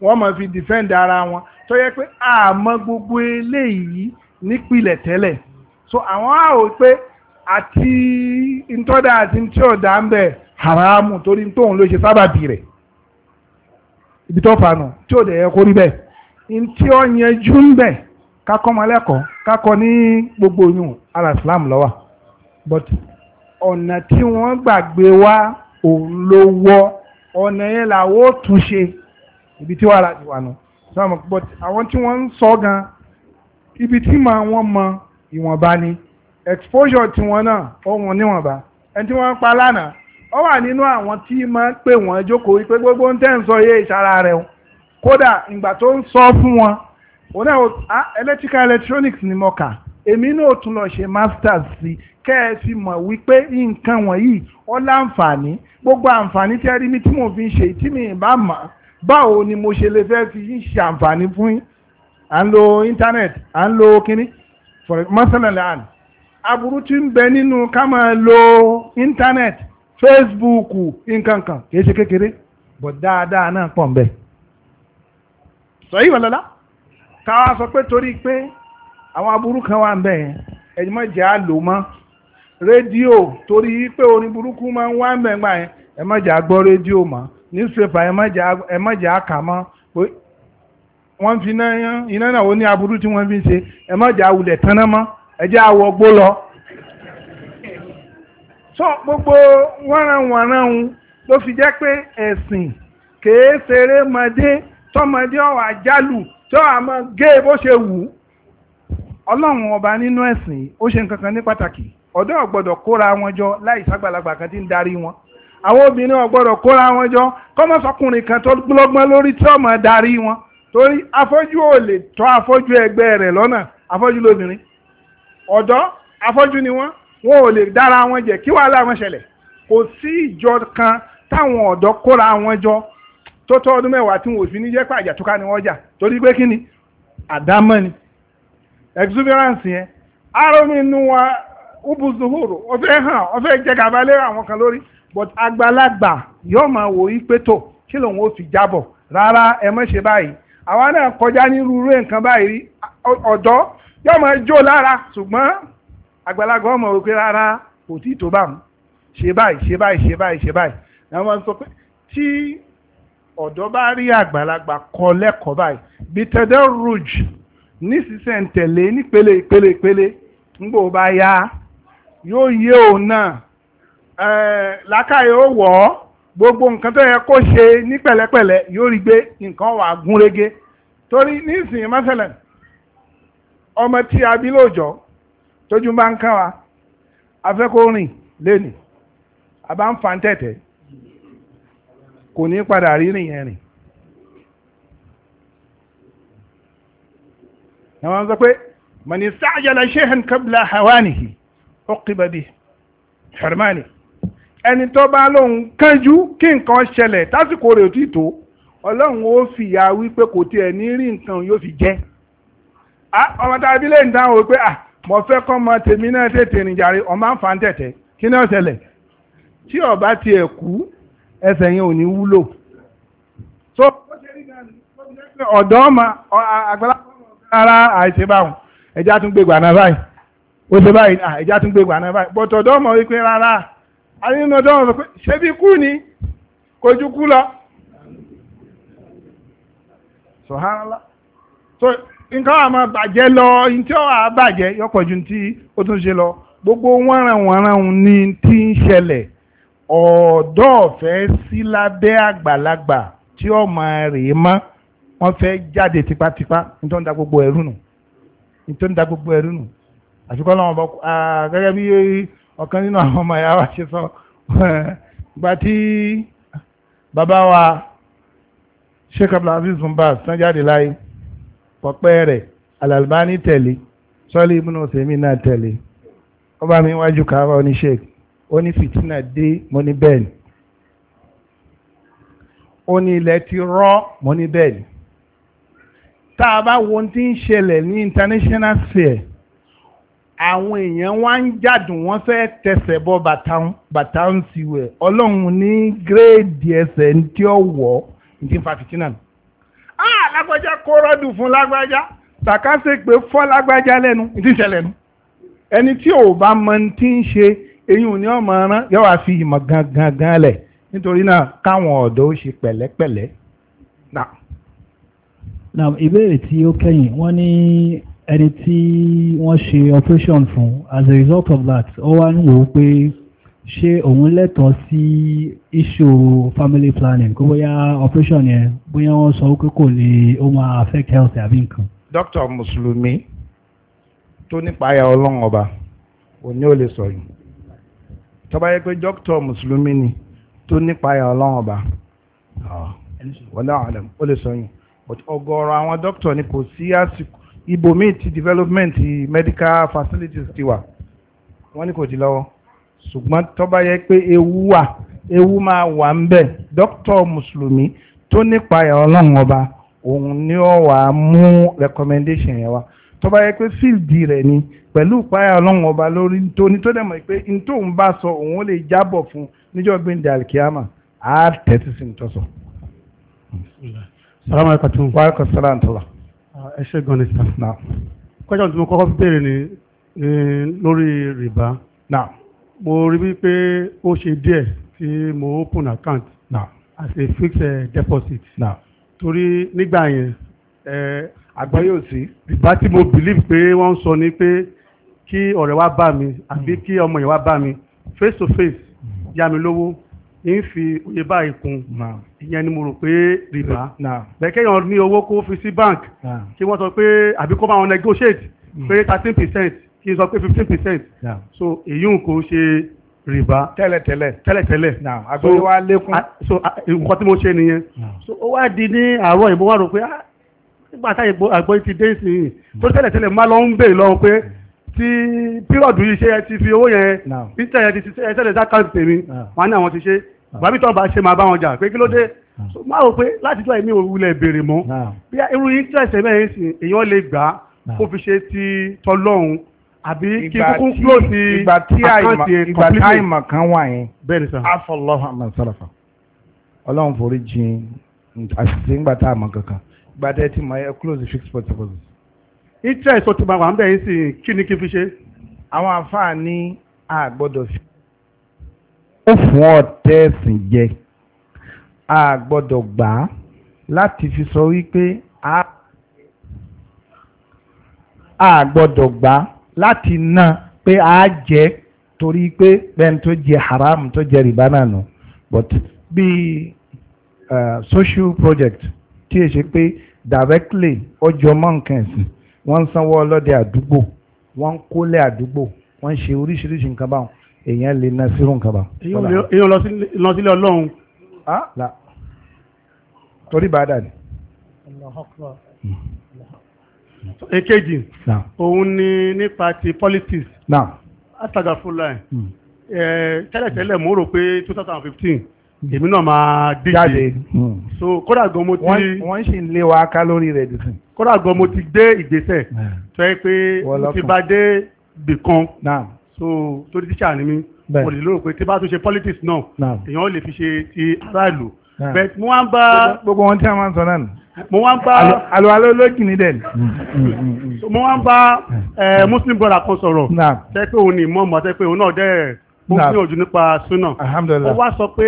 wọ́n máa fi dìfẹ́ǹdì ara wọn tó yẹ pé àmọ́ gbogbo eléyìí nípìlẹ̀ tẹ́lẹ̀ so àwọn á wò pé àti ntọ́dà àti ntí ọ̀dà ń bẹ̀ haramu torí tóun ló ṣe sábàbí rẹ̀ ibi tó fa nù tí ò dẹ̀ yẹ kó rí bẹ́ẹ̀ ní tí ó yẹjú ń bẹ̀ kakọ́ mọ́lẹ́kọ̀ọ́ kakọ́ ní gbogbo oyún ara Islam lọ́wọ́ but ọ̀nà tí wọ́n gbàgbé wá òun ló wọ́ ọ̀nà yẹn làwọn ó tún ṣe ibi tí wàhálà ti wà nù but àwọn tí wọ́n ń sọ gan ibi tí màá wọ́n mọ ìwọ̀nba ni exposure tiwọn náà ọ̀hún níwọ̀nba ẹni tí wọ́n ń pa lánàá ó wà nínú àwọn tí máa ń pè wọ́n jókòó wípé gbogbo ń tẹ́ ń sọ iye ìsara rẹ̀ o kódà ìgbà tó ń sọ fún wọn òun náà electrical electronics ni mo kà èmi náà tún lọ ṣe masters sí kẹ́ ẹ fi mọ̀ wípé nǹkan wọ̀nyí ó láǹfààní gbogbo àǹfààní tí ẹ rí mi tí mò ń ṣe tí mi bá mọ̀ báwo ni mo ṣe lè fẹ́ fi ṣe àǹfààní fún yín à ń lo internet à ń lo kínní for masalan aburú tí ń bẹ nínú ká máa lo internet Facebook nǹkan kan kìí ṣe kékeré bọ̀ dáadáa náà pọ̀ ń bẹ̀. sọ yìí wọ̀lọ́lá káwa sọ pé torí pé àwọn aburú kan wà ń bẹ̀ yẹn ẹ̀yìn jẹ́ àlò mọ́ rédíò torí pé orin burúkú máa ń wá ń bẹ̀ gbà yẹn ẹ̀ mọ̀ jẹ́ àgbọ́ rédíò mọ́ newspaper ẹ̀ jẹ́ àkà mọ́ wọ́n fi iná náà ó ní aburú tí wọ́n fi ń ṣe ẹ̀ mọ̀ jẹ́ àwùlẹ̀ tán náà mọ́ ẹ̀ jẹ́ àwọ̀ gbó lọ. so gbogbo wọ́nranwọ̀nran ló fi jẹ́ pé ẹ̀sìn kèé ṣeré mọdé tọmọdé ọ̀wà jálù tí ó àmọ́ gé bó ṣe wù ú ọlọ́run ọba nínú ẹ̀sìn ó ṣe nǹkan kan ní pàtàkì ọ̀dọ́ ọ̀gbọ́dọ̀ kóra wọn jọ láì ságbàlagbà kan tí ń darí wọn àwọn obìnrin ọ̀gbọ́dọ̀ kóra wọn jọ kọ́mọ́sọkùnrin kan tó gbọ́lọ́gbọ́n lórí tí ọmọ darí wọn torí afọ́jú ò lè tọ́ afọ́jú ẹgbẹ́ rẹ̀ lọ́nà afọ́jú lóbìnrin ọ̀dọ́ afọ́jú ni wọ́n wọn ò lè dára wọn jẹ kí wàhálà wọn ṣẹlẹ̀ kò sí ìjọ kan táwọn ọ̀dọ́ kóra wọn jọ tó tó ọdún mẹ́wàá tí wọn ò fi ní jẹ́ pàjà tó ká ni wọ́n jà torí pé kí ni àdámọ́ ni exuberance yẹn aromi inú wa ubuzuhuru ó fẹ́ hàn ó fẹ́ jẹ gàba lé àwọn kan lórí but àgbàlagbà yóò máa wò í pé tó kí lòun ó fi jábọ̀ rárá ẹ má ṣe báyìí àwa náà kọjá nírú irú nǹkan báyìí ọ̀dọ́ yóò máa jó lára ṣùgbọ́n àgbàlagbà ọmọ òkè rárá kò tí tó bá mu ṣe báyìí ṣe báyìí ṣe báyìí ṣe báyìí làwọn máa ń sọ pé tí ọ̀dọ́ bá rí àgbàlagbà kọ́ lẹ́kọ̀ọ́ báyìí bí tẹ́dẹ́ rouge ní sísẹ̀ntẹ̀lé nípele ìpele ìpele ńgbò bá yá yóò yé òun náà lákàyè ó wọ̀ ọ́ gbogbo nǹkan tó yẹ kó ṣe ní pẹ̀lẹ́pẹ̀lẹ́ yóò rí gbé nǹkan wà gúnrégé torí nísìnyí mọ́sálẹ̀ ọmọ tí a bí lóòjọ́ tójú bá ń kàn wá afẹ́ lẹ́nu àbá ń fa tẹ̀tẹ̀ kò ní padà rírìn yẹn rìn. wọ́n sọ pé mani sáàjàlá ṣéhàn kábílà hawanihi ó hermani ẹni tó bá lóun kánjú kí nǹkan ṣẹlẹ̀ tásìkò rẹ̀ tí tó ọlọ́run ó ya wípé kò tiẹ̀ ní rí nǹkan yóò fi jẹ́ ah, ọmọ tàbí lè ń dáhùn wípé ah mo fẹ́ kọ́ mọ tèmi náà tètè rìn jàre ọmọ àǹfà ń tẹ̀tẹ̀ kí ọba ti ẹ̀ kú ẹsẹ̀ yẹn ò ní wúlò so ọ̀dọ́ ọmọ àgbàlagbà ara àìṣe báwọn ẹja tún gbé gbàná báyìí ó ṣe báyìí ẹja tún gbé gbàná báyìí bọ̀tọ̀ ọ̀dọ́ ọmọ wípé rárá àyínú ọ̀dọ́ ọmọ pé ṣé bí kú ni kú nǹkan wà máa bàjẹ́ lọ ntí ó wà bàjẹ́ yọpọ̀ ju ti ó tún ṣe lọ gbogbo wọ́nranwọ́nran ni ti ń ṣẹlẹ̀ ọ̀dọ́ ọ̀fẹ́ sí lábẹ́ àgbàlagbà tí ọmọ rèé mọ́ wọ́n fẹ́ jáde tipátipá nítorí ń da gbogbo ẹ̀rú nù nítorí ń da gbogbo ẹ̀rú nù àfikọ́ lọ́wọ́ bọ́ gẹ́gẹ́ bí ọ̀kan nínú àwọn ọmọ ìyá wa ṣe sọ gba tí bàbá wa Sheikh Abdulaziz Mbass tán jáde láyé pọ̀pẹ́ rẹ̀ Al-Albani tẹ̀lé sọ́lé ibùnú sèmi náà tẹ̀lé ó bá mi wájú káwá oníṣe ó ní fìtínà dé mo ní bẹ́ẹ̀ ni ó ní ilẹ̀ ti rọ́ mo ní bẹ́ẹ̀ ni tá a bá wo ti ń ṣẹlẹ̀ ní international sphere àwọn èèyàn wá ń jádùn wọ́n fẹ́ tẹsẹ̀ bọ́ bàtà ń siwẹ̀ ọlọ́run ní gírèèdì ẹsẹ̀ tí ó wọ̀ ní ti fa fìtínà nù lágbájá kó rọ́dù fún lágbájá sàkásẹ̀ pé fọ́ lágbájá lẹ́nu ti ṣẹlẹ̀ nu ẹni tí ò bá mọ ti ń ṣe eyín ni ọmọ rán yóò wá fi ìmọ̀ gangan lẹ̀ nítorí náà káwọn ọ̀dọ́ ó ṣe pẹ̀lẹ́pẹ̀lẹ́ ìbéèrè tí ó kẹ́yìn wọ́n ní ẹni tí wọ́n ṣe operation fún as a result of that ó wá ń wò ó pé ṣé òun lẹ́tọ̀ọ́ sí issue family planning kó bóyá operation yẹn bóyá wọ́n sọ pé kò lè ó máa affect health àbí nǹkan. dókítà mùsùlùmí tó nípa ayà ọlọ́run ọba òní ò lè sọ yìí tó bá yẹ pé dókítà mùsùlùmí ni tó nípa ayà ọlọ́run ọba wọlé àlẹ ó lè sọ yìí ọ̀gọ̀rọ̀ àwọn dókítà ni kò sí àsìkò ibòmíì ti development medical facilities ti wà wọ́n ní kò di lọ́wọ́ ṣùgbọ́n tó bá yẹ pé ewu wà ewu máa wà ń bẹ̀ dókítà mùsùlùmí tó nípa ẹ̀ ọlọ́run ọba òun ni ó wà á mú recommendation yẹn wá tó bá yẹ pé fíìdì rẹ̀ ni pẹ̀lú ìpáyà ọlọ́run ọba lórí tóní tó dẹ̀ mọ̀ pé n tóun bá sọ òun lè jábọ̀ fún níjọ́ gbẹ̀ndẹ̀ alikiyama á tẹ̀sí sí ní salamu alaykum. wa alaykum salaam tọ́lá. ẹ ṣe gan ni sir. kọ́jà tí mo kọ́kọ́ béèrè ni lórí rìbá. náà mo rí wípé ó ṣe díẹ̀ tí mo open account nah. as a fixed eh, deposit nah. torí nígbà yẹn eh, àgbáyé òsì ìgbà tí mo believe pé wọ́n ń sọ ni pé kí ọ̀rẹ́ wa bá mi àbí hmm. kí ọmọ yẹn wa bá mi face to face hmm. yá mi lówó ń fi oye báyìí kún ìyẹn ni mo rò pé rìbá bẹ́ẹ̀kẹ́yàn ní owó kó fi sí bank kí wọ́n sọ pé àbí kó bá wọn negotiate hmm. pé thirteen percent kí n sọ pé fifteen percent so èyí ń kò ṣe rìbá tẹ́lẹ̀tẹ́lẹ̀ tẹ́lẹ̀tẹ́lẹ̀ agbẹ́lẹ́ wa lékún so nǹkan tí mo ṣe nìyẹn so ó wá di ní àárọ̀ ìbọn wà rò pé ah, nígbà táyé àgbọ̀ ti dé ìsìn tó tẹ́lẹ̀tẹ́lẹ̀ má lọ ń bè lọ pé tí pírọ̀dù yìí ṣe ẹ ti fi owó yẹn pítẹ̀ yẹn ti ṣe ẹsẹ̀ dákàtì tèmi wọn ní àwọn ti ṣe gbàbí tó bá ṣe máa bá wọn jà pé kí ló dé máa rò pé láti tó ẹ̀mí òwúlẹ̀ béèrè mọ́ bí irú interest ẹ̀ mẹ́rin sì èèyàn lè gbà kó fi ṣe ti tọ́lọ́hún àbí kí n kúkú close ìgbà tí àìmọ̀ kan wà yẹn afọlọ́hùn àmọ̀sárafa ọlọ́run forí jìn àṣìṣe ńgbà tá a mọ̀ kankan ìgbà tẹ́ ti mọ̀ ẹ close fixed point deposit. interest tó ti máa wà ń bẹ̀ yín sí kí ni kí n fi ṣe. àwọn àfáà ní a gbọ́dọ̀ fi. ó fún ọ tẹ́sìn jẹ a gbà á láti fi sọ wípé a gbọ́dọ̀ gbà á láti ná pé a jẹ torí pé bẹ́ẹ̀ tó jẹ haram tó jẹ rìbá náà nù but bí uh, social project tí ẹ ṣe pé directly ọjọ́ mọ́ǹkan ẹ̀sìn wọ́n ń sanwó ọlọ́dẹ àdúgbò wọ́n ń kólẹ̀ àdúgbò wọ́n ń ṣe oríṣiríṣi nǹkan báwọn èèyàn lè na sírù nǹkan báwọn. èèyàn lọ sílé ọlọ́run. Ah, torí bàdà ni èkejì òun ni nípa ti politics asaga full line hmm. tẹ́lẹ̀tẹ́lẹ̀ mo rò pé two thousand and fifteen hmm. èmi náà máa díje hmm. so kódà gan mo ti wọ́n sì ń lé wa ká lórí rẹ̀ dùn. kódà gan mo ti dé ìgbésẹ̀ tó yẹ pé mo ti bá dé bìkan so torí tíṣà ni mí mo lè lérò pé tí bá tún ṣe politics náà èèyàn lè fi ṣe ti aráàlú bẹ́ẹ̀ mo wá ń bá. gbogbo wọn tí a máa ń sọ náà mo wá ń bá àlùwalá olóògì ní dẹ̀lì mo wá ń bá muslim brother kan sọ̀rọ̀ tẹ́ pé òun ni mọ́ọ̀mù àti pé òun náà dẹ́ mo gbìyànjú nípa súnà ó wá sọ pé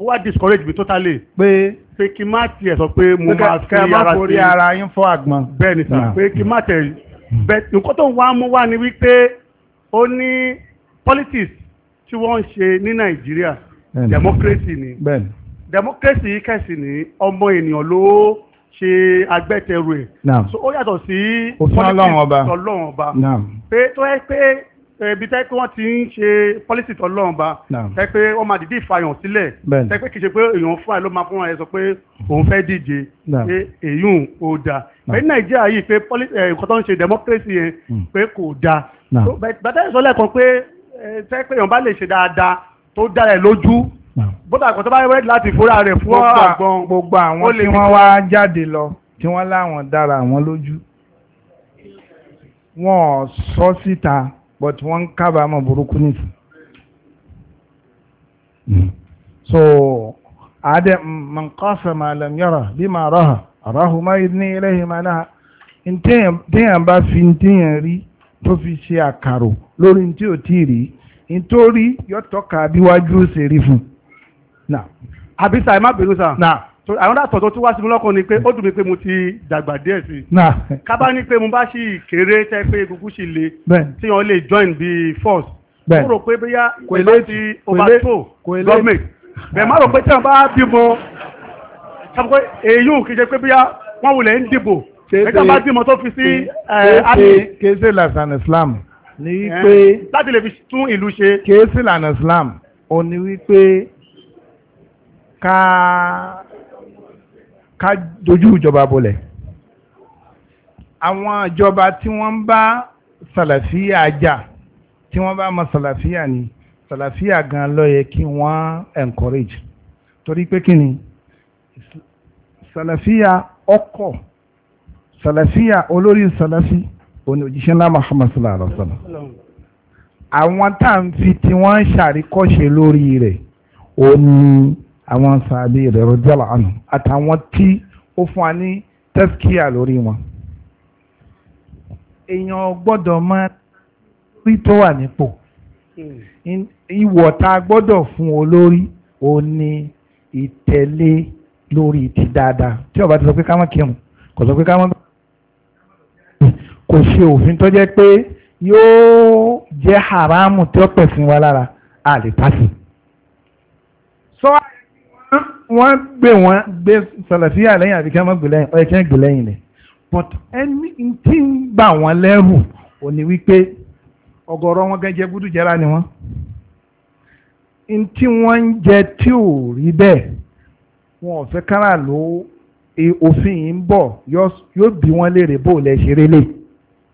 ó wá discourage mi totally pé pé kí má tiẹ̀ sọ pé mo máa fi ara sí kẹ́ má forí ara yín fọ́ àgbọn bẹ́ẹ̀ ni sà pé kí má tẹ̀ bẹ́ẹ̀ nǹkan tó ń wá mú wá ni wípé ó ní politics tí wọ́n ń ṣe ní nàìjíríà democracy ni democracy kẹ̀sì ni ọmọ ènìyàn ló ṣe agbẹ́tẹrù ẹ̀. so ó yàtọ̀ sí òfin ọlọ́run ọba ọlọ́run ọba pé tó yẹ pé ibi tẹ́ pé wọ́n ti ń ṣe pọ́lísì tọ́lọ́run ọba tẹ́ pé wọ́n máa dìde ìfàyàn sílẹ̀ tẹ́ pé kì í ṣe pé èèyàn fún ẹ ló máa fún ẹ sọ pé òun fẹ́ díje pé èyún ò dáa pé nàìjíríà yìí pé nǹkan tó ń ṣe democracy yẹn hmm. pé kò dáa bàtà ìsọlẹ̀ kan pé tẹ́ pé èèyàn lè ṣe dáadáa tó dára lójú bóta kò tó bá yẹ láti fúra rẹ̀ fún ọ gbogbo àwọn tí wọ́n wá jáde lọ tí wọ́n láwọn dára àwọn lójú wọ́n sọ síta but wọ́n ń kábàámọ̀ burúkú nìsí. Hmm. so àádẹ́ man qasama lam yara bima raha arahu ma yidni ilayhi ma laha téèyàn bá fi téèyàn rí tó fi ṣe àkàrò lórí tí ò tí ì rí nítorí yọtọ̀ka bíwájú ṣe rí fún un àbí sáà ẹ má bínú sáà àwọn dàtọ̀ tó tún wá sí mi lọ́kàn ni pé ó dùn mí pé mo ti dàgbà díẹ̀ sí i kábà ní pé mo bá sì kéré tẹ́ pé egungun sì le tí wọ́n lè join bí force mo rò pé bóyá kò o ti overthrow government bẹ́ẹ̀ má rò pé tí wọ́n bá bímọ sábà èyí ò kì í ṣe pé bóyá wọ́n wulẹ̀ ń dìbò ẹ̀ka bá bímọ tó fi Islam ni wípé láti lè fi tún ìlú ṣe. kéésì lànà Islam ò ní wípé ka ka dojú ìjọba bolẹ̀ àwọn ìjọba tí wọ́n bá sàlàfíà jà tí wọ́n bá mọ sàlàfíà ni sàlàfíà gan ló yẹ kí wọ́n encourage torí pé kí ni sàlàfíà ọkọ̀ sàlàfíà olórí sàlàfí òní òjíṣẹ́ ńlá Muhammad sallallahu alaihi wa sallam àwọn tá à ń fi tí wọ́n ń ṣàríkọ́ṣe lórí rẹ̀ òní àwọn sàbí rẹ̀ rọ́jàlá àná àtàwọn tí ó fún wa ní tẹ́síkíà lórí wọn. èèyàn gbọ́dọ̀ máa rí tó wà nípò hmm. ìwọ̀ tá a gbọ́dọ̀ fún olórí ó ní ìtẹ̀lé lórí ti dáadáa tí ó bá ti sọ pé ká má kírun kò sọ pé ká má kò ṣe òfin tó jẹ́ pé yóò jẹ́ haramu tí ó pẹ̀ fún wa lára a lè pàṣẹ. sọ́wọ́ wọ́n gbé wọ́n gbé sàlàfíà lẹ́yìn àbí kí wọ́n gbé lẹ́yìn ọ̀yẹ́ kí but ẹni tí ń bà wọ́n lẹ́rù ò ní wípé ọ̀gọ̀rọ̀ wọn gẹ́jẹ́ gúdú jẹ́ra ni wọ́n n tí wọ́n ń jẹ tí ò rí bẹ́ẹ̀ wọn ò fẹ́ kára ló e òfin yìí ń bọ̀ yóò bí wọ́n léèrè bó lẹ́ ṣe rélé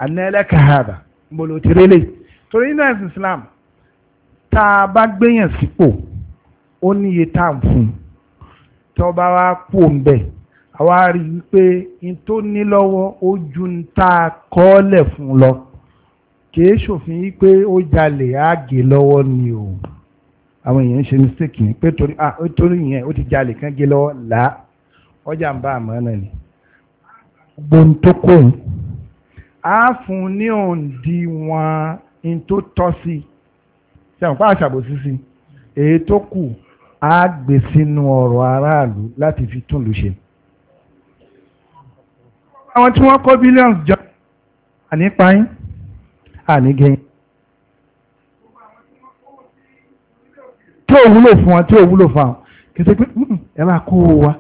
anẹ́lẹ́kàhàbà mbolo ti rélé torí náà islam tá a bá gbéyàn sípò ó níye tá à ń fún un tó bá wá kú òǹbẹ̀ àwa rí i pé n tó ní lọ́wọ́ ó ju ń tá a fún lọ kìí ṣòfin yí pé ó jalè àgè lọ́wọ́ ni o àwọn èèyàn ń ṣe mistake ni pé torí ah torí yẹn ó ti jalè kán gé lọ́wọ́ là á ọjà ń bá àmọ́ náà ni gbóhùn tó kóhùn á fún un ní òǹdí wọn n tó tọ́ sí ṣe àwọn pàṣàbò sí si, èyí tó kù á gbé sínú ọ̀rọ̀ aráàlú láti fi tún lù ṣe àwọn tí wọ́n kó billions jọ àní payín àní gẹ̀yìn tí ò wúlò fún wọn tí ò wúlò fún àwọn kìí ṣe pé hmm, ẹ máa kó o wa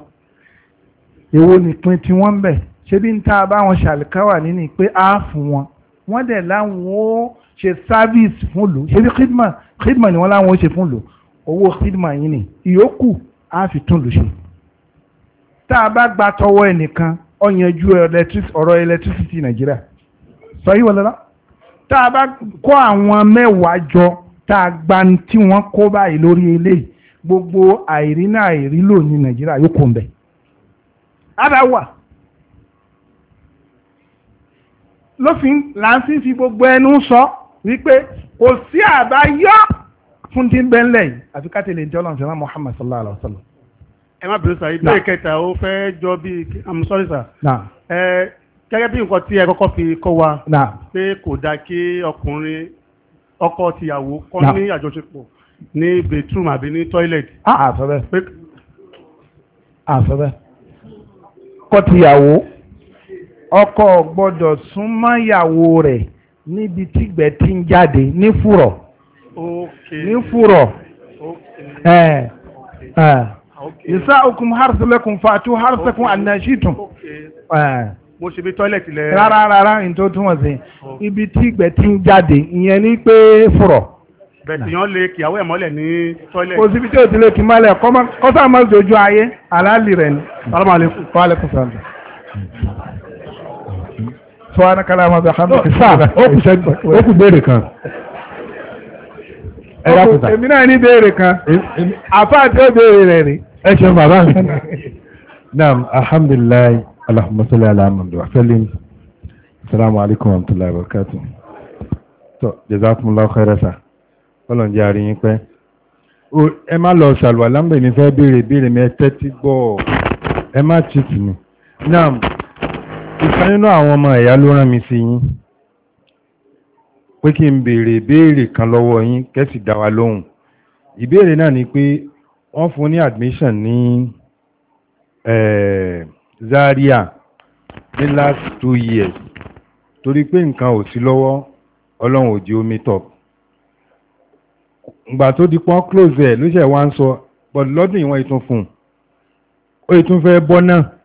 èwo nìpín tí wọ́n ń bẹ̀ ṣé bí n ta bá wọn ṣàlùkáwà nínú pé á fún wọn wọ́n dẹ̀ láwọn ó ṣe service fún lò ṣé bí khidma ni wọ́n láwọn ó ṣe fún lò owó sídìmọ̀ yín ni ìyókù á fi tún lù ṣe tá a bá gba tọwọ́ ẹnìkan ó yanjú ọ̀rọ̀ electricity nàìjíríà sọ yìí wọlé náà tá a bá kó àwọn mẹ́wàá jọ tá a gba tí wọ́n kó báyìí lórí eléyìí gbogbo àìrí náà àìrí lò ní nàìjíríà yóò kó ń bẹ̀. ara wà lófin là fi gbogbo ẹnu sọ wípé kò sí àbáyọ. fún tí ń bẹ́ ńlẹ̀ yìí àfi ká Muhammad sallallahu alaihi wa sallam. ẹ má bẹ̀rù kẹta fẹ́ jọ bí i'm sorry sà. gẹ́gẹ́ bí nǹkan tí ẹ kọ́kọ́ fi kọ́ wa pé kò dáa kí ọkùnrin ọkọ tìyàwó kọ́ ní àjọṣepọ̀ ní bedroom àbí ní toilet. àfẹ́fẹ́ àfẹ́fẹ́ kọ́ tìyàwó ọkọ ní eh ìsá eh. okùn harsulakum fatu harsakum annashitum eh. mo ṣe bí tọ́lẹ̀tì lẹ́ rárá rara ní tó túnmọ̀ sí ibi ti ń jáde ìyẹn ní pé fúrọ̀ bẹ̀tìyàn lè kìyàwó ẹ̀mọ́lẹ̀ ní tọ́lẹ̀tì kò síbi tí ò male lè kí mọ́lẹ̀ kọ́sà mọ́ dojú ayé aláàlì rẹ̀ ni salamu alaikum wa alaikum salam sọ́wọ́n oh, kan èmi náà ní béèrè kan àfáà tí ó béèrè rẹ̀ ni. ẹ ṣe bàbá mi naam alhamdulilayi allahumma salli ala muhammadu wa sallim assalamu alaikum wa rahmatullahi wa barakatuh tó jazakumullahu khairan sa ọlọ́run jẹ́ àrí yín pẹ́ ẹ má lọ ṣàlùwà lámbẹ̀ ní fẹ́ béèrè béèrè mi ẹ tẹ́tí gbọ́ ẹ má chìtì mi naam ìkan nínú àwọn ọmọ ẹ̀yà ló rán mi sí yín pé kí n béèrè ìbéèrè kan lọ́wọ́ yín kẹ́sì dá wa ìbéèrè náà ni pé wọ́n fún ní admission ní Zaria the last two years torí pé nǹkan ò sí lọ́wọ́ ọlọ́run ò di omi top ìgbà tó di pọ́n close ẹ̀ ló ṣẹ̀ wá ń sọ but lọ́dún ìwọ̀n ìtún ó ìtún bọ́ náà